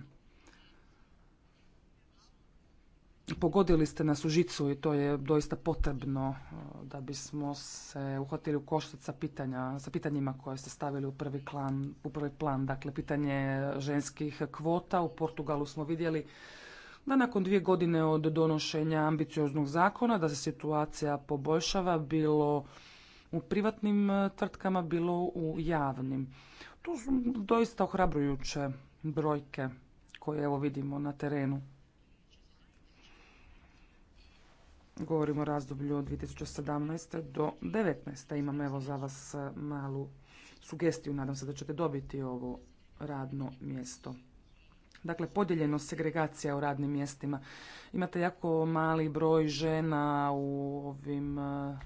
Pogodili ste nas u žicu i to je doista potrebno e, da bismo se uhvatili u koštac sa, pitanja, sa pitanjima koje ste stavili u prvi, u prvi plan. Dakle, pitanje ženskih kvota. U Portugalu smo vidjeli da nakon dvije godine od donošenja ambicioznog zakona da se situacija poboljšava bilo u privatnim e, tvrtkama, bilo u javnim. To su doista ohrabrujuće brojke koje evo vidimo na terenu. Govorimo o razdoblju od 2017. do 2019. Imam evo za vas e, malu sugestiju, nadam se da ćete dobiti ovo radno mjesto. Dakle, podijeljeno segregacija u radnim mjestima. Imate jako mali broj žena u ovim e,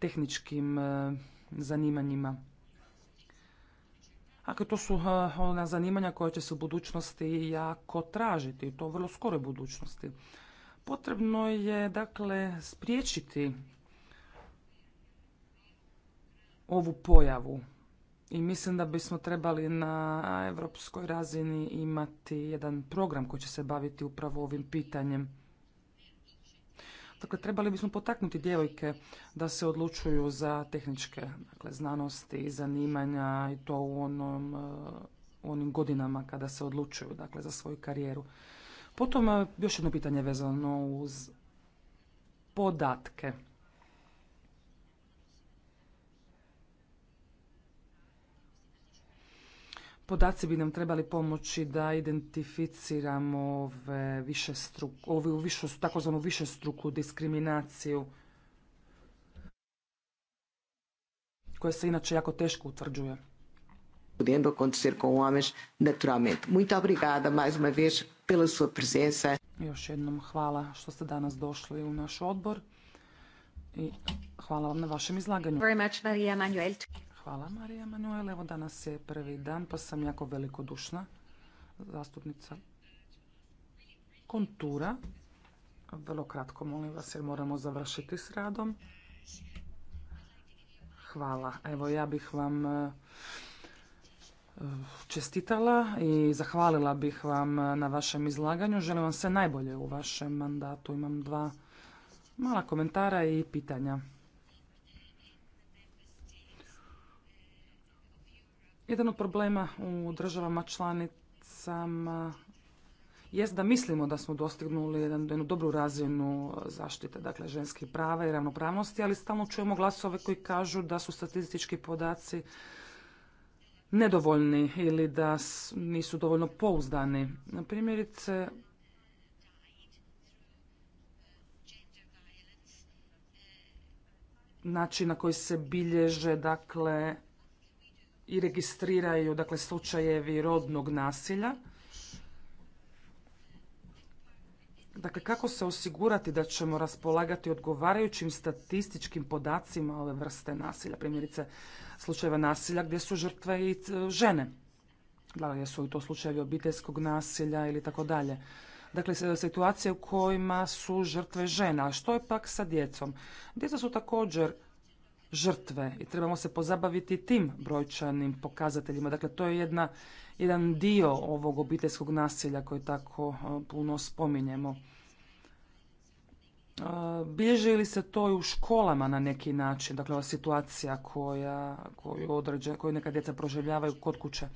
tehničkim e, zanimanjima. Dakle, to su e, ona zanimanja koja će se u budućnosti jako tražiti to u vrlo skoroj budućnosti. Potrebno je, dakle, spriječiti ovu pojavu i mislim da bismo trebali na europskoj razini imati jedan program koji će se baviti upravo ovim pitanjem. Dakle, trebali bismo potaknuti djevojke da se odlučuju za tehničke dakle, znanosti i zanimanja i to u onom, e, onim godinama kada se odlučuju dakle, za svoju karijeru. Potom e, još jedno pitanje vezano uz podatke. podaci bi nam trebali pomoći da identificiramo ove više struku, ovu više, takozvanu struku diskriminaciju koja se inače jako teško utvrđuje. Podendo acontecer com homens naturalmente. Muito obrigada mais uma vez pela sua presença. Još jednom hvala što ste danas došli u naš odbor i hvala vam na vašem izlaganju. Very much, Maria Manuel. Hvala Marija Manuel. Evo danas je prvi dan pa sam jako velikodušna zastupnica kontura. Vrlo kratko molim vas jer moramo završiti s radom. Hvala. Evo ja bih vam eh, čestitala i zahvalila bih vam na vašem izlaganju. Želim vam sve najbolje u vašem mandatu. Imam dva mala komentara i pitanja. Jedan od problema u državama članicama jest da mislimo da smo dostignuli jednu dobru razinu zaštite dakle, ženskih prava i ravnopravnosti, ali stalno čujemo glasove koji kažu da su statistički podaci nedovoljni ili da nisu dovoljno pouzdani. Na primjerice, način na koji se bilježe dakle i registriraju dakle, slučajevi rodnog nasilja. Dakle, kako se osigurati da ćemo raspolagati odgovarajućim statističkim podacima ove vrste nasilja, primjerice slučajeva nasilja gdje su žrtve i e, žene, da li su to slučajevi obiteljskog nasilja ili tako dalje. Dakle, e, situacije u kojima su žrtve žena. A što je pak sa djecom? Djeca su također žrtve i trebamo se pozabaviti tim brojčanim pokazateljima. Dakle, to je jedna, jedan dio ovog obiteljskog nasilja koji tako e, puno spominjemo. E, bilježi li se to i u školama na neki način, dakle ova situacija koja, koju, određe, koju neka djeca proživljavaju kod kuće?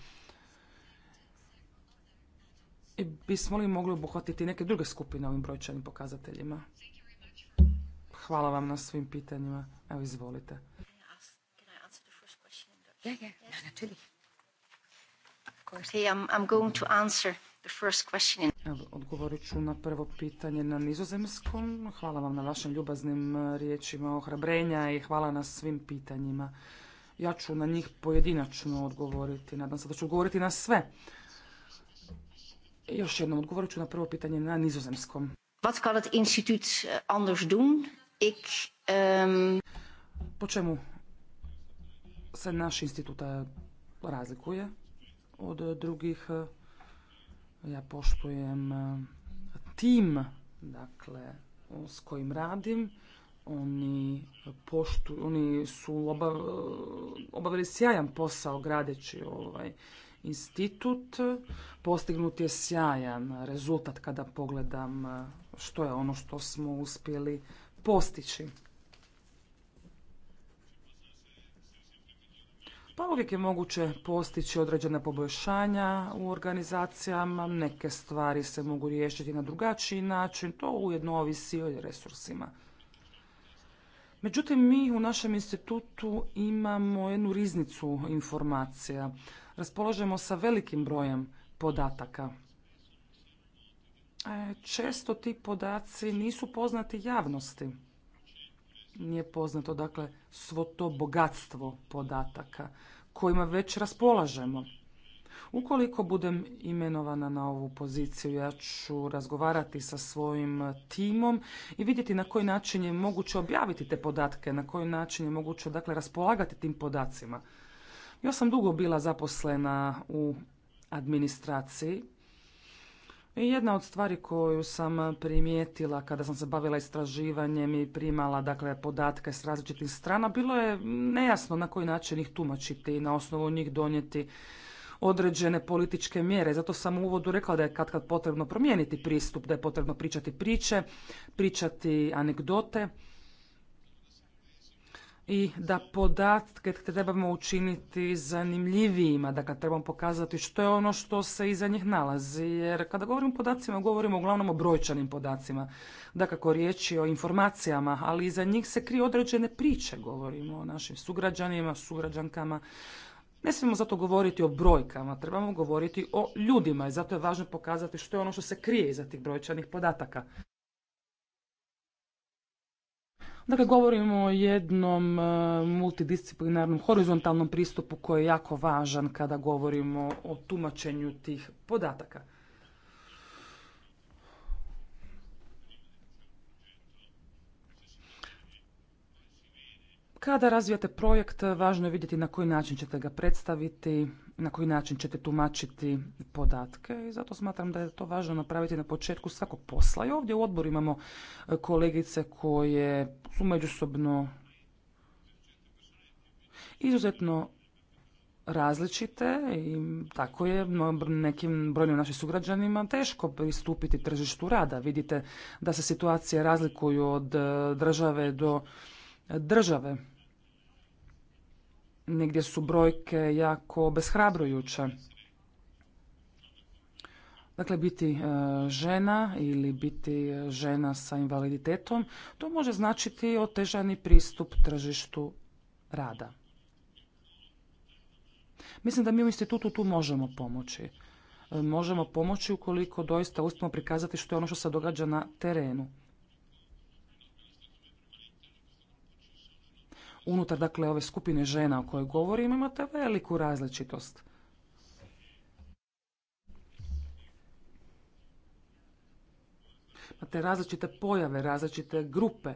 I bismo li mogli obuhvatiti neke druge skupine ovim brojčanim pokazateljima? Hvala vam na svim pitanjima. Evo, izvolite. odgovorit ću na prvo pitanje na nizozemskom. Hvala vam na vašim ljubaznim e, riječima ohrabrenja i hvala na svim pitanjima. Ja ću na njih pojedinačno odgovoriti. Nadam se da ću odgovoriti na sve. Još jednom odgovorit ću na prvo pitanje na nizozemskom. Wat kan het instituut eh, anders Ik, Po čemu se naš institut eh, razlikuje od eh, drugih? Eh, ja poštujem tim, dakle, s kojim radim. Oni, poštu, oni su obav, obavili sjajan posao gradeći ovaj institut. Postignut je sjajan rezultat kada pogledam što je ono što smo uspjeli postići. Pa uvijek je moguće postići određene poboljšanja u organizacijama, neke stvari se mogu riješiti na drugačiji način, to ujedno ovisi o resursima. Međutim, mi u našem institutu imamo jednu riznicu informacija. Raspoložemo sa velikim brojem podataka. E, često ti podaci nisu poznati javnosti. Nije poznato, dakle, svo to bogatstvo podataka kojima već raspolažemo. Ukoliko budem imenovana na ovu poziciju, ja ću razgovarati sa svojim timom i vidjeti na koji način je moguće objaviti te podatke, na koji način je moguće dakle, raspolagati tim podacima. Ja sam dugo bila zaposlena u administraciji jedna od stvari koju sam primijetila kada sam se bavila istraživanjem i primala dakle, podatke s različitih strana, bilo je nejasno na koji način ih tumačiti i na osnovu njih donijeti određene političke mjere. Zato sam u uvodu rekla da je kad, kad potrebno promijeniti pristup, da je potrebno pričati priče, pričati anegdote, i da podatke trebamo učiniti zanimljivijima, da kad trebamo pokazati što je ono što se iza njih nalazi. Jer kada govorimo o podacima, govorimo uglavnom o brojčanim podacima. Da kako riječ je o informacijama, ali iza njih se krije određene priče. Govorimo o našim sugrađanima, sugrađankama. Ne smijemo zato govoriti o brojkama, trebamo govoriti o ljudima i zato je važno pokazati što je ono što se krije iza tih brojčanih podataka. Dakle, govorimo o jednom e, multidisciplinarnom, horizontalnom pristupu koji je jako važan kada govorimo o tumačenju tih podataka. Kada razvijate projekt, važno je vidjeti na koji način ćete ga predstaviti, na koji način ćete tumačiti podatke i zato smatram da je to važno napraviti na početku svakog posla. I ovdje u odboru imamo e, kolegice koje su međusobno izuzetno različite i tako je nekim brojnim našim sugrađanima teško pristupiti tržištu rada. Vidite da se situacije razlikuju od e, države do države negdje su brojke jako obeshrabrujuće. Dakle, biti e, žena ili biti žena sa invaliditetom, to može značiti otežani pristup tržištu rada. Mislim da mi u institutu tu možemo pomoći. E, možemo pomoći ukoliko doista uspijemo prikazati što je ono što se događa na terenu. unutar dakle ove skupine žena o kojoj govorim imate veliku različitost. Imate različite pojave, različite grupe.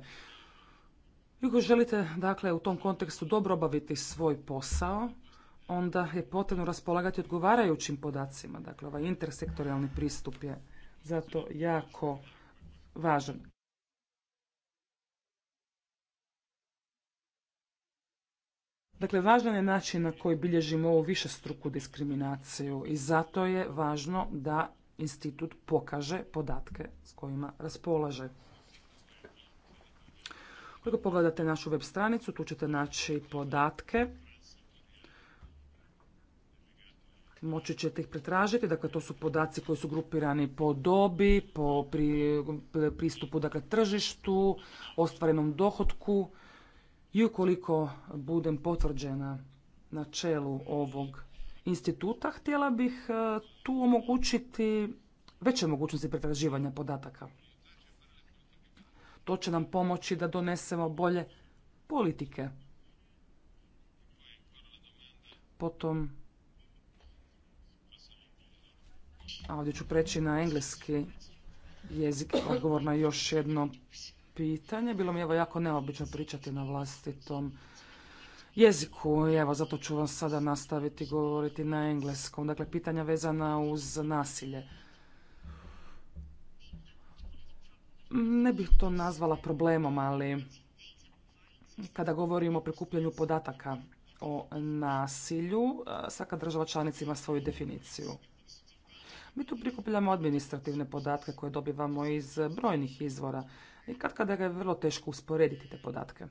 I ako želite dakle u tom kontekstu dobro obaviti svoj posao, onda je potrebno raspolagati odgovarajućim podacima. Dakle, ovaj intersektorijalni pristup je zato jako važan. Dakle, važan je način na koji bilježimo ovu višestruku diskriminaciju i zato je važno da institut pokaže podatke s kojima raspolaže. Koliko pogledate našu web stranicu, tu ćete naći podatke. Moći ćete ih pretražiti, dakle to su podaci koji su grupirani po dobi, po pristupu dakle, tržištu, ostvarenom dohotku, i ukoliko budem potvrđena na čelu ovog instituta, htjela bih e, tu omogućiti veće mogućnosti pretraživanja podataka. To će nam pomoći da donesemo bolje politike. Potom, a ovdje ću preći na engleski jezik, odgovor na još jedno pitanje. Bilo mi je jako neobično pričati na vlastitom jeziku evo zato ću vam sada nastaviti govoriti na engleskom. Dakle, pitanja vezana uz nasilje. Ne bih to nazvala problemom, ali kada govorimo o prikupljanju podataka o nasilju, svaka država članica ima svoju definiciju. Mi tu prikupljamo administrativne podatke koje dobivamo iz brojnih izvora i kad kada je vrlo teško usporediti te podatke.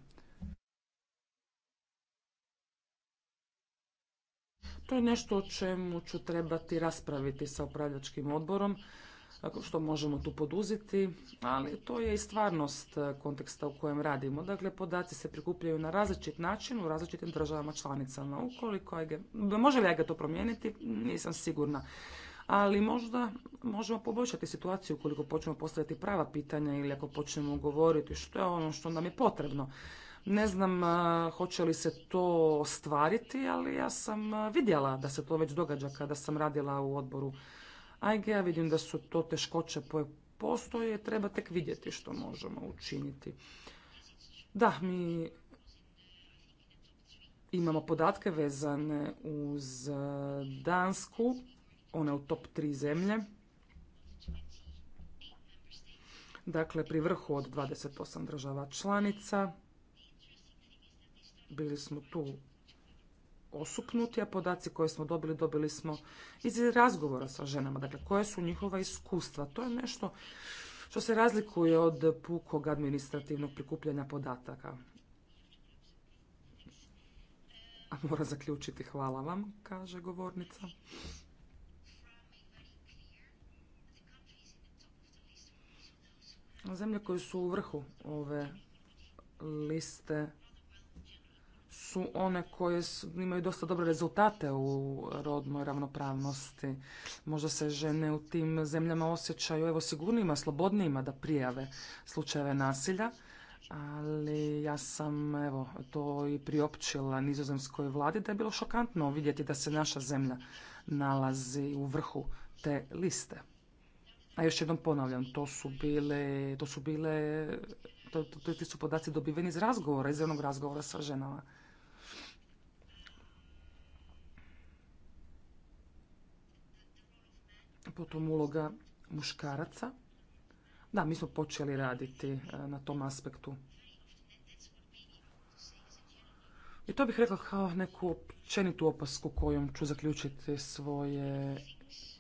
To je nešto o čemu ću trebati raspraviti sa upravljačkim odborom, što možemo tu poduzeti, ali to je i stvarnost konteksta u kojem radimo. Dakle, podaci se prikupljaju na različit način u različitim državama članicama. Ukoliko može li ja ga to promijeniti, nisam sigurna ali možda možemo poboljšati situaciju ukoliko počnemo postaviti prava pitanja ili ako počnemo govoriti što je ono što nam je potrebno. Ne znam eh, hoće li se to ostvariti, ali ja sam eh, vidjela da se to već događa kada sam radila u odboru AIG. Ja vidim da su to teškoće koje postoje, treba tek vidjeti što možemo učiniti. Da, mi imamo podatke vezane uz eh, Dansku one u top tri zemlje. Dakle, pri vrhu od 28 država članica. Bili smo tu osupnuti, a podaci koje smo dobili, dobili smo iz razgovora sa ženama. Dakle, koje su njihova iskustva. To je nešto što se razlikuje od pukog administrativnog prikupljanja podataka. A mora zaključiti, hvala vam, kaže govornica. Zemlje koje su u vrhu ove liste su one koje imaju dosta dobre rezultate u rodnoj ravnopravnosti. Možda se žene u tim zemljama osjećaju evo sigurnijima, slobodnijima da prijave slučajeve nasilja. Ali ja sam evo, to i priopćila nizozemskoj vladi da je bilo šokantno vidjeti da se naša zemlja nalazi u vrhu te liste. A još jednom ponavljam, to su bile, to su bile, to, to, ti su podaci dobiveni iz razgovora, iz jednog razgovora sa ženama. Potom uloga muškaraca. Da, mi smo počeli raditi e, na tom aspektu. I to bih rekla kao neku općenitu opasku kojom ću zaključiti svoje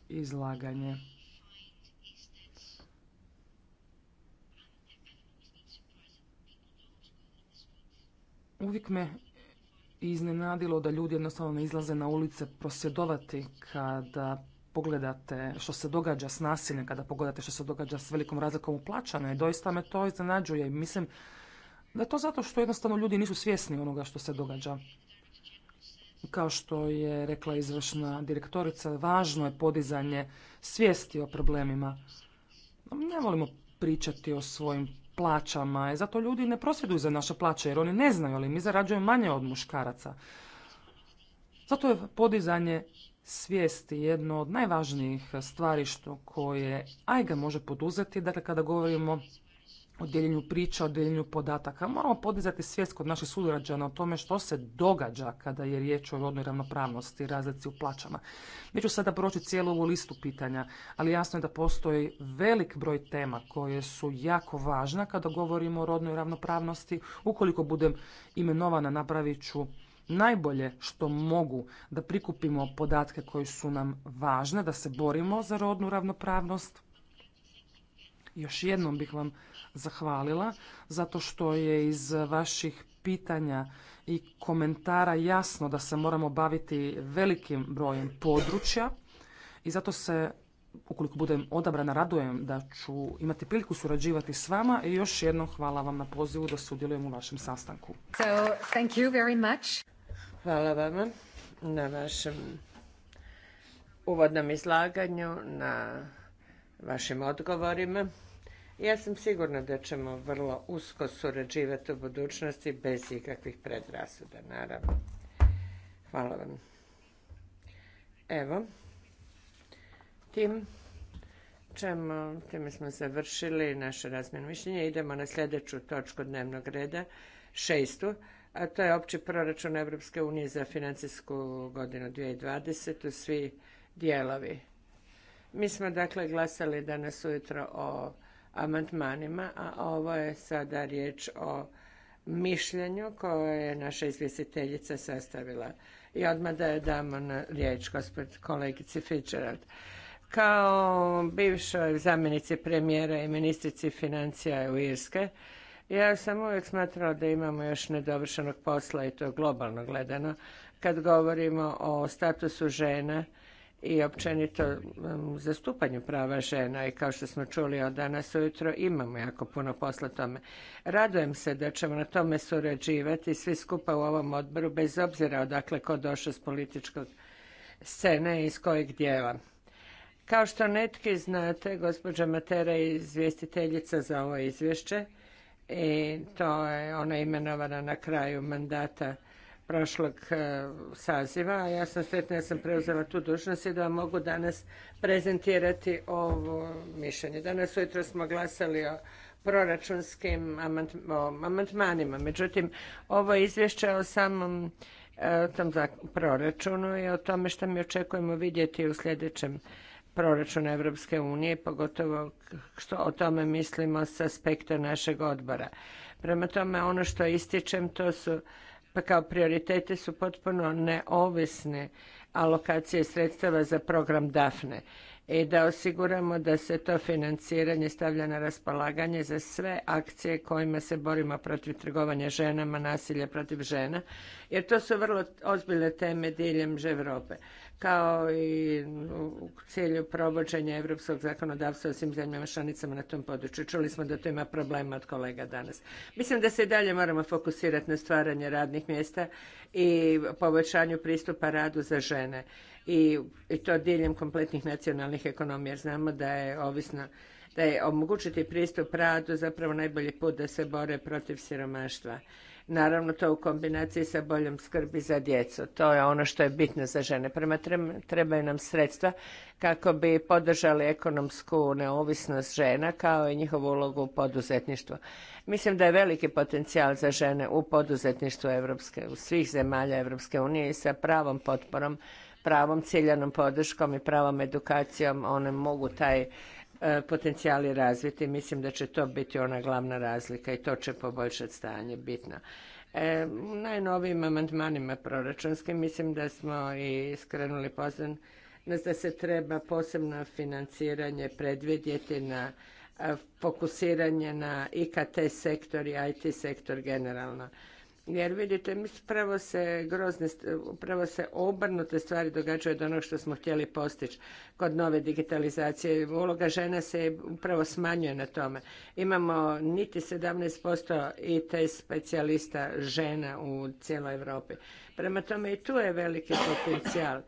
izlaganje. uvijek me iznenadilo da ljudi jednostavno ne izlaze na ulice prosvjedovati kada pogledate što se događa s nasiljem, kada pogledate što se događa s velikom razlikom u plaćama i doista me to iznenađuje. Mislim da je to zato što jednostavno ljudi nisu svjesni onoga što se događa. Kao što je rekla izvršna direktorica, važno je podizanje svijesti o problemima. Ne volimo pričati o svojim plaćama. I zato ljudi ne prosvjeduju za naše plaće jer oni ne znaju, ali mi zarađujemo manje od muškaraca. Zato je podizanje svijesti jedno od najvažnijih stvari što koje AIGA može poduzeti, dakle kada govorimo o dijeljenju priča, o dijeljenju podataka. Moramo podizati svijest kod naših sugrađana o tome što se događa kada je riječ o rodnoj ravnopravnosti i razlici u plaćama. Neću sada proći cijelu ovu listu pitanja, ali jasno je da postoji velik broj tema koje su jako važne kada govorimo o rodnoj ravnopravnosti. Ukoliko budem imenovana, napravit ću najbolje što mogu da prikupimo podatke koji su nam važne, da se borimo za rodnu ravnopravnost još jednom bih vam zahvalila zato što je iz vaših pitanja i komentara jasno da se moramo baviti velikim brojem područja i zato se ukoliko budem odabrana radujem da ću imati priliku surađivati s vama i još jednom hvala vam na pozivu da sudjelujem u vašem sastanku. Hvala vama na vašem uvodnom izlaganju, na vašim odgovorima. Ja sam sigurna da ćemo vrlo usko surađivati u budućnosti bez ikakvih predrasuda, naravno. Hvala vam. Evo, tim ćemo, time smo završili naše razmjeno mišljenja. Idemo na sljedeću točku dnevnog reda, šestu, a to je opći proračun Europske unije za financijsku godinu 2020. Svi dijelovi. Mi smo dakle glasali danas ujutro o amandmanima, a ovo je sada riječ o mišljenju koje je naša izvjestiteljica sastavila. I odmah da je damo na riječ gospod kolegici Fitzgerald. Kao bivšoj zamjenici premijera i ministrici financija u Irske, ja sam uvijek smatrala da imamo još nedovršenog posla i to globalno gledano, kad govorimo o statusu žena i općenito zastupanju prava žena i kao što smo čuli od danas ujutro imamo jako puno posla tome. Radujem se da ćemo na tome surađivati svi skupa u ovom odboru bez obzira odakle ko došao s političkog scene i iz kojeg dijela. Kao što netki znate, gospođa Matera je izvjestiteljica za ovo izvješće i to je ona imenovana na kraju mandata prošlog e, saziva, a ja sam sretna ja sam preuzela tu dužnost i da vam mogu danas prezentirati ovo mišljenje. Danas ujutro smo glasali o proračunskim amantmanima, međutim ovo je izvješće o samom e, tom proračunu i o tome što mi očekujemo vidjeti u sljedećem proračunu Europske unije, pogotovo što o tome mislimo s aspekta našeg odbora. Prema tome, ono što ističem, to su pa kao prioritete su potpuno neovisne alokacije sredstava za program DAFNE i da osiguramo da se to financiranje stavlja na raspolaganje za sve akcije kojima se borimo protiv trgovanja ženama, nasilja protiv žena, jer to su vrlo ozbiljne teme diljem Europe kao i u cilju provođenja europskog zakonodavstva u svim zemljama članicama na tom području. Čuli smo da to ima problema od kolega danas. Mislim da se i dalje moramo fokusirati na stvaranje radnih mjesta i poboljšanju pristupa radu za žene i, to diljem kompletnih nacionalnih ekonomija. Znamo da je ovisno da je omogućiti pristup radu zapravo najbolji put da se bore protiv siromaštva Naravno, to u kombinaciji sa boljom skrbi za djecu. To je ono što je bitno za žene. Prema trebaju nam sredstva kako bi podržali ekonomsku neovisnost žena kao i njihovu ulogu u poduzetništvu. Mislim da je veliki potencijal za žene u poduzetništvu Evropske, u svih zemalja Evropske unije i sa pravom potporom, pravom ciljanom podrškom i pravom edukacijom one mogu taj E, potencijali razviti. Mislim da će to biti ona glavna razlika i to će poboljšati stanje bitno. E, najnovijim amandmanima proračunskim mislim da smo i skrenuli nas da se treba posebno financiranje predvidjeti na e, fokusiranje na IKT sektor i IT sektor generalno. Jer vidite, mi upravo se grozne, upravo se obrnute stvari događaju od onog što smo htjeli postići kod nove digitalizacije. Uloga žena se upravo smanjuje na tome. Imamo niti 17% IT specijalista žena u cijeloj Europi. Prema tome i tu je veliki potencijal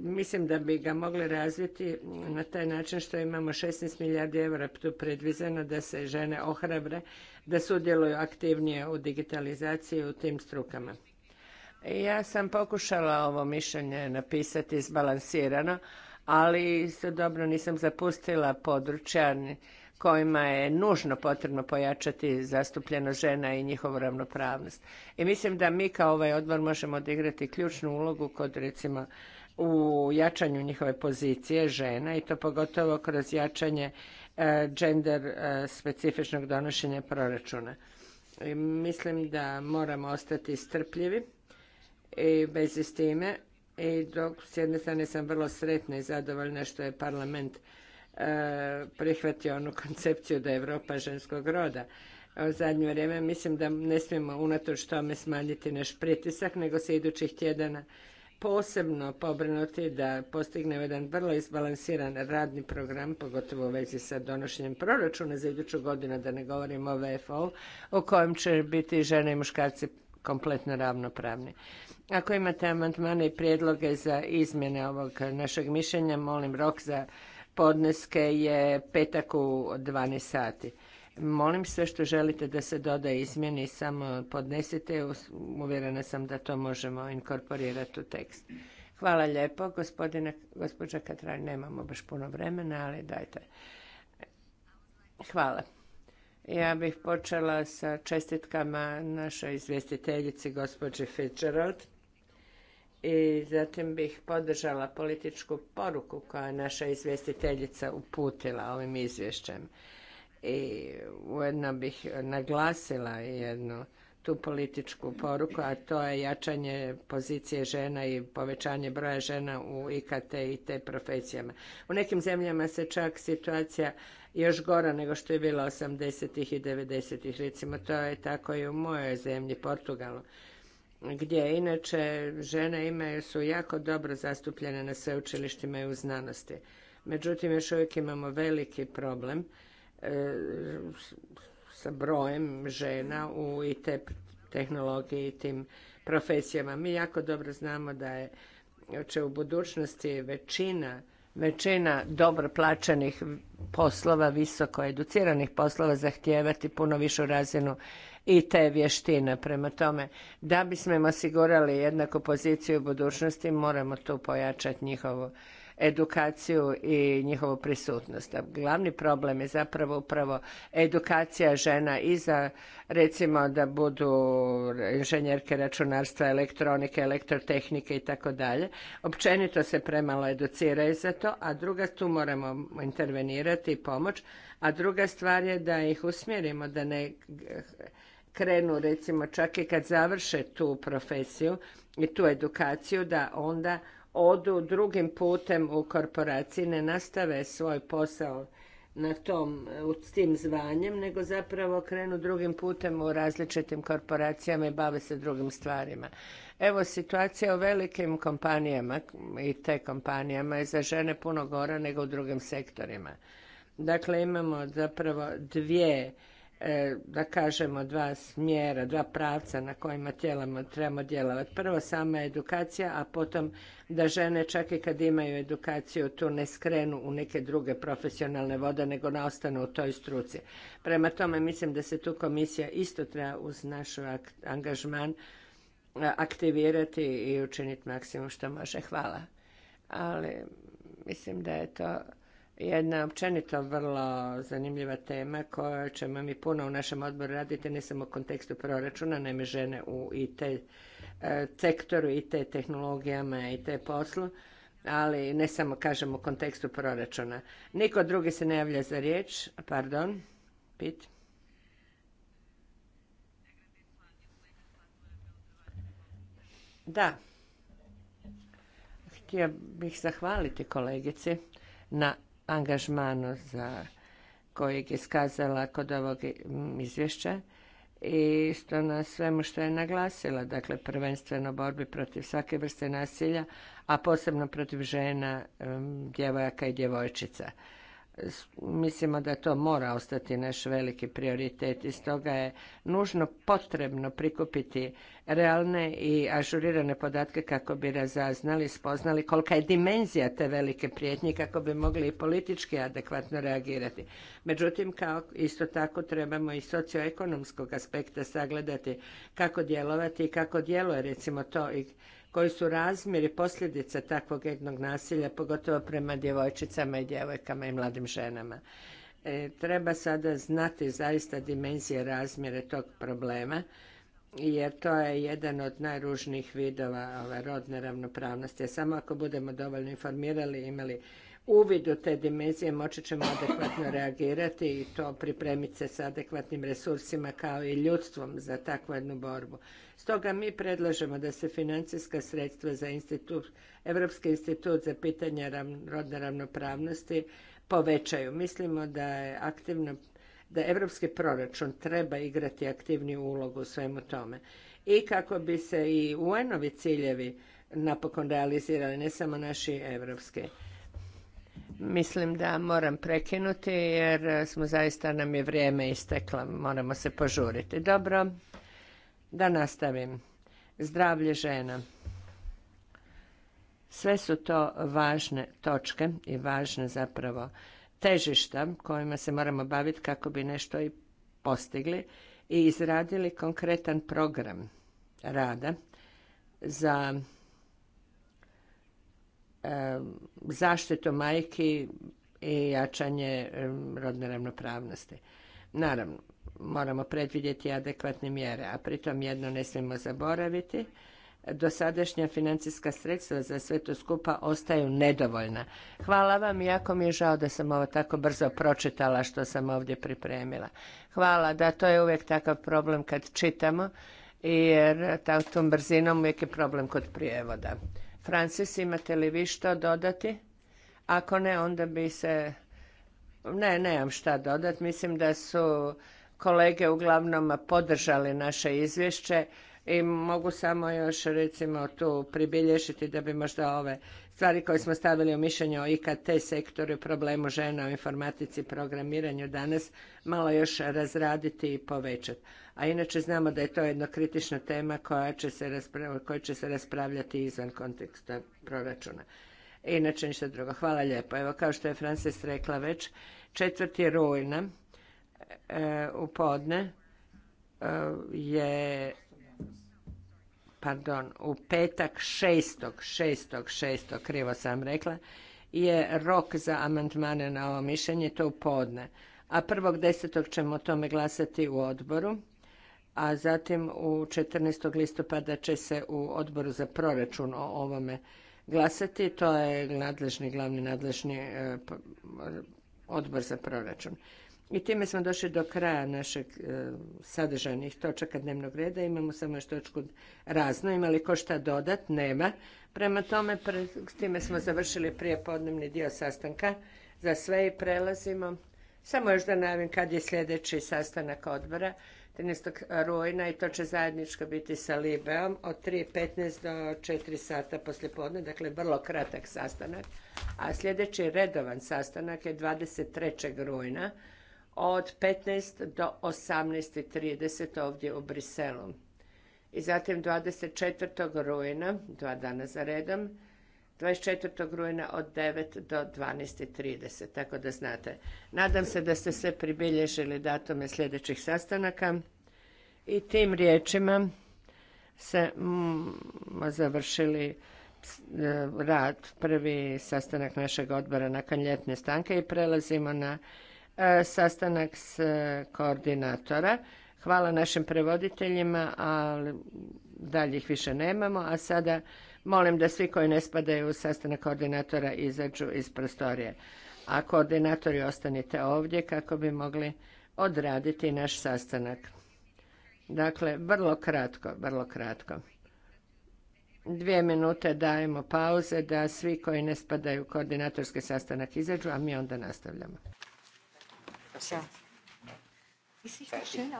mislim da bi ga mogli razviti na taj način što imamo 16 milijardi eura tu predvizeno da se žene ohrabre da sudjeluju aktivnije u digitalizaciji u tim strukama. Ja sam pokušala ovo mišljenje napisati izbalansirano, ali dobro nisam zapustila područja kojima je nužno potrebno pojačati zastupljeno žena i njihovu ravnopravnost. I mislim da mi kao ovaj odbor možemo odigrati ključnu ulogu kod recimo u jačanju njihove pozicije žena i to pogotovo kroz jačanje E, gender e, specifičnog donošenja proračuna. mislim da moramo ostati strpljivi i bez s time i dok s jedne strane sam vrlo sretna i zadovoljna što je parlament e, prihvatio onu koncepciju da je Europa ženskog roda. U zadnje vrijeme mislim da ne smijemo unatoč tome smanjiti naš pritisak, nego se idućih tjedana posebno pobrinuti da postignemo jedan vrlo izbalansiran radni program, pogotovo u vezi sa donošenjem proračuna za iduću godinu, da ne govorimo o VFO, u kojem će biti žene i muškarci kompletno ravnopravni. Ako imate amandmane i prijedloge za izmjene ovog našeg mišljenja, molim rok za podneske je petak u 12 sati. Molim sve što želite da se doda izmjeni, samo podnesite. Uvjerena sam da to možemo inkorporirati u tekst. Hvala lijepo, gospodine, gospođa Katraj, nemamo baš puno vremena, ali dajte. Hvala. Ja bih počela sa čestitkama našoj izvjestiteljici, gospođi Fitzgerald. I zatim bih podržala političku poruku koja je naša izvjestiteljica uputila ovim izvješćem. I ujedno bih naglasila jednu tu političku poruku, a to je jačanje pozicije žena i povećanje broja žena u IKT i te profesijama. U nekim zemljama se čak situacija još gora nego što je bila 80-ih i 90-ih. Recimo, to je tako i u mojoj zemlji, Portugalu, gdje inače žene imaju, su jako dobro zastupljene na sveučilištima i u znanosti. Međutim, još uvijek imamo veliki problem E, sa brojem žena u IT tehnologiji i tim profesijama. Mi jako dobro znamo da je, će u budućnosti većina većina dobro plaćenih poslova, visoko educiranih poslova zahtijevati puno višu razinu i te vještine. Prema tome, da bismo im osigurali jednaku poziciju u budućnosti, moramo tu pojačati njihovu edukaciju i njihovu prisutnost. glavni problem je zapravo upravo edukacija žena i za recimo da budu inženjerke računarstva, elektronike, elektrotehnike i tako dalje. Općenito se premalo educiraju za to, a druga tu moramo intervenirati i pomoć, a druga stvar je da ih usmjerimo da ne krenu recimo čak i kad završe tu profesiju i tu edukaciju da onda odu drugim putem u korporaciji, ne nastave svoj posao na tom, s tim zvanjem, nego zapravo krenu drugim putem u različitim korporacijama i bave se drugim stvarima. Evo, situacija u velikim kompanijama i te kompanijama je za žene puno gora nego u drugim sektorima. Dakle, imamo zapravo dvije E, da kažemo, dva smjera, dva pravca na kojima tijelamo trebamo djelovati. Prvo sama edukacija, a potom da žene čak i kad imaju edukaciju tu ne skrenu u neke druge profesionalne vode, nego ne ostanu u toj struci. Prema tome mislim da se tu komisija isto treba uz naš angažman e, aktivirati i učiniti maksimum što može. Hvala. Ali mislim da je to jedna općenito vrlo zanimljiva tema koja ćemo mi puno u našem odboru raditi, ne samo u kontekstu proračuna, naime žene u IT e, sektoru, IT tehnologijama i te poslu, ali ne samo kažem u kontekstu proračuna. Niko drugi se ne javlja za riječ, pardon, pit. Da, htio bih zahvaliti kolegici na angažmanu za kojeg je skazala kod ovog izvješća i isto na svemu što je naglasila, dakle prvenstveno borbi protiv svake vrste nasilja, a posebno protiv žena, djevojaka i djevojčica mislimo da to mora ostati naš veliki prioritet i stoga je nužno potrebno prikupiti realne i ažurirane podatke kako bi razaznali, spoznali kolika je dimenzija te velike prijetnje kako bi mogli i politički adekvatno reagirati. Međutim, kao isto tako trebamo i socioekonomskog aspekta sagledati kako djelovati i kako djeluje recimo to i koji su razmjeri posljedica takvog jednog nasilja, pogotovo prema djevojčicama i djevojkama i mladim ženama. E, treba sada znati zaista dimenzije razmjere tog problema, jer to je jedan od najružnijih vidova ove rodne ravnopravnosti. Samo ako budemo dovoljno informirali, imali uvid u te dimenzije moći ćemo adekvatno reagirati i to pripremiti se sa adekvatnim resursima kao i ljudstvom za takvu jednu borbu. Stoga mi predlažemo da se financijska sredstva za institut, Europski institut za pitanje rodne ravnopravnosti povećaju. Mislimo da je aktivno da europski proračun treba igrati aktivniju ulogu u svemu tome. I kako bi se i UN-ovi ciljevi napokon realizirali, ne samo naši evropski. Mislim da moram prekinuti jer smo zaista nam je vrijeme isteklo, moramo se požuriti. Dobro, da nastavim. Zdravlje žena. Sve su to važne točke i važne zapravo težišta kojima se moramo baviti kako bi nešto i postigli i izradili konkretan program rada za zaštitu majki i jačanje rodne ravnopravnosti. Naravno, moramo predvidjeti adekvatne mjere, a pritom jedno ne smijemo zaboraviti, dosadašnja financijska sredstva za sve to skupa ostaju nedovoljna. Hvala vam, jako mi je žao da sam ovo tako brzo pročitala što sam ovdje pripremila. Hvala, da to je uvijek takav problem kad čitamo, jer tom brzinom uvijek je problem kod prijevoda. Francis, imate li vi što dodati? Ako ne, onda bi se... Ne, nemam šta dodati. Mislim da su kolege uglavnom podržali naše izvješće i mogu samo još recimo tu pribilješiti da bi možda ove stvari koje smo stavili u mišljenje o IKT sektoru, problemu žena u informatici i programiranju danas malo još razraditi i povećati. A inače znamo da je to jedna kritična tema koja će se, koja će se raspravljati izvan konteksta proračuna. Inače ništa drugo. Hvala lijepo. Evo kao što je Frances rekla već, četvrti rujna e, u podne e, je pardon, u petak 6. 6. krivo sam rekla, je rok za amandmane na ovo mišljenje, to u podne. A desetog ćemo o tome glasati u odboru, a zatim u 14. listopada će se u odboru za proračun o ovome glasati. To je nadležni, glavni nadležni e, odbor za proračun. I time smo došli do kraja našeg e, sadržajnih točaka dnevnog reda. Imamo samo još točku razno. Ima li ko šta dodat? Nema. Prema tome, s time smo završili prije podnevni dio sastanka. Za sve i prelazimo. Samo još da najavim kad je sljedeći sastanak odbora. 13. rujna i to će zajedničko biti sa Libeom od 3.15 do 4 sata poslijepodne, dakle vrlo kratak sastanak. A sljedeći redovan sastanak je 23. rujna od 15 do 18.30 ovdje u Briselu. I zatim 24. rujna, dva dana za redom, 24. rujna od 9 do 12.30, tako da znate. Nadam se da ste sve pribilježili datume sljedećih sastanaka i tim riječima se mm, završili eh, rad, prvi sastanak našeg odbora nakon ljetne stanke i prelazimo na E, sastanak s e, koordinatora. Hvala našim prevoditeljima, ali dalje ih više nemamo, a sada molim da svi koji ne spadaju u sastanak koordinatora izađu iz prostorije. A koordinatori ostanite ovdje kako bi mogli odraditi naš sastanak. Dakle, vrlo kratko, vrlo kratko. Dvije minute dajemo pauze da svi koji ne spadaju u koordinatorski sastanak izađu, a mi onda nastavljamo. Das ja. se sich